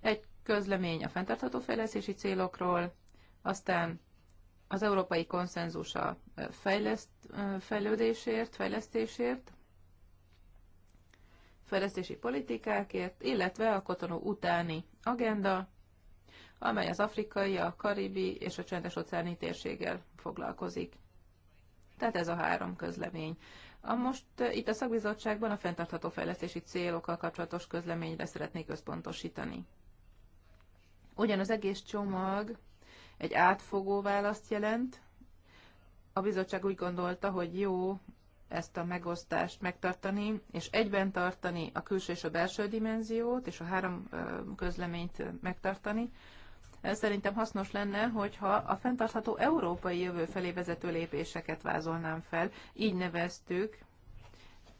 Egy közlemény a fenntartható fejlesztési célokról, aztán az európai konszenzus a fejleszt, fejlődésért, fejlesztésért, fejlesztési politikákért, illetve a kotonó utáni agenda, amely az afrikai, a karibi és a csendes óceáni térséggel foglalkozik. Tehát ez a három közlemény. A most eh, itt a szakbizottságban a fenntartható fejlesztési célokkal kapcsolatos közleményre szeretnék összpontosítani. Ugyan az egész csomag egy átfogó választ jelent. A bizottság úgy gondolta, hogy jó ezt a megosztást megtartani, és egyben tartani a külső és a belső dimenziót, és a három közleményt megtartani. Szerintem hasznos lenne, hogyha a fenntartható európai jövő felé vezető lépéseket vázolnám fel. Így neveztük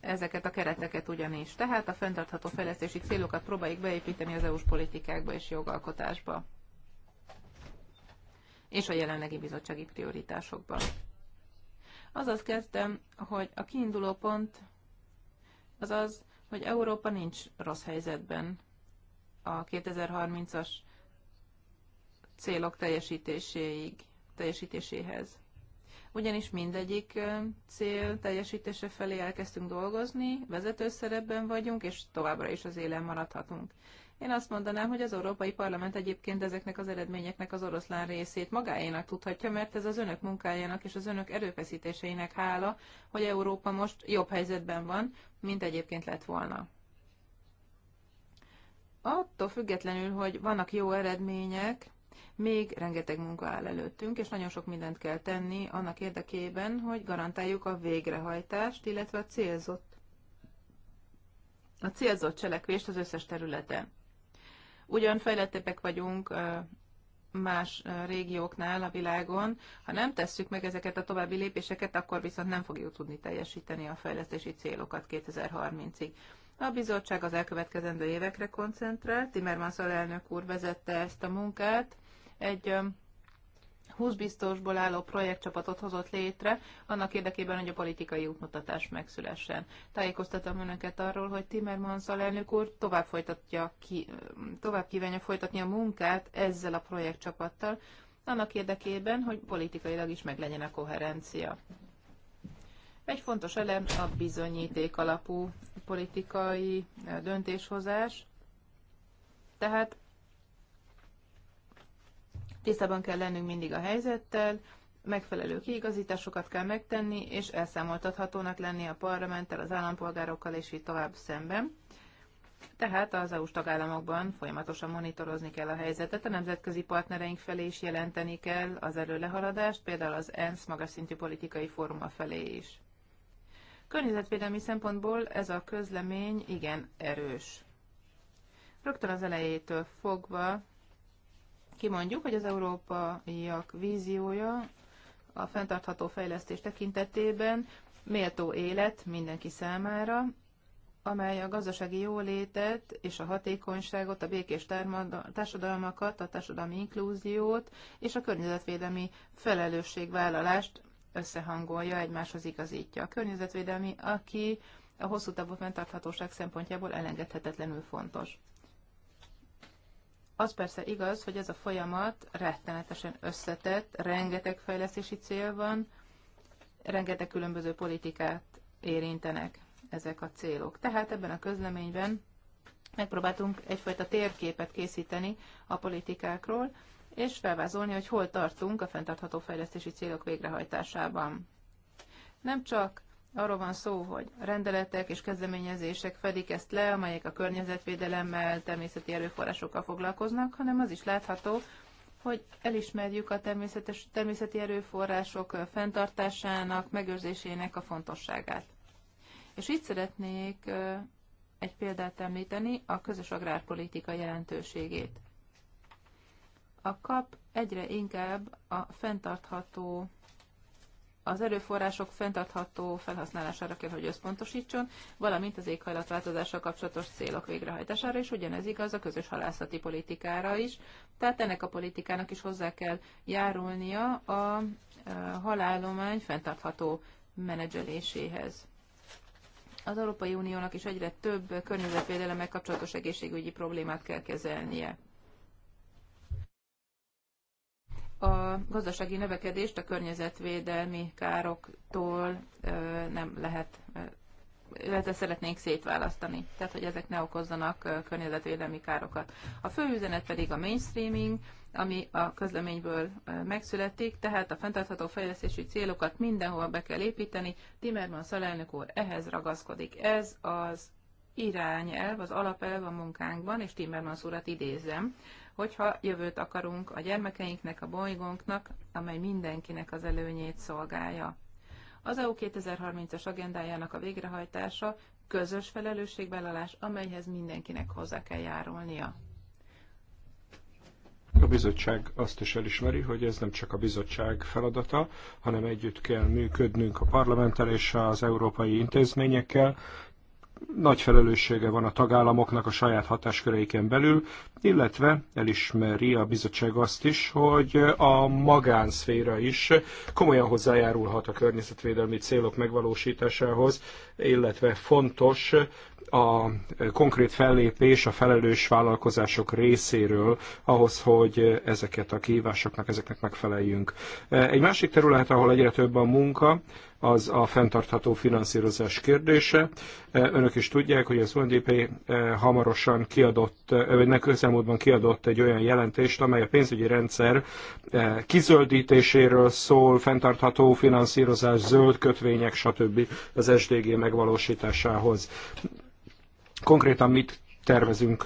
ezeket a kereteket ugyanis. Tehát a fenntartható fejlesztési célokat próbáljuk beépíteni az EU-s politikákba és jogalkotásba és a jelenlegi bizottsági prioritásokban. Azaz kezdtem, hogy a kiinduló pont az az, hogy Európa nincs rossz helyzetben a 2030-as célok teljesítéséig, teljesítéséhez. Ugyanis mindegyik cél teljesítése felé elkezdtünk dolgozni, vezető szerepben vagyunk, és továbbra is az élen maradhatunk. Én azt mondanám, hogy az Európai Parlament egyébként ezeknek az eredményeknek az oroszlán részét magáénak tudhatja, mert ez az önök munkájának és az önök erőfeszítéseinek hála, hogy Európa most jobb helyzetben van, mint egyébként lett volna. Attól függetlenül, hogy vannak jó eredmények, még rengeteg munka áll előttünk, és nagyon sok mindent kell tenni annak érdekében, hogy garantáljuk a végrehajtást, illetve a célzott a célzott cselekvést az összes területen. Ugyan fejlettebbek vagyunk más régióknál a világon, ha nem tesszük meg ezeket a további lépéseket, akkor viszont nem fogjuk tudni teljesíteni a fejlesztési célokat 2030-ig. A bizottság az elkövetkezendő évekre koncentrál, Timmermans alelnök úr vezette ezt a munkát, egy 20 biztosból álló projektcsapatot hozott létre, annak érdekében, hogy a politikai útmutatás megszülessen. Tájékoztatom önöket arról, hogy Timmermans alelnök úr tovább, folytatja ki, tovább kívánja folytatni a munkát ezzel a projektcsapattal, annak érdekében, hogy politikailag is meglegyen a koherencia. Egy fontos elem a bizonyíték alapú politikai döntéshozás, tehát Tisztában kell lennünk mindig a helyzettel, megfelelő kiigazításokat kell megtenni, és elszámoltathatónak lenni a parlamenttel, az állampolgárokkal, és így tovább szemben. Tehát az EU-s tagállamokban folyamatosan monitorozni kell a helyzetet, a nemzetközi partnereink felé is jelenteni kell az előlehaladást, például az ENSZ magas szintű politikai fóruma felé is. Környezetvédelmi szempontból ez a közlemény igen erős. Rögtön az elejétől fogva kimondjuk, hogy az európaiak víziója a fenntartható fejlesztés tekintetében méltó élet mindenki számára, amely a gazdasági jólétet és a hatékonyságot, a békés társadalmakat, a társadalmi inklúziót és a környezetvédelmi felelősségvállalást összehangolja, egymáshoz igazítja. A környezetvédelmi, aki a hosszú távú fenntarthatóság szempontjából elengedhetetlenül fontos. Az persze igaz, hogy ez a folyamat rettenetesen összetett, rengeteg fejlesztési cél van, rengeteg különböző politikát érintenek ezek a célok. Tehát ebben a közleményben megpróbáltunk egyfajta térképet készíteni a politikákról, és felvázolni, hogy hol tartunk a fenntartható fejlesztési célok végrehajtásában. Nem csak Arról van szó, hogy rendeletek és kezdeményezések fedik ezt le, amelyek a környezetvédelemmel, természeti erőforrásokkal foglalkoznak, hanem az is látható, hogy elismerjük a természetes, természeti erőforrások fenntartásának, megőrzésének a fontosságát. És itt szeretnék egy példát említeni, a közös agrárpolitika jelentőségét. A kap egyre inkább a fenntartható az erőforrások fenntartható felhasználására kell, hogy összpontosítson, valamint az éghajlatváltozással kapcsolatos célok végrehajtására, és ugyanez igaz a közös halászati politikára is. Tehát ennek a politikának is hozzá kell járulnia a e, halállomány fenntartható menedzseléséhez. Az Európai Uniónak is egyre több környezetvédelemmel kapcsolatos egészségügyi problémát kell kezelnie. a gazdasági növekedést a környezetvédelmi károktól nem lehet illetve szeretnénk szétválasztani, tehát hogy ezek ne okozzanak környezetvédelmi károkat. A fő üzenet pedig a mainstreaming, ami a közleményből megszületik, tehát a fenntartható fejlesztési célokat mindenhol be kell építeni. Timmermans alelnök úr ehhez ragaszkodik. Ez az irányelv, az alapelv a munkánkban, és Timmermans urat idézem, hogyha jövőt akarunk a gyermekeinknek, a bolygónknak, amely mindenkinek az előnyét szolgálja. Az EU 2030-as agendájának a végrehajtása közös felelősségvállalás, amelyhez mindenkinek hozzá kell járulnia. A bizottság azt is elismeri, hogy ez nem csak a bizottság feladata, hanem együtt kell működnünk a parlamenttel és az európai intézményekkel, nagy felelőssége van a tagállamoknak a saját hatásköreiken belül, illetve elismeri a bizottság azt is, hogy a magánszféra is komolyan hozzájárulhat a környezetvédelmi célok megvalósításához, illetve fontos a konkrét fellépés a felelős vállalkozások részéről ahhoz, hogy ezeket a kihívásoknak, ezeknek megfeleljünk. Egy másik terület, ahol egyre több a munka, az a fenntartható finanszírozás kérdése. Önök is tudják, hogy az UNDP eh, hamarosan kiadott, eh, vagy közelmúltban kiadott egy olyan jelentést, amely a pénzügyi rendszer eh, kizöldítéséről szól, fenntartható finanszírozás, zöld kötvények, stb. az SDG megvalósításához konkrétan mit tervezünk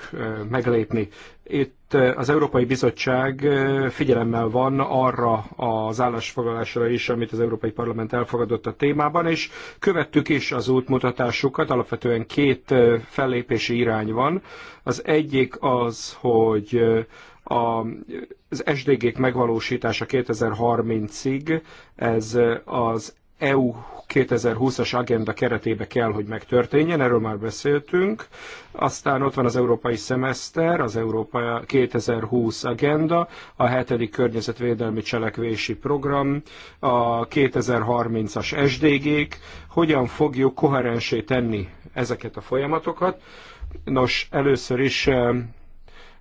meglépni. Itt az Európai Bizottság figyelemmel van arra az állásfoglalásra is, amit az Európai Parlament elfogadott a témában, és követtük is az útmutatásukat. Alapvetően két fellépési irány van. Az egyik az, hogy a, az SDG-k megvalósítása 2030-ig, ez az EU 2020-as agenda keretébe kell, hogy megtörténjen, erről már beszéltünk. Aztán ott van az európai szemeszter, az Európa 2020 agenda, a hetedik környezetvédelmi cselekvési program, a 2030-as SDG-k. Hogyan fogjuk koherensé tenni ezeket a folyamatokat? Nos, először is eh,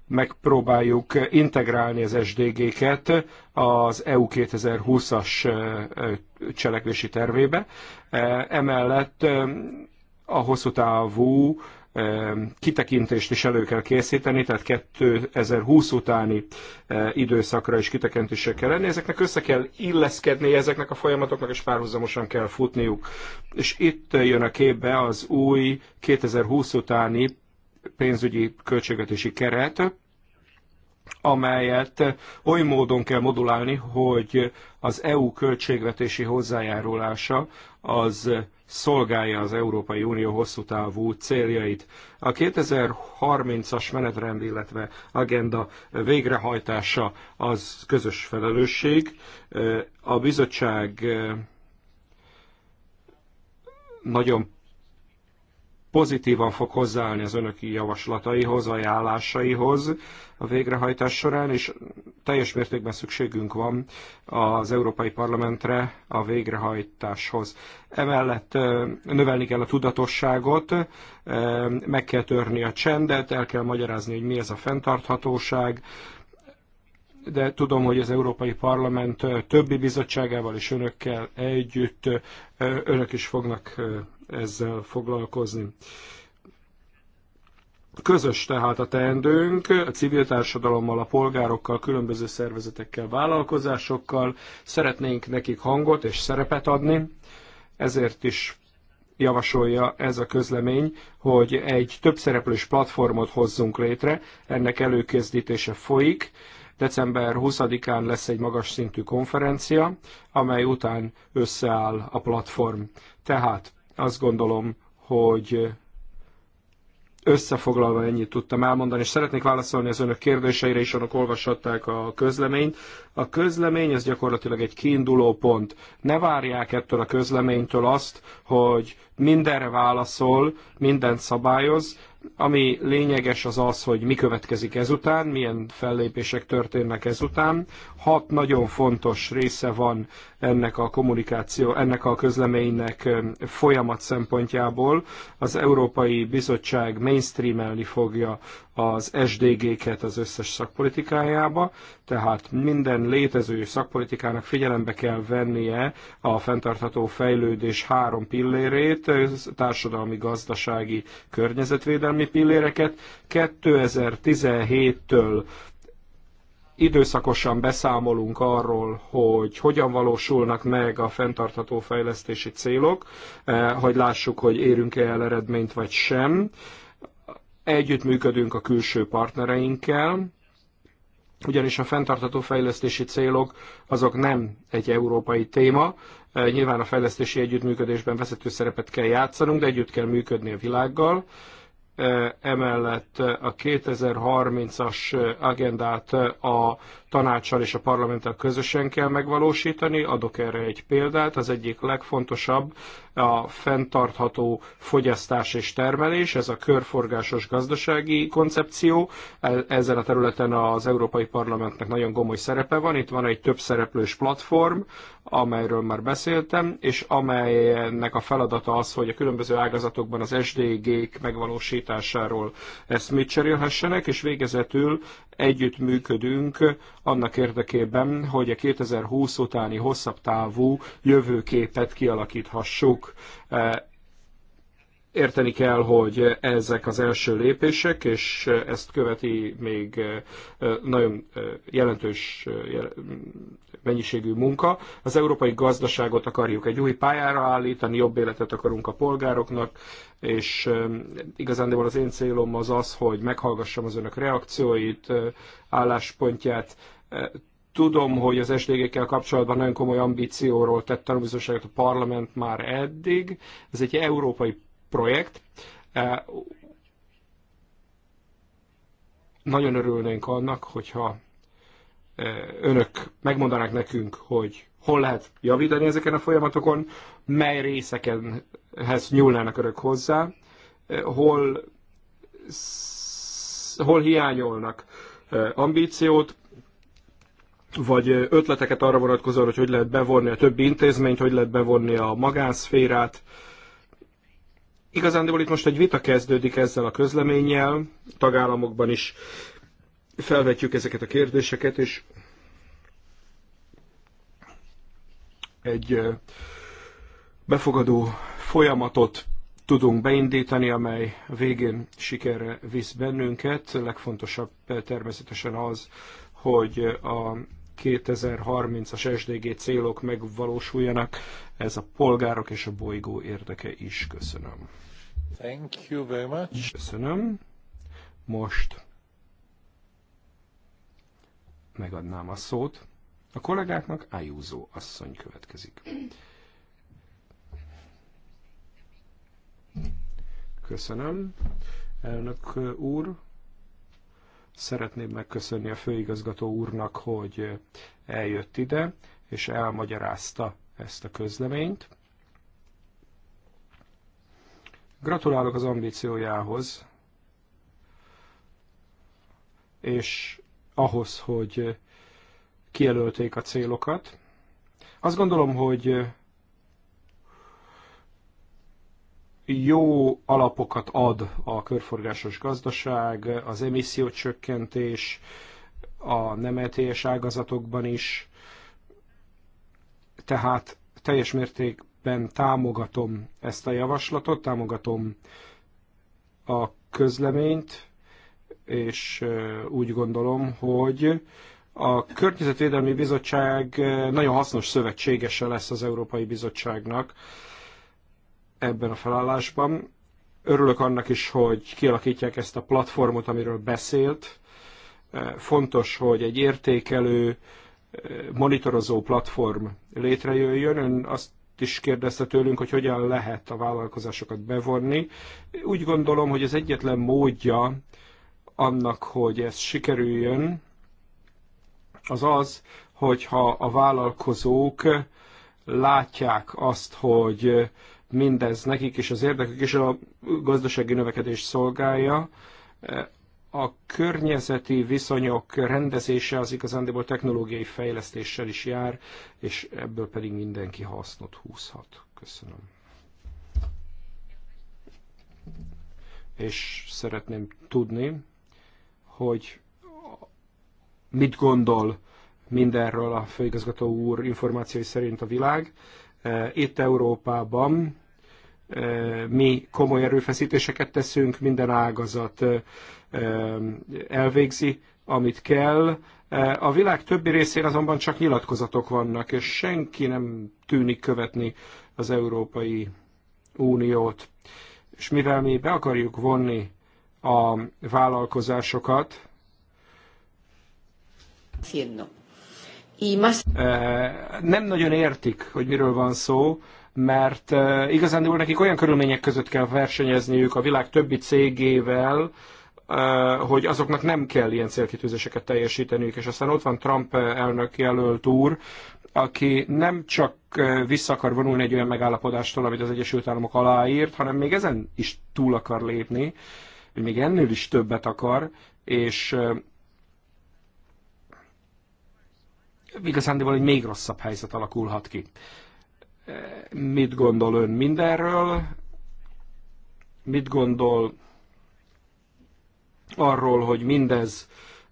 megpróbáljuk integrálni az SDG-ket az EU 2020-as cselekvési tervébe. Emellett a hosszú távú kitekintést is elő kell készíteni, tehát 2020 utáni időszakra is kitekintésre kell lenni. Ezeknek össze kell illeszkedni ezeknek a folyamatoknak, és párhuzamosan kell futniuk. És itt jön a képbe az új 2020 utáni pénzügyi költségvetési keret, amelyet oly módon kell modulálni, hogy az EU költségvetési hozzájárulása az szolgálja az Európai Unió hosszú távú céljait. A 2030-as menetrend, illetve agenda végrehajtása az közös felelősség. A bizottság nagyon pozitívan fog hozzáállni az önök javaslataihoz, ajánlásaihoz a végrehajtás során, és teljes mértékben szükségünk van az Európai Parlamentre a végrehajtáshoz. Emellett növelni kell a tudatosságot, meg kell törni a csendet, el kell magyarázni, hogy mi ez a fenntarthatóság, de tudom, hogy az Európai Parlament többi bizottságával és önökkel együtt önök is fognak ezzel foglalkozni. Közös tehát a teendőnk a civil társadalommal, a polgárokkal, különböző szervezetekkel, vállalkozásokkal. Szeretnénk nekik hangot és szerepet adni, ezért is javasolja ez a közlemény, hogy egy többszereplős platformot hozzunk létre, ennek előkészítése folyik. December 20-án lesz egy magas szintű konferencia, amely után összeáll a platform. Tehát azt gondolom, hogy összefoglalva ennyit tudtam elmondani, és szeretnék válaszolni az önök kérdéseire is, önök olvashatták a közleményt. A közlemény az gyakorlatilag egy kiinduló pont. Ne várják ettől a közleménytől azt, hogy mindenre válaszol, mindent szabályoz, ami lényeges az az, hogy mi következik ezután, milyen fellépések történnek ezután. Hat nagyon fontos része van ennek a kommunikáció, ennek a közleménynek folyamat szempontjából. Az Európai Bizottság mainstreamelni fogja az SDG-ket az összes szakpolitikájába, tehát minden létező szakpolitikának figyelembe kell vennie a fenntartható fejlődés három pillérét, társadalmi, gazdasági, környezetvédelmi védelmi pilléreket 2017-től időszakosan beszámolunk arról, hogy hogyan valósulnak meg a fenntartható fejlesztési célok, eh, hogy lássuk, hogy érünk-e el eredményt vagy sem. Együttműködünk a külső partnereinkkel, ugyanis a fenntartható fejlesztési célok azok nem egy európai téma. Eh, nyilván a fejlesztési együttműködésben vezető szerepet kell játszanunk, de együtt kell működni a világgal emellett a 2030-as agendát a tanácssal és a parlamenttel közösen kell megvalósítani. Adok erre egy példát. Az egyik legfontosabb a fenntartható fogyasztás és termelés, ez a körforgásos gazdasági koncepció. Ezen a területen az Európai Parlamentnek nagyon gomoly szerepe van. Itt van egy több szereplős platform, amelyről már beszéltem, és amelynek a feladata az, hogy a különböző ágazatokban az SDG-k megvalósításáról ezt mit cserélhessenek, és végezetül együttműködünk annak érdekében, hogy a 2020 utáni hosszabb távú jövőképet kialakíthassuk e, érteni kell, hogy ezek az első lépések, és ezt követi még e, nagyon e, jelentős mennyiségű munka. Az európai gazdaságot akarjuk egy új pályára állítani, jobb életet akarunk a polgároknak, és igazán az én célom az az, hogy meghallgassam az önök reakcióit, álláspontját, Tudom, hogy az SDG-kkel kapcsolatban nagyon komoly ambícióról tett tanulmányzóságot a parlament már eddig. Ez egy európai projekt. Nagyon örülnénk annak, hogyha önök megmondanák nekünk, hogy hol lehet javítani ezeken a folyamatokon, mely részekenhez nyúlnának örök hozzá, hol, hol hiányolnak ambíciót, vagy ötleteket arra vonatkozóan, hogy hogy lehet bevonni a többi intézményt, hogy lehet bevonni a magánszférát. Igazándiból itt most egy vita kezdődik ezzel a közleménnyel, tagállamokban is felvetjük ezeket a kérdéseket, és egy befogadó folyamatot tudunk beindítani, amely végén sikerre visz bennünket. Legfontosabb eh, természetesen az, hogy a 2030-as SDG célok megvalósuljanak. Ez a polgárok és a bolygó érdeke is. Köszönöm. Thank you very much. Köszönöm. Most megadnám a szót. A kollégáknak Ájúzó asszony következik. Köszönöm, elnök úr. Szeretném megköszönni a főigazgató úrnak, hogy eljött ide, és elmagyarázta ezt a közleményt. Gratulálok az ambíciójához, és ahhoz, hogy kijelölték a célokat. Azt gondolom, hogy jó alapokat ad a körforgásos gazdaság, az emissziócsökkentés, a nem ETS ágazatokban is, tehát teljes mértékben támogatom ezt a javaslatot, támogatom a közleményt, és úgy gondolom, hogy a Környezetvédelmi Bizottság nagyon hasznos szövetségese lesz az Európai Bizottságnak ebben a felállásban. Örülök annak is, hogy kialakítják ezt a platformot, amiről beszélt. Eh, fontos, hogy egy értékelő, eh, monitorozó platform létrejöjjön. Ön azt is kérdezte tőlünk, hogy hogyan lehet a vállalkozásokat bevonni. Úgy gondolom, hogy az egyetlen módja annak, hogy ez sikerüljön, az az, hogyha a vállalkozók látják azt, hogy mindez nekik és az érdekük és a gazdasági növekedés szolgálja. A környezeti viszonyok rendezése az igazándiból technológiai fejlesztéssel is jár, és ebből pedig mindenki hasznot húzhat. Köszönöm. És szeretném tudni, hogy mit gondol mindenről a főigazgató úr információi szerint a világ, itt Európában mi komoly erőfeszítéseket teszünk, minden ágazat elvégzi, amit kell. A világ többi részén azonban csak nyilatkozatok vannak, és senki nem tűnik követni az Európai Uniót. És mivel mi be akarjuk vonni a vállalkozásokat, nem nagyon értik, hogy miről van szó, mert igazándiból nekik olyan körülmények között kell versenyezniük a világ többi cégével, hogy azoknak nem kell ilyen célkitűzéseket teljesíteniük, és aztán ott van Trump elnök jelölt úr, aki nem csak vissza akar vonulni egy olyan megállapodástól, amit az Egyesült Államok aláírt, hanem még ezen is túl akar lépni, hogy még ennél is többet akar, és igazándiból egy még rosszabb helyzet alakulhat ki. Mit gondol ön mindenről? Mit gondol arról, hogy mindez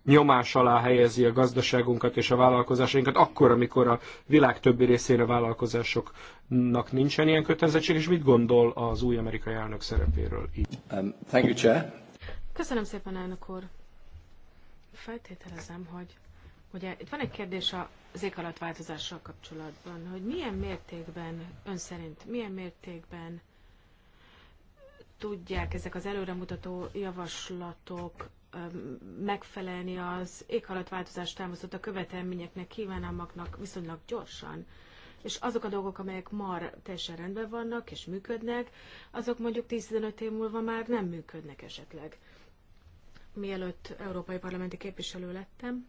nyomás alá helyezi a gazdaságunkat és a vállalkozásainkat, akkor, amikor a világ többi részén a vállalkozásoknak nincsen ilyen kötelezettség, és mit gondol az új amerikai elnök szerepéről Um, thank you, Chair. Köszönöm szépen, elnök úr. Feltételezem, hogy Ugye itt van egy kérdés az változással kapcsolatban, hogy milyen mértékben, ön szerint, milyen mértékben tudják ezek az előremutató javaslatok megfelelni az éghajlatváltozás támasztott a követelményeknek, kívánalmaknak viszonylag gyorsan. És azok a dolgok, amelyek már teljesen rendben vannak és működnek, azok mondjuk 10-15 év múlva már nem működnek esetleg. Mielőtt európai parlamenti képviselő lettem,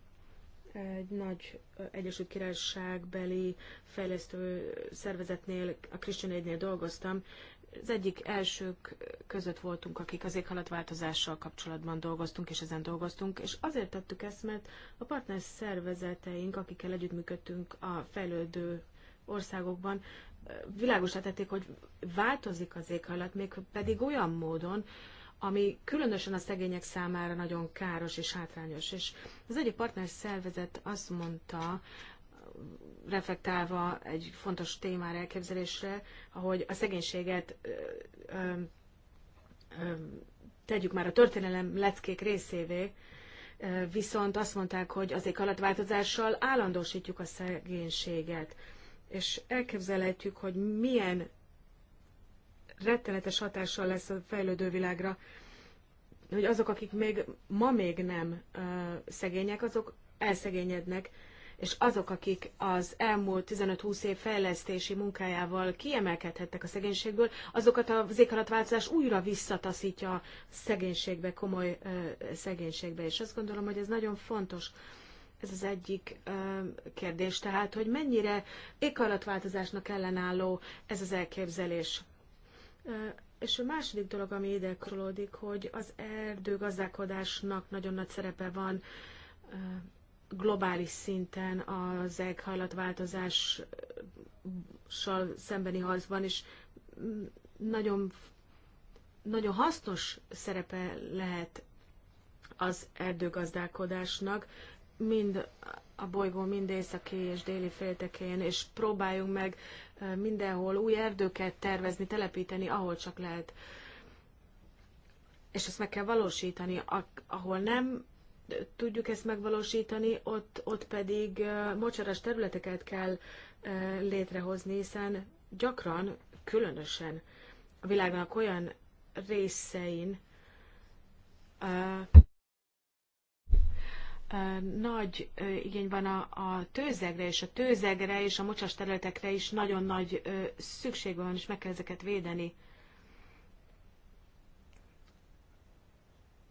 egy nagy Egyesült Királyságbeli fejlesztő szervezetnél, a Christian Aid-nél dolgoztam. Az egyik elsők között voltunk, akik az éghalatváltozással kapcsolatban dolgoztunk, és ezen dolgoztunk, és azért tettük ezt, mert a partner szervezeteink, akikkel együttműködtünk a fejlődő országokban, világosra tették, hogy változik az éghajlat, még pedig olyan módon, ami különösen a szegények számára nagyon káros és hátrányos. És az egyik partner szervezet azt mondta, reflektálva egy fontos témára elképzelésre, hogy a szegénységet ö, ö, ö, tegyük már a történelem leckék részévé, viszont azt mondták, hogy az éghajlatváltozással állandósítjuk a szegénységet, és elképzelhetjük, hogy milyen rettenetes hatással lesz a fejlődő világra, hogy azok, akik még ma még nem ö, szegények, azok elszegényednek, és azok, akik az elmúlt 15-20 év fejlesztési munkájával kiemelkedhettek a szegénységből, azokat az éghajlatváltozás újra visszataszítja szegénységbe, komoly ö, szegénységbe. És azt gondolom, hogy ez nagyon fontos. Ez az egyik ö, kérdés, tehát, hogy mennyire éghajlatváltozásnak ellenálló ez az elképzelés. És a második dolog, ami ide kapcsolódik, hogy az erdőgazdálkodásnak nagyon nagy szerepe van globális szinten az éghajlatváltozással szembeni harcban, és nagyon, nagyon hasznos szerepe lehet az erdőgazdálkodásnak, mind a bolygó, mind északi és déli féltekén, és próbáljunk meg mindenhol új erdőket tervezni, telepíteni, ahol csak lehet. És ezt meg kell valósítani. Ahol nem tudjuk ezt megvalósítani, ott, ott pedig mocsaras területeket kell létrehozni, hiszen gyakran, különösen a világnak olyan részein, nagy igény van a, a tőzegre, és a tőzegre és a mocsas területekre is nagyon nagy szükség van, és meg kell ezeket védeni.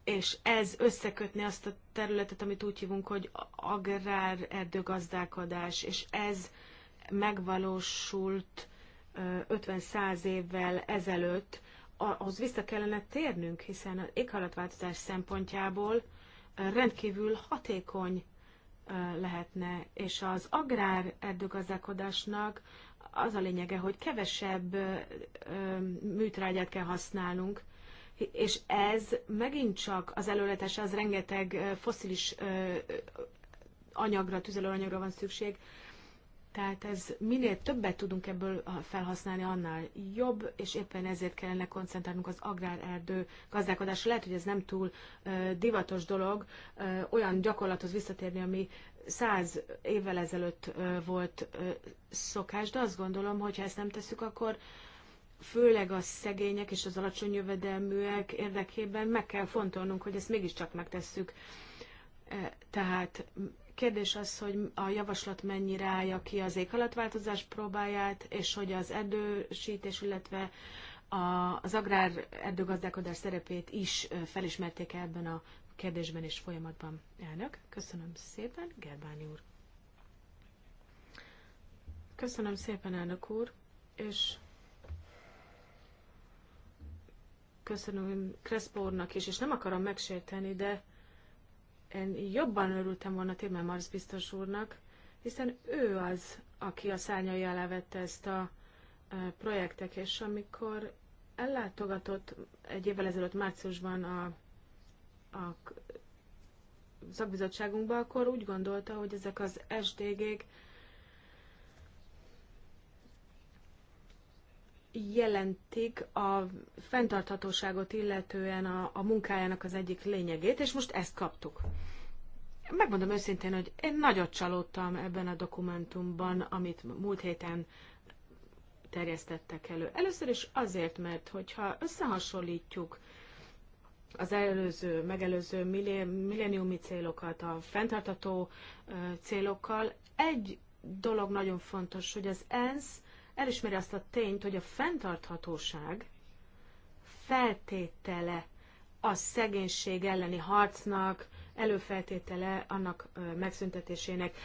És ez összekötni azt a területet, amit úgy hívunk, hogy agrár erdőgazdálkodás, és ez megvalósult 50-100 évvel ezelőtt, ahhoz vissza kellene térnünk, hiszen az éghajlatváltozás szempontjából rendkívül hatékony lehetne, és az agrár erdőgazdálkodásnak az a lényege, hogy kevesebb műtrágyát kell használnunk, és ez megint csak az előletes, az rengeteg foszilis anyagra, tüzelőanyagra van szükség, tehát ez minél többet tudunk ebből felhasználni, annál jobb, és éppen ezért kellene koncentrálnunk az agrárerdő gazdálkodásra. Lehet, hogy ez nem túl divatos dolog, olyan gyakorlathoz visszatérni, ami száz évvel ezelőtt volt ö, szokás, de azt gondolom, hogy ha ezt nem tesszük, akkor főleg a szegények és az alacsony jövedelműek érdekében meg kell fontolnunk, hogy ezt mégiscsak megtesszük. Tehát Kérdés az, hogy a javaslat mennyire állja ki az változás próbáját, és hogy az erdősítés, illetve a, az agrár erdőgazdálkodás szerepét is felismerték -e ebben a kérdésben és folyamatban. Elnök, köszönöm szépen, Gerbáni úr. Köszönöm szépen, elnök úr, és köszönöm Kreszpórnak is, és nem akarom megsérteni, de én jobban örültem volna Marsz biztos úrnak, hiszen ő az, aki a szárnyai alá vette ezt a projektet, és amikor ellátogatott egy évvel ezelőtt márciusban a, a szakbizottságunkba, akkor úgy gondolta, hogy ezek az SDG-k jelentik a fenntarthatóságot illetően a, a munkájának az egyik lényegét, és most ezt kaptuk. Megmondom őszintén, hogy én nagyot csalódtam ebben a dokumentumban, amit múlt héten terjesztettek elő. Először is azért, mert hogyha összehasonlítjuk az előző, megelőző milleniumi célokat a fenntartató célokkal, egy dolog nagyon fontos, hogy az ENSZ elismeri azt a tényt, hogy a fenntarthatóság feltétele a szegénység elleni harcnak, előfeltétele annak megszüntetésének.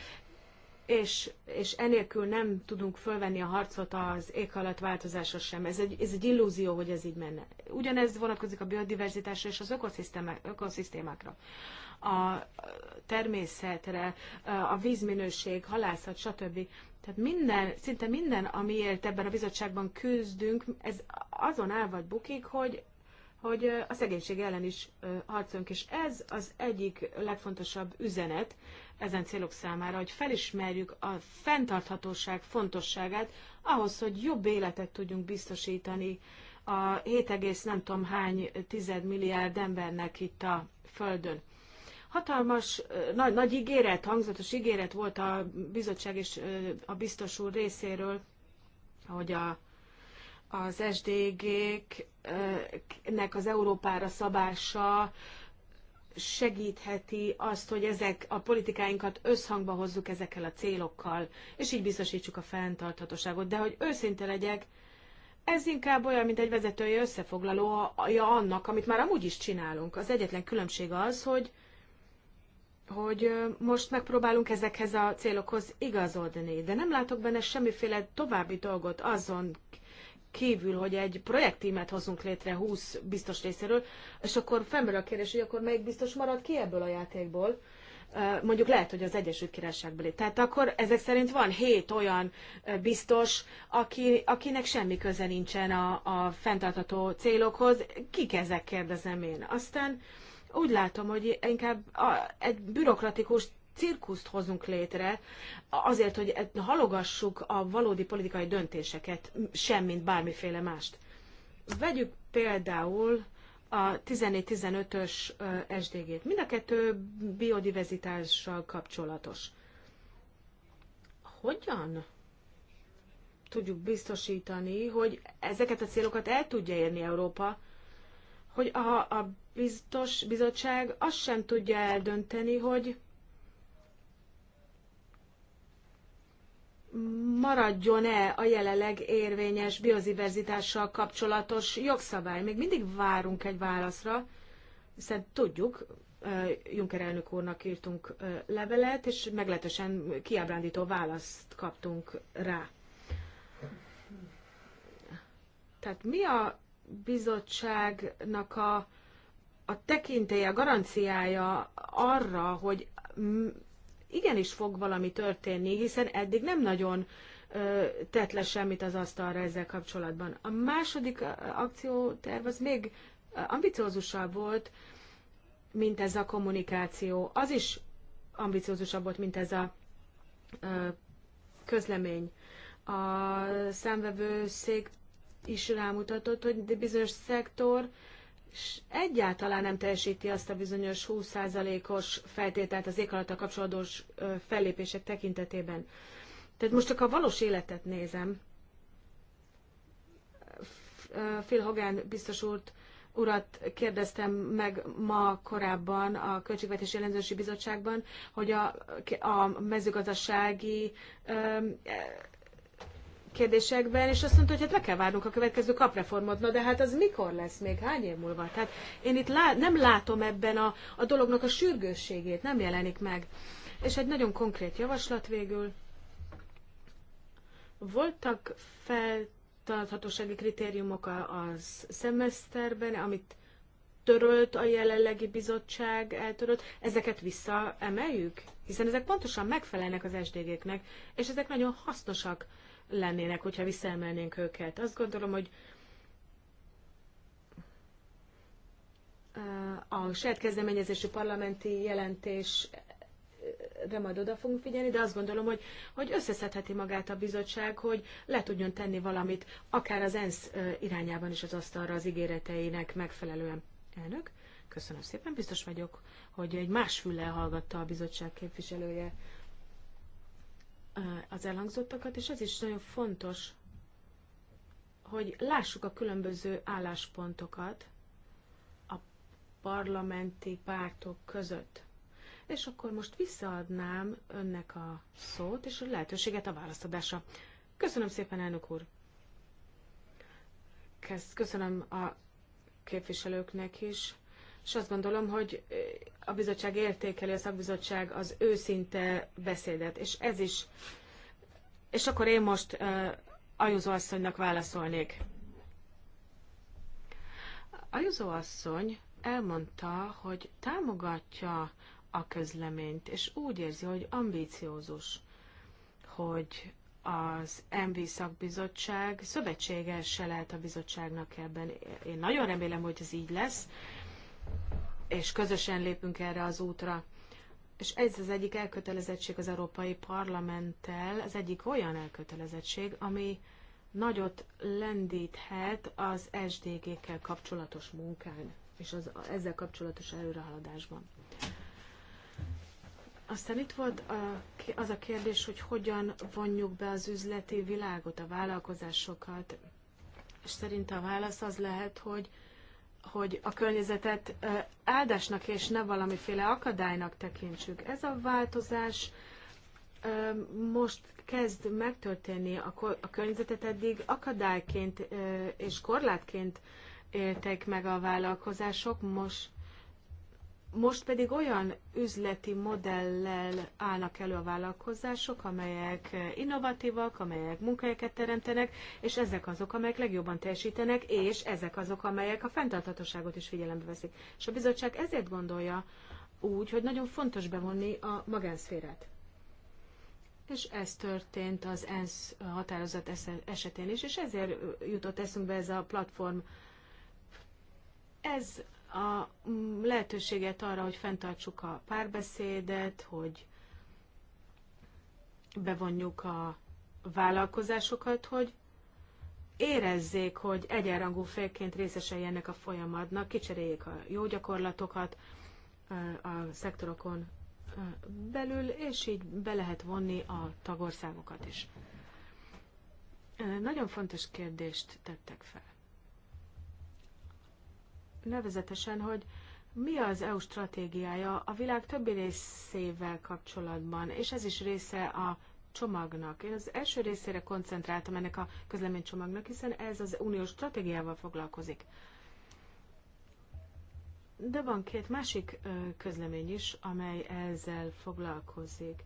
És, és enélkül nem tudunk fölvenni a harcot az változásra sem. Ez egy, ez egy illúzió, hogy ez így menne. Ugyanez vonatkozik a biodiverzitásra és az ökoszisztémákra a természetre, a vízminőség, halászat, stb. Tehát minden, szinte minden, amiért ebben a bizottságban küzdünk, ez azon áll vagy bukik, hogy, hogy a szegénység ellen is harcolunk. És ez az egyik legfontosabb üzenet ezen célok számára, hogy felismerjük a fenntarthatóság fontosságát ahhoz, hogy jobb életet tudjunk biztosítani a 7, nem tudom hány tized milliárd embernek itt a Földön. Hatalmas, nagy, nagy ígéret, hangzatos ígéret volt a bizottság és a biztos úr részéről, hogy a, az SDG-nek az Európára szabása segítheti azt, hogy ezek a politikáinkat összhangba hozzuk ezekkel a célokkal, és így biztosítsuk a fenntarthatóságot. De hogy őszinte legyek, ez inkább olyan, mint egy vezetői összefoglalója annak, amit már amúgy is csinálunk. Az egyetlen különbség az, hogy hogy most megpróbálunk ezekhez a célokhoz igazodni, de nem látok benne semmiféle további dolgot azon kívül, hogy egy projektímet hozunk létre 20 biztos részéről, és akkor felmerül a kérdés, hogy akkor melyik biztos marad ki ebből a játékból, mondjuk lehet, hogy az Egyesült Királyságbeli. Tehát akkor ezek szerint van hét olyan biztos, aki, akinek semmi köze nincsen a, a fenntartható célokhoz. Kik ezek, kérdezem én. Aztán úgy látom, hogy inkább a, egy bürokratikus cirkuszt hozunk létre, azért, hogy e- halogassuk a valódi politikai döntéseket, sem, mint bármiféle mást. Vegyük például a 14-15-ös SDG-t. Mind a kettő biodiverzitással kapcsolatos. Hogyan tudjuk biztosítani, hogy ezeket a célokat el tudja érni Európa, hogy a, a biztos bizottság azt sem tudja eldönteni, hogy maradjon-e a jelenleg érvényes biodiverzitással kapcsolatos jogszabály. Még mindig várunk egy válaszra, hiszen tudjuk, Juncker elnök úrnak írtunk levelet, és meglehetősen kiábrándító választ kaptunk rá. Tehát mi a bizottságnak a a tekintélye, a garanciája arra, hogy igenis fog valami történni, hiszen eddig nem nagyon ö, tett le semmit az asztalra ezzel kapcsolatban. A második akcióterv az még ambiciózusabb volt, mint ez a kommunikáció. Az is ambiciózusabb volt, mint ez a ö, közlemény. A számvevőszék is rámutatott, hogy bizonyos szektor, és egyáltalán nem teljesíti azt a bizonyos 20%-os feltételt az a kapcsolatos fellépések tekintetében. Tehát most csak a valós életet nézem. Phil Hogan biztos úrt, urat kérdeztem meg ma korábban a Költségvetési Ellenzősi Bizottságban, hogy a, a mezőgazdasági kérdésekben, és azt mondta, hogy hát le kell várnunk a következő kapreformot. Na de hát az mikor lesz még? Hány év múlva? Tehát én itt lá- nem látom ebben a, a dolognak a sürgősségét, nem jelenik meg. És egy nagyon konkrét javaslat végül. Voltak feltarthatósági kritériumok a, a szemeszterben, amit törölt a jelenlegi bizottság, eltörölt, ezeket visszaemeljük? Hiszen ezek pontosan megfelelnek az SDG-knek, és ezek nagyon hasznosak lennének, hogyha visszaemelnénk őket. Azt gondolom, hogy a saját kezdeményezésű parlamenti jelentés de majd oda fogunk figyelni, de azt gondolom, hogy, hogy összeszedheti magát a bizottság, hogy le tudjon tenni valamit, akár az ENSZ irányában is az asztalra az ígéreteinek megfelelően. Elnök, köszönöm szépen, biztos vagyok, hogy egy más füllel hallgatta a bizottság képviselője az elhangzottakat, és ez is nagyon fontos, hogy lássuk a különböző álláspontokat a parlamenti pártok között. És akkor most visszaadnám önnek a szót és a lehetőséget a választadásra. Köszönöm szépen, elnök úr! Köszönöm a képviselőknek is és azt gondolom, hogy a bizottság értékeli, a szakbizottság az őszinte beszédet, és ez is. És akkor én most uh, Ajuzó asszonynak válaszolnék. Ajuzó asszony elmondta, hogy támogatja a közleményt, és úgy érzi, hogy ambíciózus, hogy az MV szakbizottság se lehet a bizottságnak ebben. Én nagyon remélem, hogy ez így lesz, és közösen lépünk erre az útra. És ez az egyik elkötelezettség az Európai Parlamenttel, az egyik olyan elkötelezettség, ami nagyot lendíthet az SDG-kkel kapcsolatos munkán, és az, ezzel kapcsolatos előrehaladásban. Aztán itt volt az a kérdés, hogy hogyan vonjuk be az üzleti világot, a vállalkozásokat, és szerint a válasz az lehet, hogy hogy a környezetet áldásnak és ne valamiféle akadálynak tekintsük. Ez a változás most kezd megtörténni, a környezetet eddig akadályként és korlátként élték meg a vállalkozások, most most pedig olyan üzleti modellel állnak elő a vállalkozások, amelyek innovatívak, amelyek munkahelyeket teremtenek, és ezek azok, amelyek legjobban teljesítenek, és ezek azok, amelyek a fenntarthatóságot is figyelembe veszik. És a bizottság ezért gondolja úgy, hogy nagyon fontos bevonni a magánszférát. És ez történt az ENSZ határozat esetén is, és ezért jutott eszünkbe ez a platform. Ez a mm, lehetőséget arra, hogy fenntartsuk a párbeszédet, hogy bevonjuk a vállalkozásokat, hogy érezzék, hogy egyenrangú félként részesei ennek a folyamatnak, kicseréljék a jó gyakorlatokat a szektorokon belül, és így be lehet vonni a tagországokat is. Nagyon fontos kérdést tettek fel nevezetesen, hogy mi az EU stratégiája a világ többi részével kapcsolatban, és ez is része a csomagnak. Én az első részére koncentráltam ennek a közleménycsomagnak, hiszen ez az uniós stratégiával foglalkozik. De van két másik közlemény is, amely ezzel foglalkozik,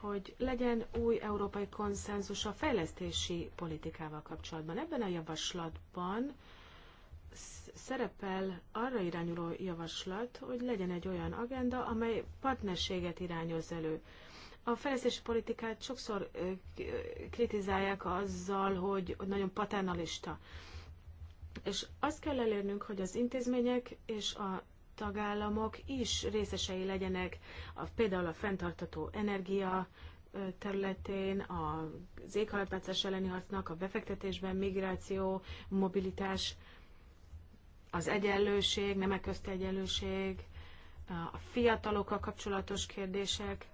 hogy legyen új európai konszenzus a fejlesztési politikával kapcsolatban. Ebben a javaslatban szerepel arra irányuló javaslat, hogy legyen egy olyan agenda, amely partnerséget irányoz elő. A fejlesztési politikát sokszor kritizálják azzal, hogy nagyon paternalista. És azt kell elérnünk, hogy az intézmények és a tagállamok is részesei legyenek, a, például a fenntartató energia területén, az éghajlatváltozás elleni harcnak, a befektetésben, migráció, mobilitás az egyenlőség, nemek közti egyenlőség, a fiatalokkal kapcsolatos kérdések.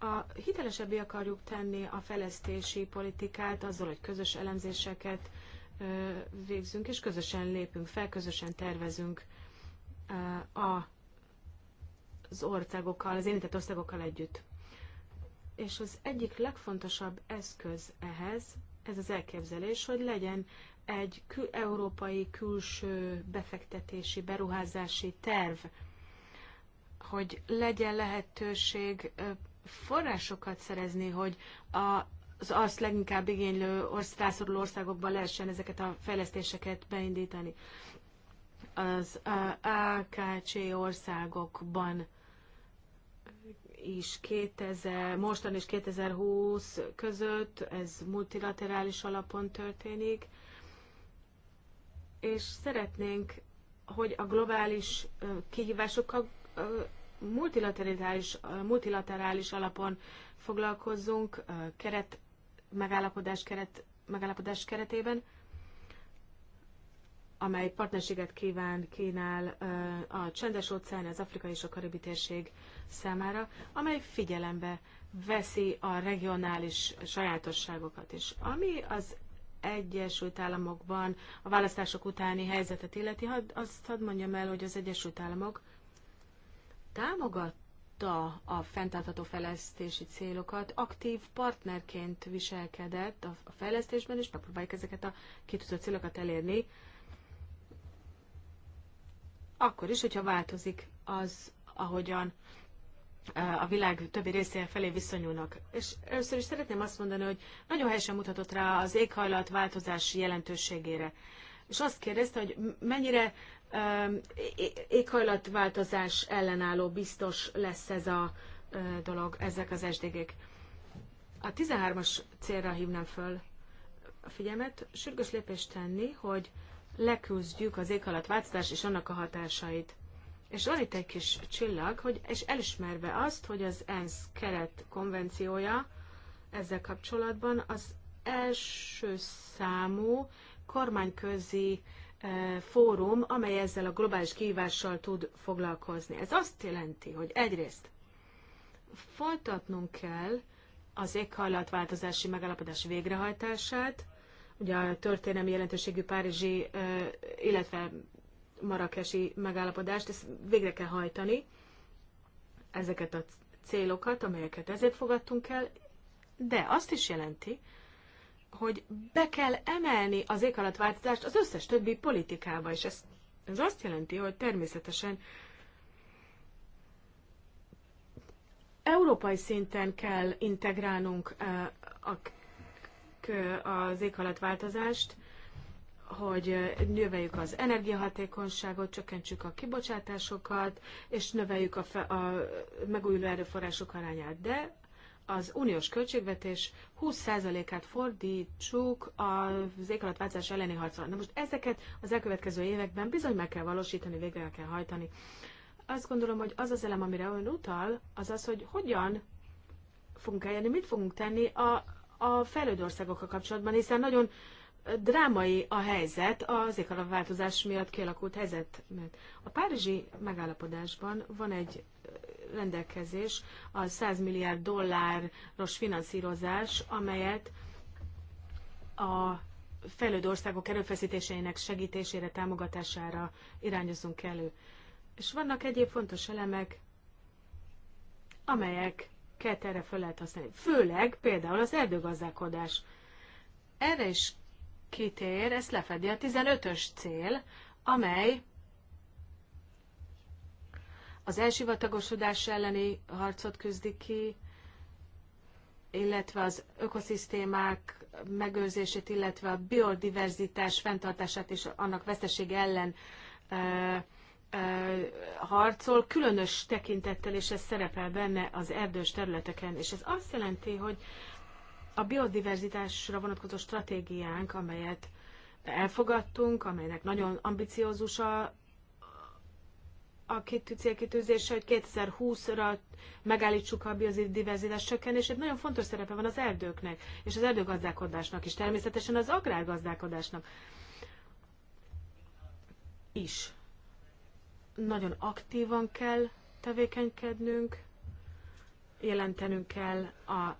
A hitelesebbé akarjuk tenni a fejlesztési politikát azzal, hogy közös elemzéseket végzünk, és közösen lépünk fel, közösen tervezünk a az országokkal, az érintett országokkal együtt. És az egyik legfontosabb eszköz ehhez ez az elképzelés, hogy legyen egy kül- európai külső befektetési, beruházási terv, hogy legyen lehetőség forrásokat szerezni, hogy a, az azt leginkább igénylő rászoruló országokban lehessen ezeket a fejlesztéseket beindítani. Az AKC országokban is 2000, mostan és 2020 között, ez multilaterális alapon történik, és szeretnénk, hogy a globális kihívásokkal multilaterális, multilaterális alapon foglalkozzunk, keret, megállapodás, keret, megállapodás keretében, amely partnerséget kíván, kínál a csendes óceán, az Afrika és a karibi térség számára, amely figyelembe veszi a regionális sajátosságokat is. Ami az Egyesült Államokban a választások utáni helyzetet illeti, azt hadd mondjam el, hogy az Egyesült Államok támogatta a fenntartható fejlesztési célokat, aktív partnerként viselkedett a fejlesztésben, és megpróbáljuk ezeket a kitűzött célokat elérni akkor is, hogyha változik az, ahogyan a világ többi részén felé viszonyulnak. És először is szeretném azt mondani, hogy nagyon helyesen mutatott rá az éghajlatváltozás jelentőségére. És azt kérdezte, hogy mennyire éghajlatváltozás ellenálló biztos lesz ez a dolog, ezek az SDG-k. A 13-as célra hívnám föl a figyelmet, sürgős lépést tenni, hogy leküzdjük az éghajlatváltozást és annak a hatásait. És van itt egy kis csillag, hogy, és elismerve azt, hogy az ENSZ keret konvenciója ezzel kapcsolatban az első számú kormányközi e, fórum, amely ezzel a globális kihívással tud foglalkozni. Ez azt jelenti, hogy egyrészt folytatnunk kell az éghajlatváltozási megállapodás végrehajtását, ugye a történelmi jelentőségű párizsi, illetve marakesi megállapodást, ezt végre kell hajtani, ezeket a célokat, amelyeket ezért fogadtunk el, de azt is jelenti, hogy be kell emelni az éghajlatváltozást az összes többi politikába, és ez, ez azt jelenti, hogy természetesen európai szinten kell integrálnunk a az éghajlatváltozást, hogy növeljük az energiahatékonyságot, csökkentsük a kibocsátásokat, és növeljük a, fe, a megújuló erőforrások arányát. De az uniós költségvetés 20%-át fordítsuk az éghajlatváltozás elleni harcra. Na most ezeket az elkövetkező években bizony meg kell valósítani, végre el kell hajtani. Azt gondolom, hogy az az elem, amire ön utal, az az, hogy hogyan fogunk eljönni, mit fogunk tenni a a fejlődő országokkal kapcsolatban, hiszen nagyon drámai a helyzet az éghajlatváltozás miatt kialakult helyzet. Mert a párizsi megállapodásban van egy rendelkezés, a 100 milliárd dolláros finanszírozás, amelyet a fejlődő országok erőfeszítéseinek segítésére, támogatására irányozunk elő. És vannak egyéb fontos elemek, amelyek amiket erre fel lehet használni. Főleg például az erdőgazdálkodás. Erre is kitér, ezt lefedi a 15-ös cél, amely az elsivatagosodás elleni harcot küzdi ki, illetve az ökoszisztémák megőrzését, illetve a biodiverzitás fenntartását és annak vesztesége ellen harcol, különös tekintettel, és ez szerepel benne az erdős területeken. És ez azt jelenti, hogy a biodiverzitásra vonatkozó stratégiánk, amelyet elfogadtunk, amelynek nagyon ambiciózus a, a kitű célkitűzése, hogy 2020-ra megállítsuk a biodiverzitás csökkenését. Nagyon fontos szerepe van az erdőknek, és az erdőgazdálkodásnak is, természetesen az agrárgazdálkodásnak is nagyon aktívan kell tevékenykednünk, jelentenünk kell a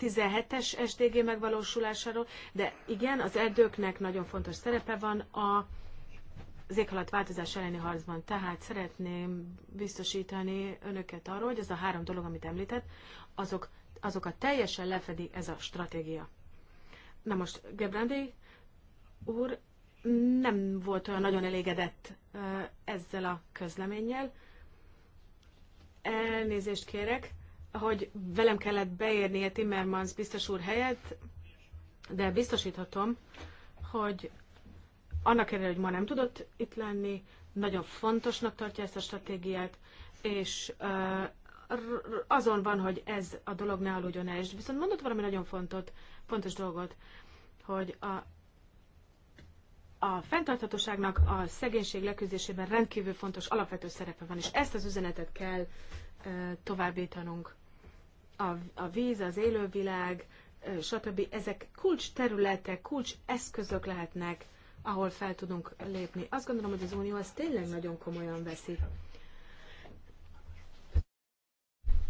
17-es SDG megvalósulásáról, de igen, az erdőknek nagyon fontos szerepe van a az változás elleni harcban. Tehát szeretném biztosítani önöket arról, hogy ez a három dolog, amit említett, azok, azokat teljesen lefedi ez a stratégia. Na most Gebrandi úr nem volt olyan nagyon elégedett ezzel a közleménnyel. Elnézést kérek, hogy velem kellett beérnie Timmermans biztos úr helyett, de biztosíthatom, hogy annak ellenére, hogy ma nem tudott itt lenni, nagyon fontosnak tartja ezt a stratégiát, és azon van, hogy ez a dolog ne aludjon el. És viszont mondott valami nagyon fontot, fontos dolgot, hogy a a fenntarthatóságnak a szegénység leküzdésében rendkívül fontos alapvető szerepe van, és ezt az üzenetet kell továbbítanunk. A, a víz, az élővilág, stb. ezek kulcs területek, kulcs eszközök lehetnek, ahol fel tudunk lépni. Azt gondolom, hogy az Unió ezt tényleg nagyon komolyan veszi.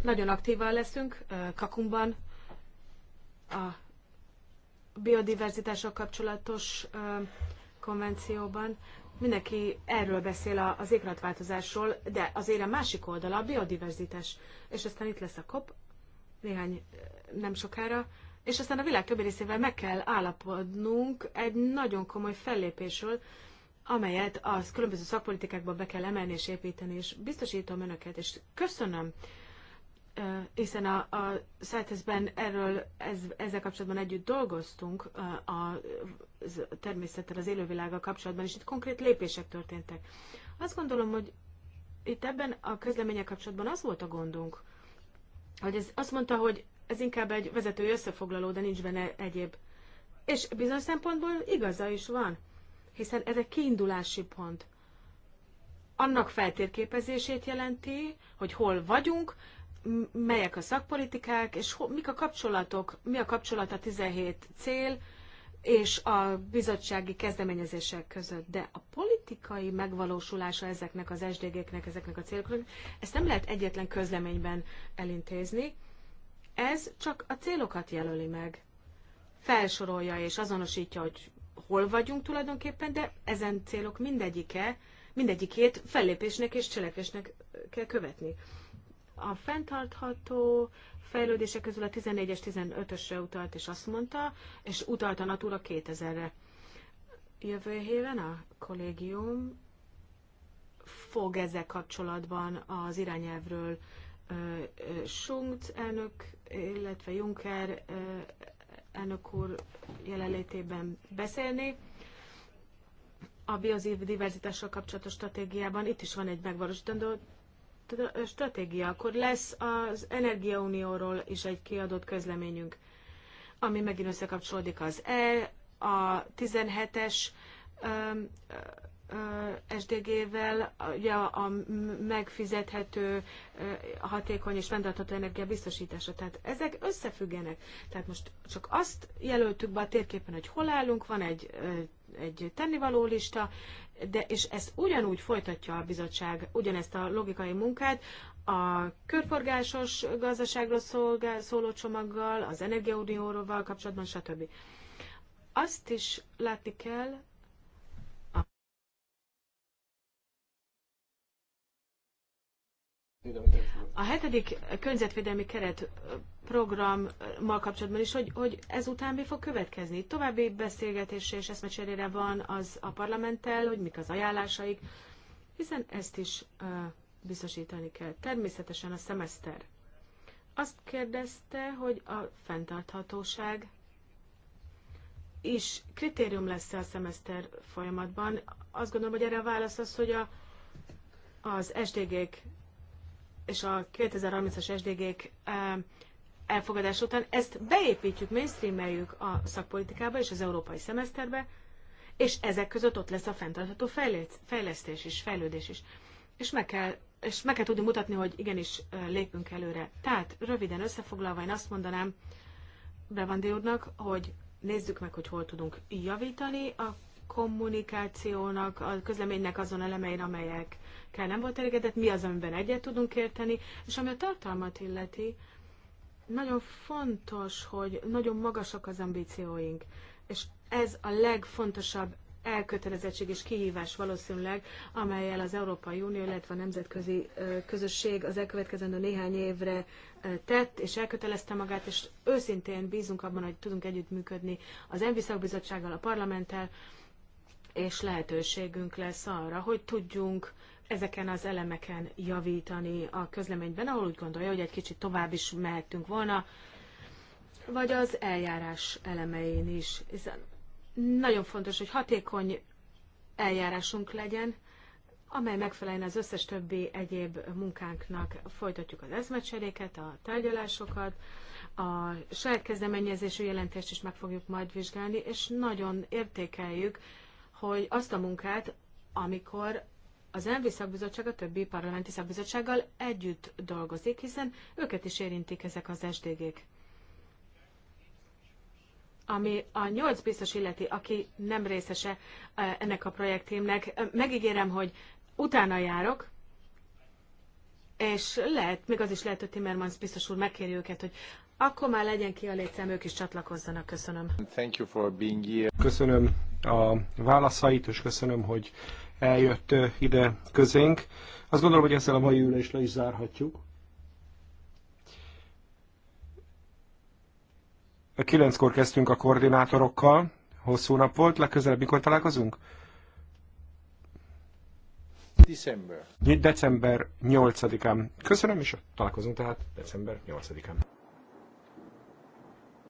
Nagyon aktívan leszünk Kakumban a biodiverzitással kapcsolatos konvencióban mindenki erről beszél az éghajlatváltozásról, de azért a másik oldala a biodiverzitás. És aztán itt lesz a kop, néhány nem sokára, és aztán a világ többi részével meg kell állapodnunk egy nagyon komoly fellépésről, amelyet az különböző szakpolitikákban be kell emelni és építeni, és biztosítom önöket, és köszönöm hiszen a, a Szájteszben erről ez, ezzel kapcsolatban együtt dolgoztunk a, a természettel, az élővilággal kapcsolatban, és itt konkrét lépések történtek. Azt gondolom, hogy itt ebben a közlemények kapcsolatban az volt a gondunk, hogy ez azt mondta, hogy ez inkább egy vezetői összefoglaló, de nincs benne egyéb. És bizonyos szempontból igaza is van, hiszen ez egy kiindulási pont. Annak feltérképezését jelenti, hogy hol vagyunk, melyek a szakpolitikák, és ho, mik a kapcsolatok, mi a kapcsolat a 17 cél és a bizottsági kezdeményezések között. De a politikai megvalósulása ezeknek az SDG-knek, ezeknek a céloknak, ezt nem lehet egyetlen közleményben elintézni. Ez csak a célokat jelöli meg. Felsorolja és azonosítja, hogy hol vagyunk tulajdonképpen, de ezen célok mindegyike, mindegyikét fellépésnek és cselekvésnek kell követni. A fenntartható fejlődések közül a 14-es, 15-ösre utalt, és azt mondta, és utalt a Natura 2000-re. Jövő héten a kollégium fog ezzel kapcsolatban az irányelvről Sungt elnök, illetve Juncker elnök úr jelenlétében beszélni. A biodiverzitással kapcsolatos stratégiában itt is van egy megvalósítandó stratégia, akkor lesz az Energiaunióról is egy kiadott közleményünk, ami megint összekapcsolódik az E, a 17-es SDG-vel ugye a megfizethető, hatékony és fenntartható energia biztosítása. Tehát ezek összefüggenek. Tehát most csak azt jelöltük be a térképen, hogy hol állunk, van egy egy tennivaló lista, de, és ezt ugyanúgy folytatja a bizottság, ugyanezt a logikai munkát, a körforgásos gazdaságról szolgál, szóló csomaggal, az energiaunióval kapcsolatban, stb. Azt is látni kell, a... A hetedik környezetvédelmi keret programmal kapcsolatban is, hogy, hogy ezután mi fog következni. További beszélgetés és eszmecserére van az a parlamenttel, hogy mik az ajánlásaik, hiszen ezt is uh, biztosítani kell. Természetesen a szemeszter. Azt kérdezte, hogy a fenntarthatóság is kritérium lesz a szemeszter folyamatban. Azt gondolom, hogy erre a válasz az, hogy a, az SDG-k és a 2030-as SDG-k elfogadás után ezt beépítjük, mainstreameljük a szakpolitikába és az európai szemeszterbe, és ezek között ott lesz a fenntartható fejlesztés is, fejlődés is. És meg kell, és meg kell tudni mutatni, hogy igenis lépünk előre. Tehát röviden összefoglalva én azt mondanám Bevandi úrnak, hogy nézzük meg, hogy hol tudunk javítani a kommunikációnak, a közleménynek azon elemein, amelyek amikkel nem volt elégedett, mi az, amiben egyet tudunk érteni, és ami a tartalmat illeti, nagyon fontos, hogy nagyon magasak az ambícióink, és ez a legfontosabb elkötelezettség és kihívás valószínűleg, amelyel az Európai Unió, illetve a nemzetközi közösség az elkövetkezendő néhány évre tett, és elkötelezte magát, és őszintén bízunk abban, hogy tudunk együttműködni az ENVI szakbizottsággal, a parlamenttel, és lehetőségünk lesz arra, hogy tudjunk ezeken az elemeken javítani a közleményben, ahol úgy gondolja, hogy egy kicsit tovább is mehettünk volna, vagy az eljárás elemein is. Ez nagyon fontos, hogy hatékony eljárásunk legyen, amely megfelelően az összes többi egyéb munkánknak. Folytatjuk az eszmecseréket, a tárgyalásokat, a saját kezdeményezésű jelentést is meg fogjuk majd vizsgálni, és nagyon értékeljük, hogy azt a munkát, amikor az ENVI szakbizottság a többi parlamenti szakbizottsággal együtt dolgozik, hiszen őket is érintik ezek az SDG-k. Ami a nyolc biztos illeti, aki nem részese e, ennek a projektémnek, e, megígérem, hogy utána járok, és lehet, még az is lehet, hogy Timmermans biztos úr megkéri őket, hogy akkor már legyen ki a létszám, ők is csatlakozzanak. Köszönöm. Thank you for being here. Köszönöm a válaszait, és köszönöm, hogy eljött ide közénk. Azt gondolom, hogy ezzel a mai ülést le is zárhatjuk. Kilenckor kezdtünk a koordinátorokkal, hosszú nap volt, legközelebb mikor találkozunk? December. December 8-án. Köszönöm, és találkozunk tehát december 8-án.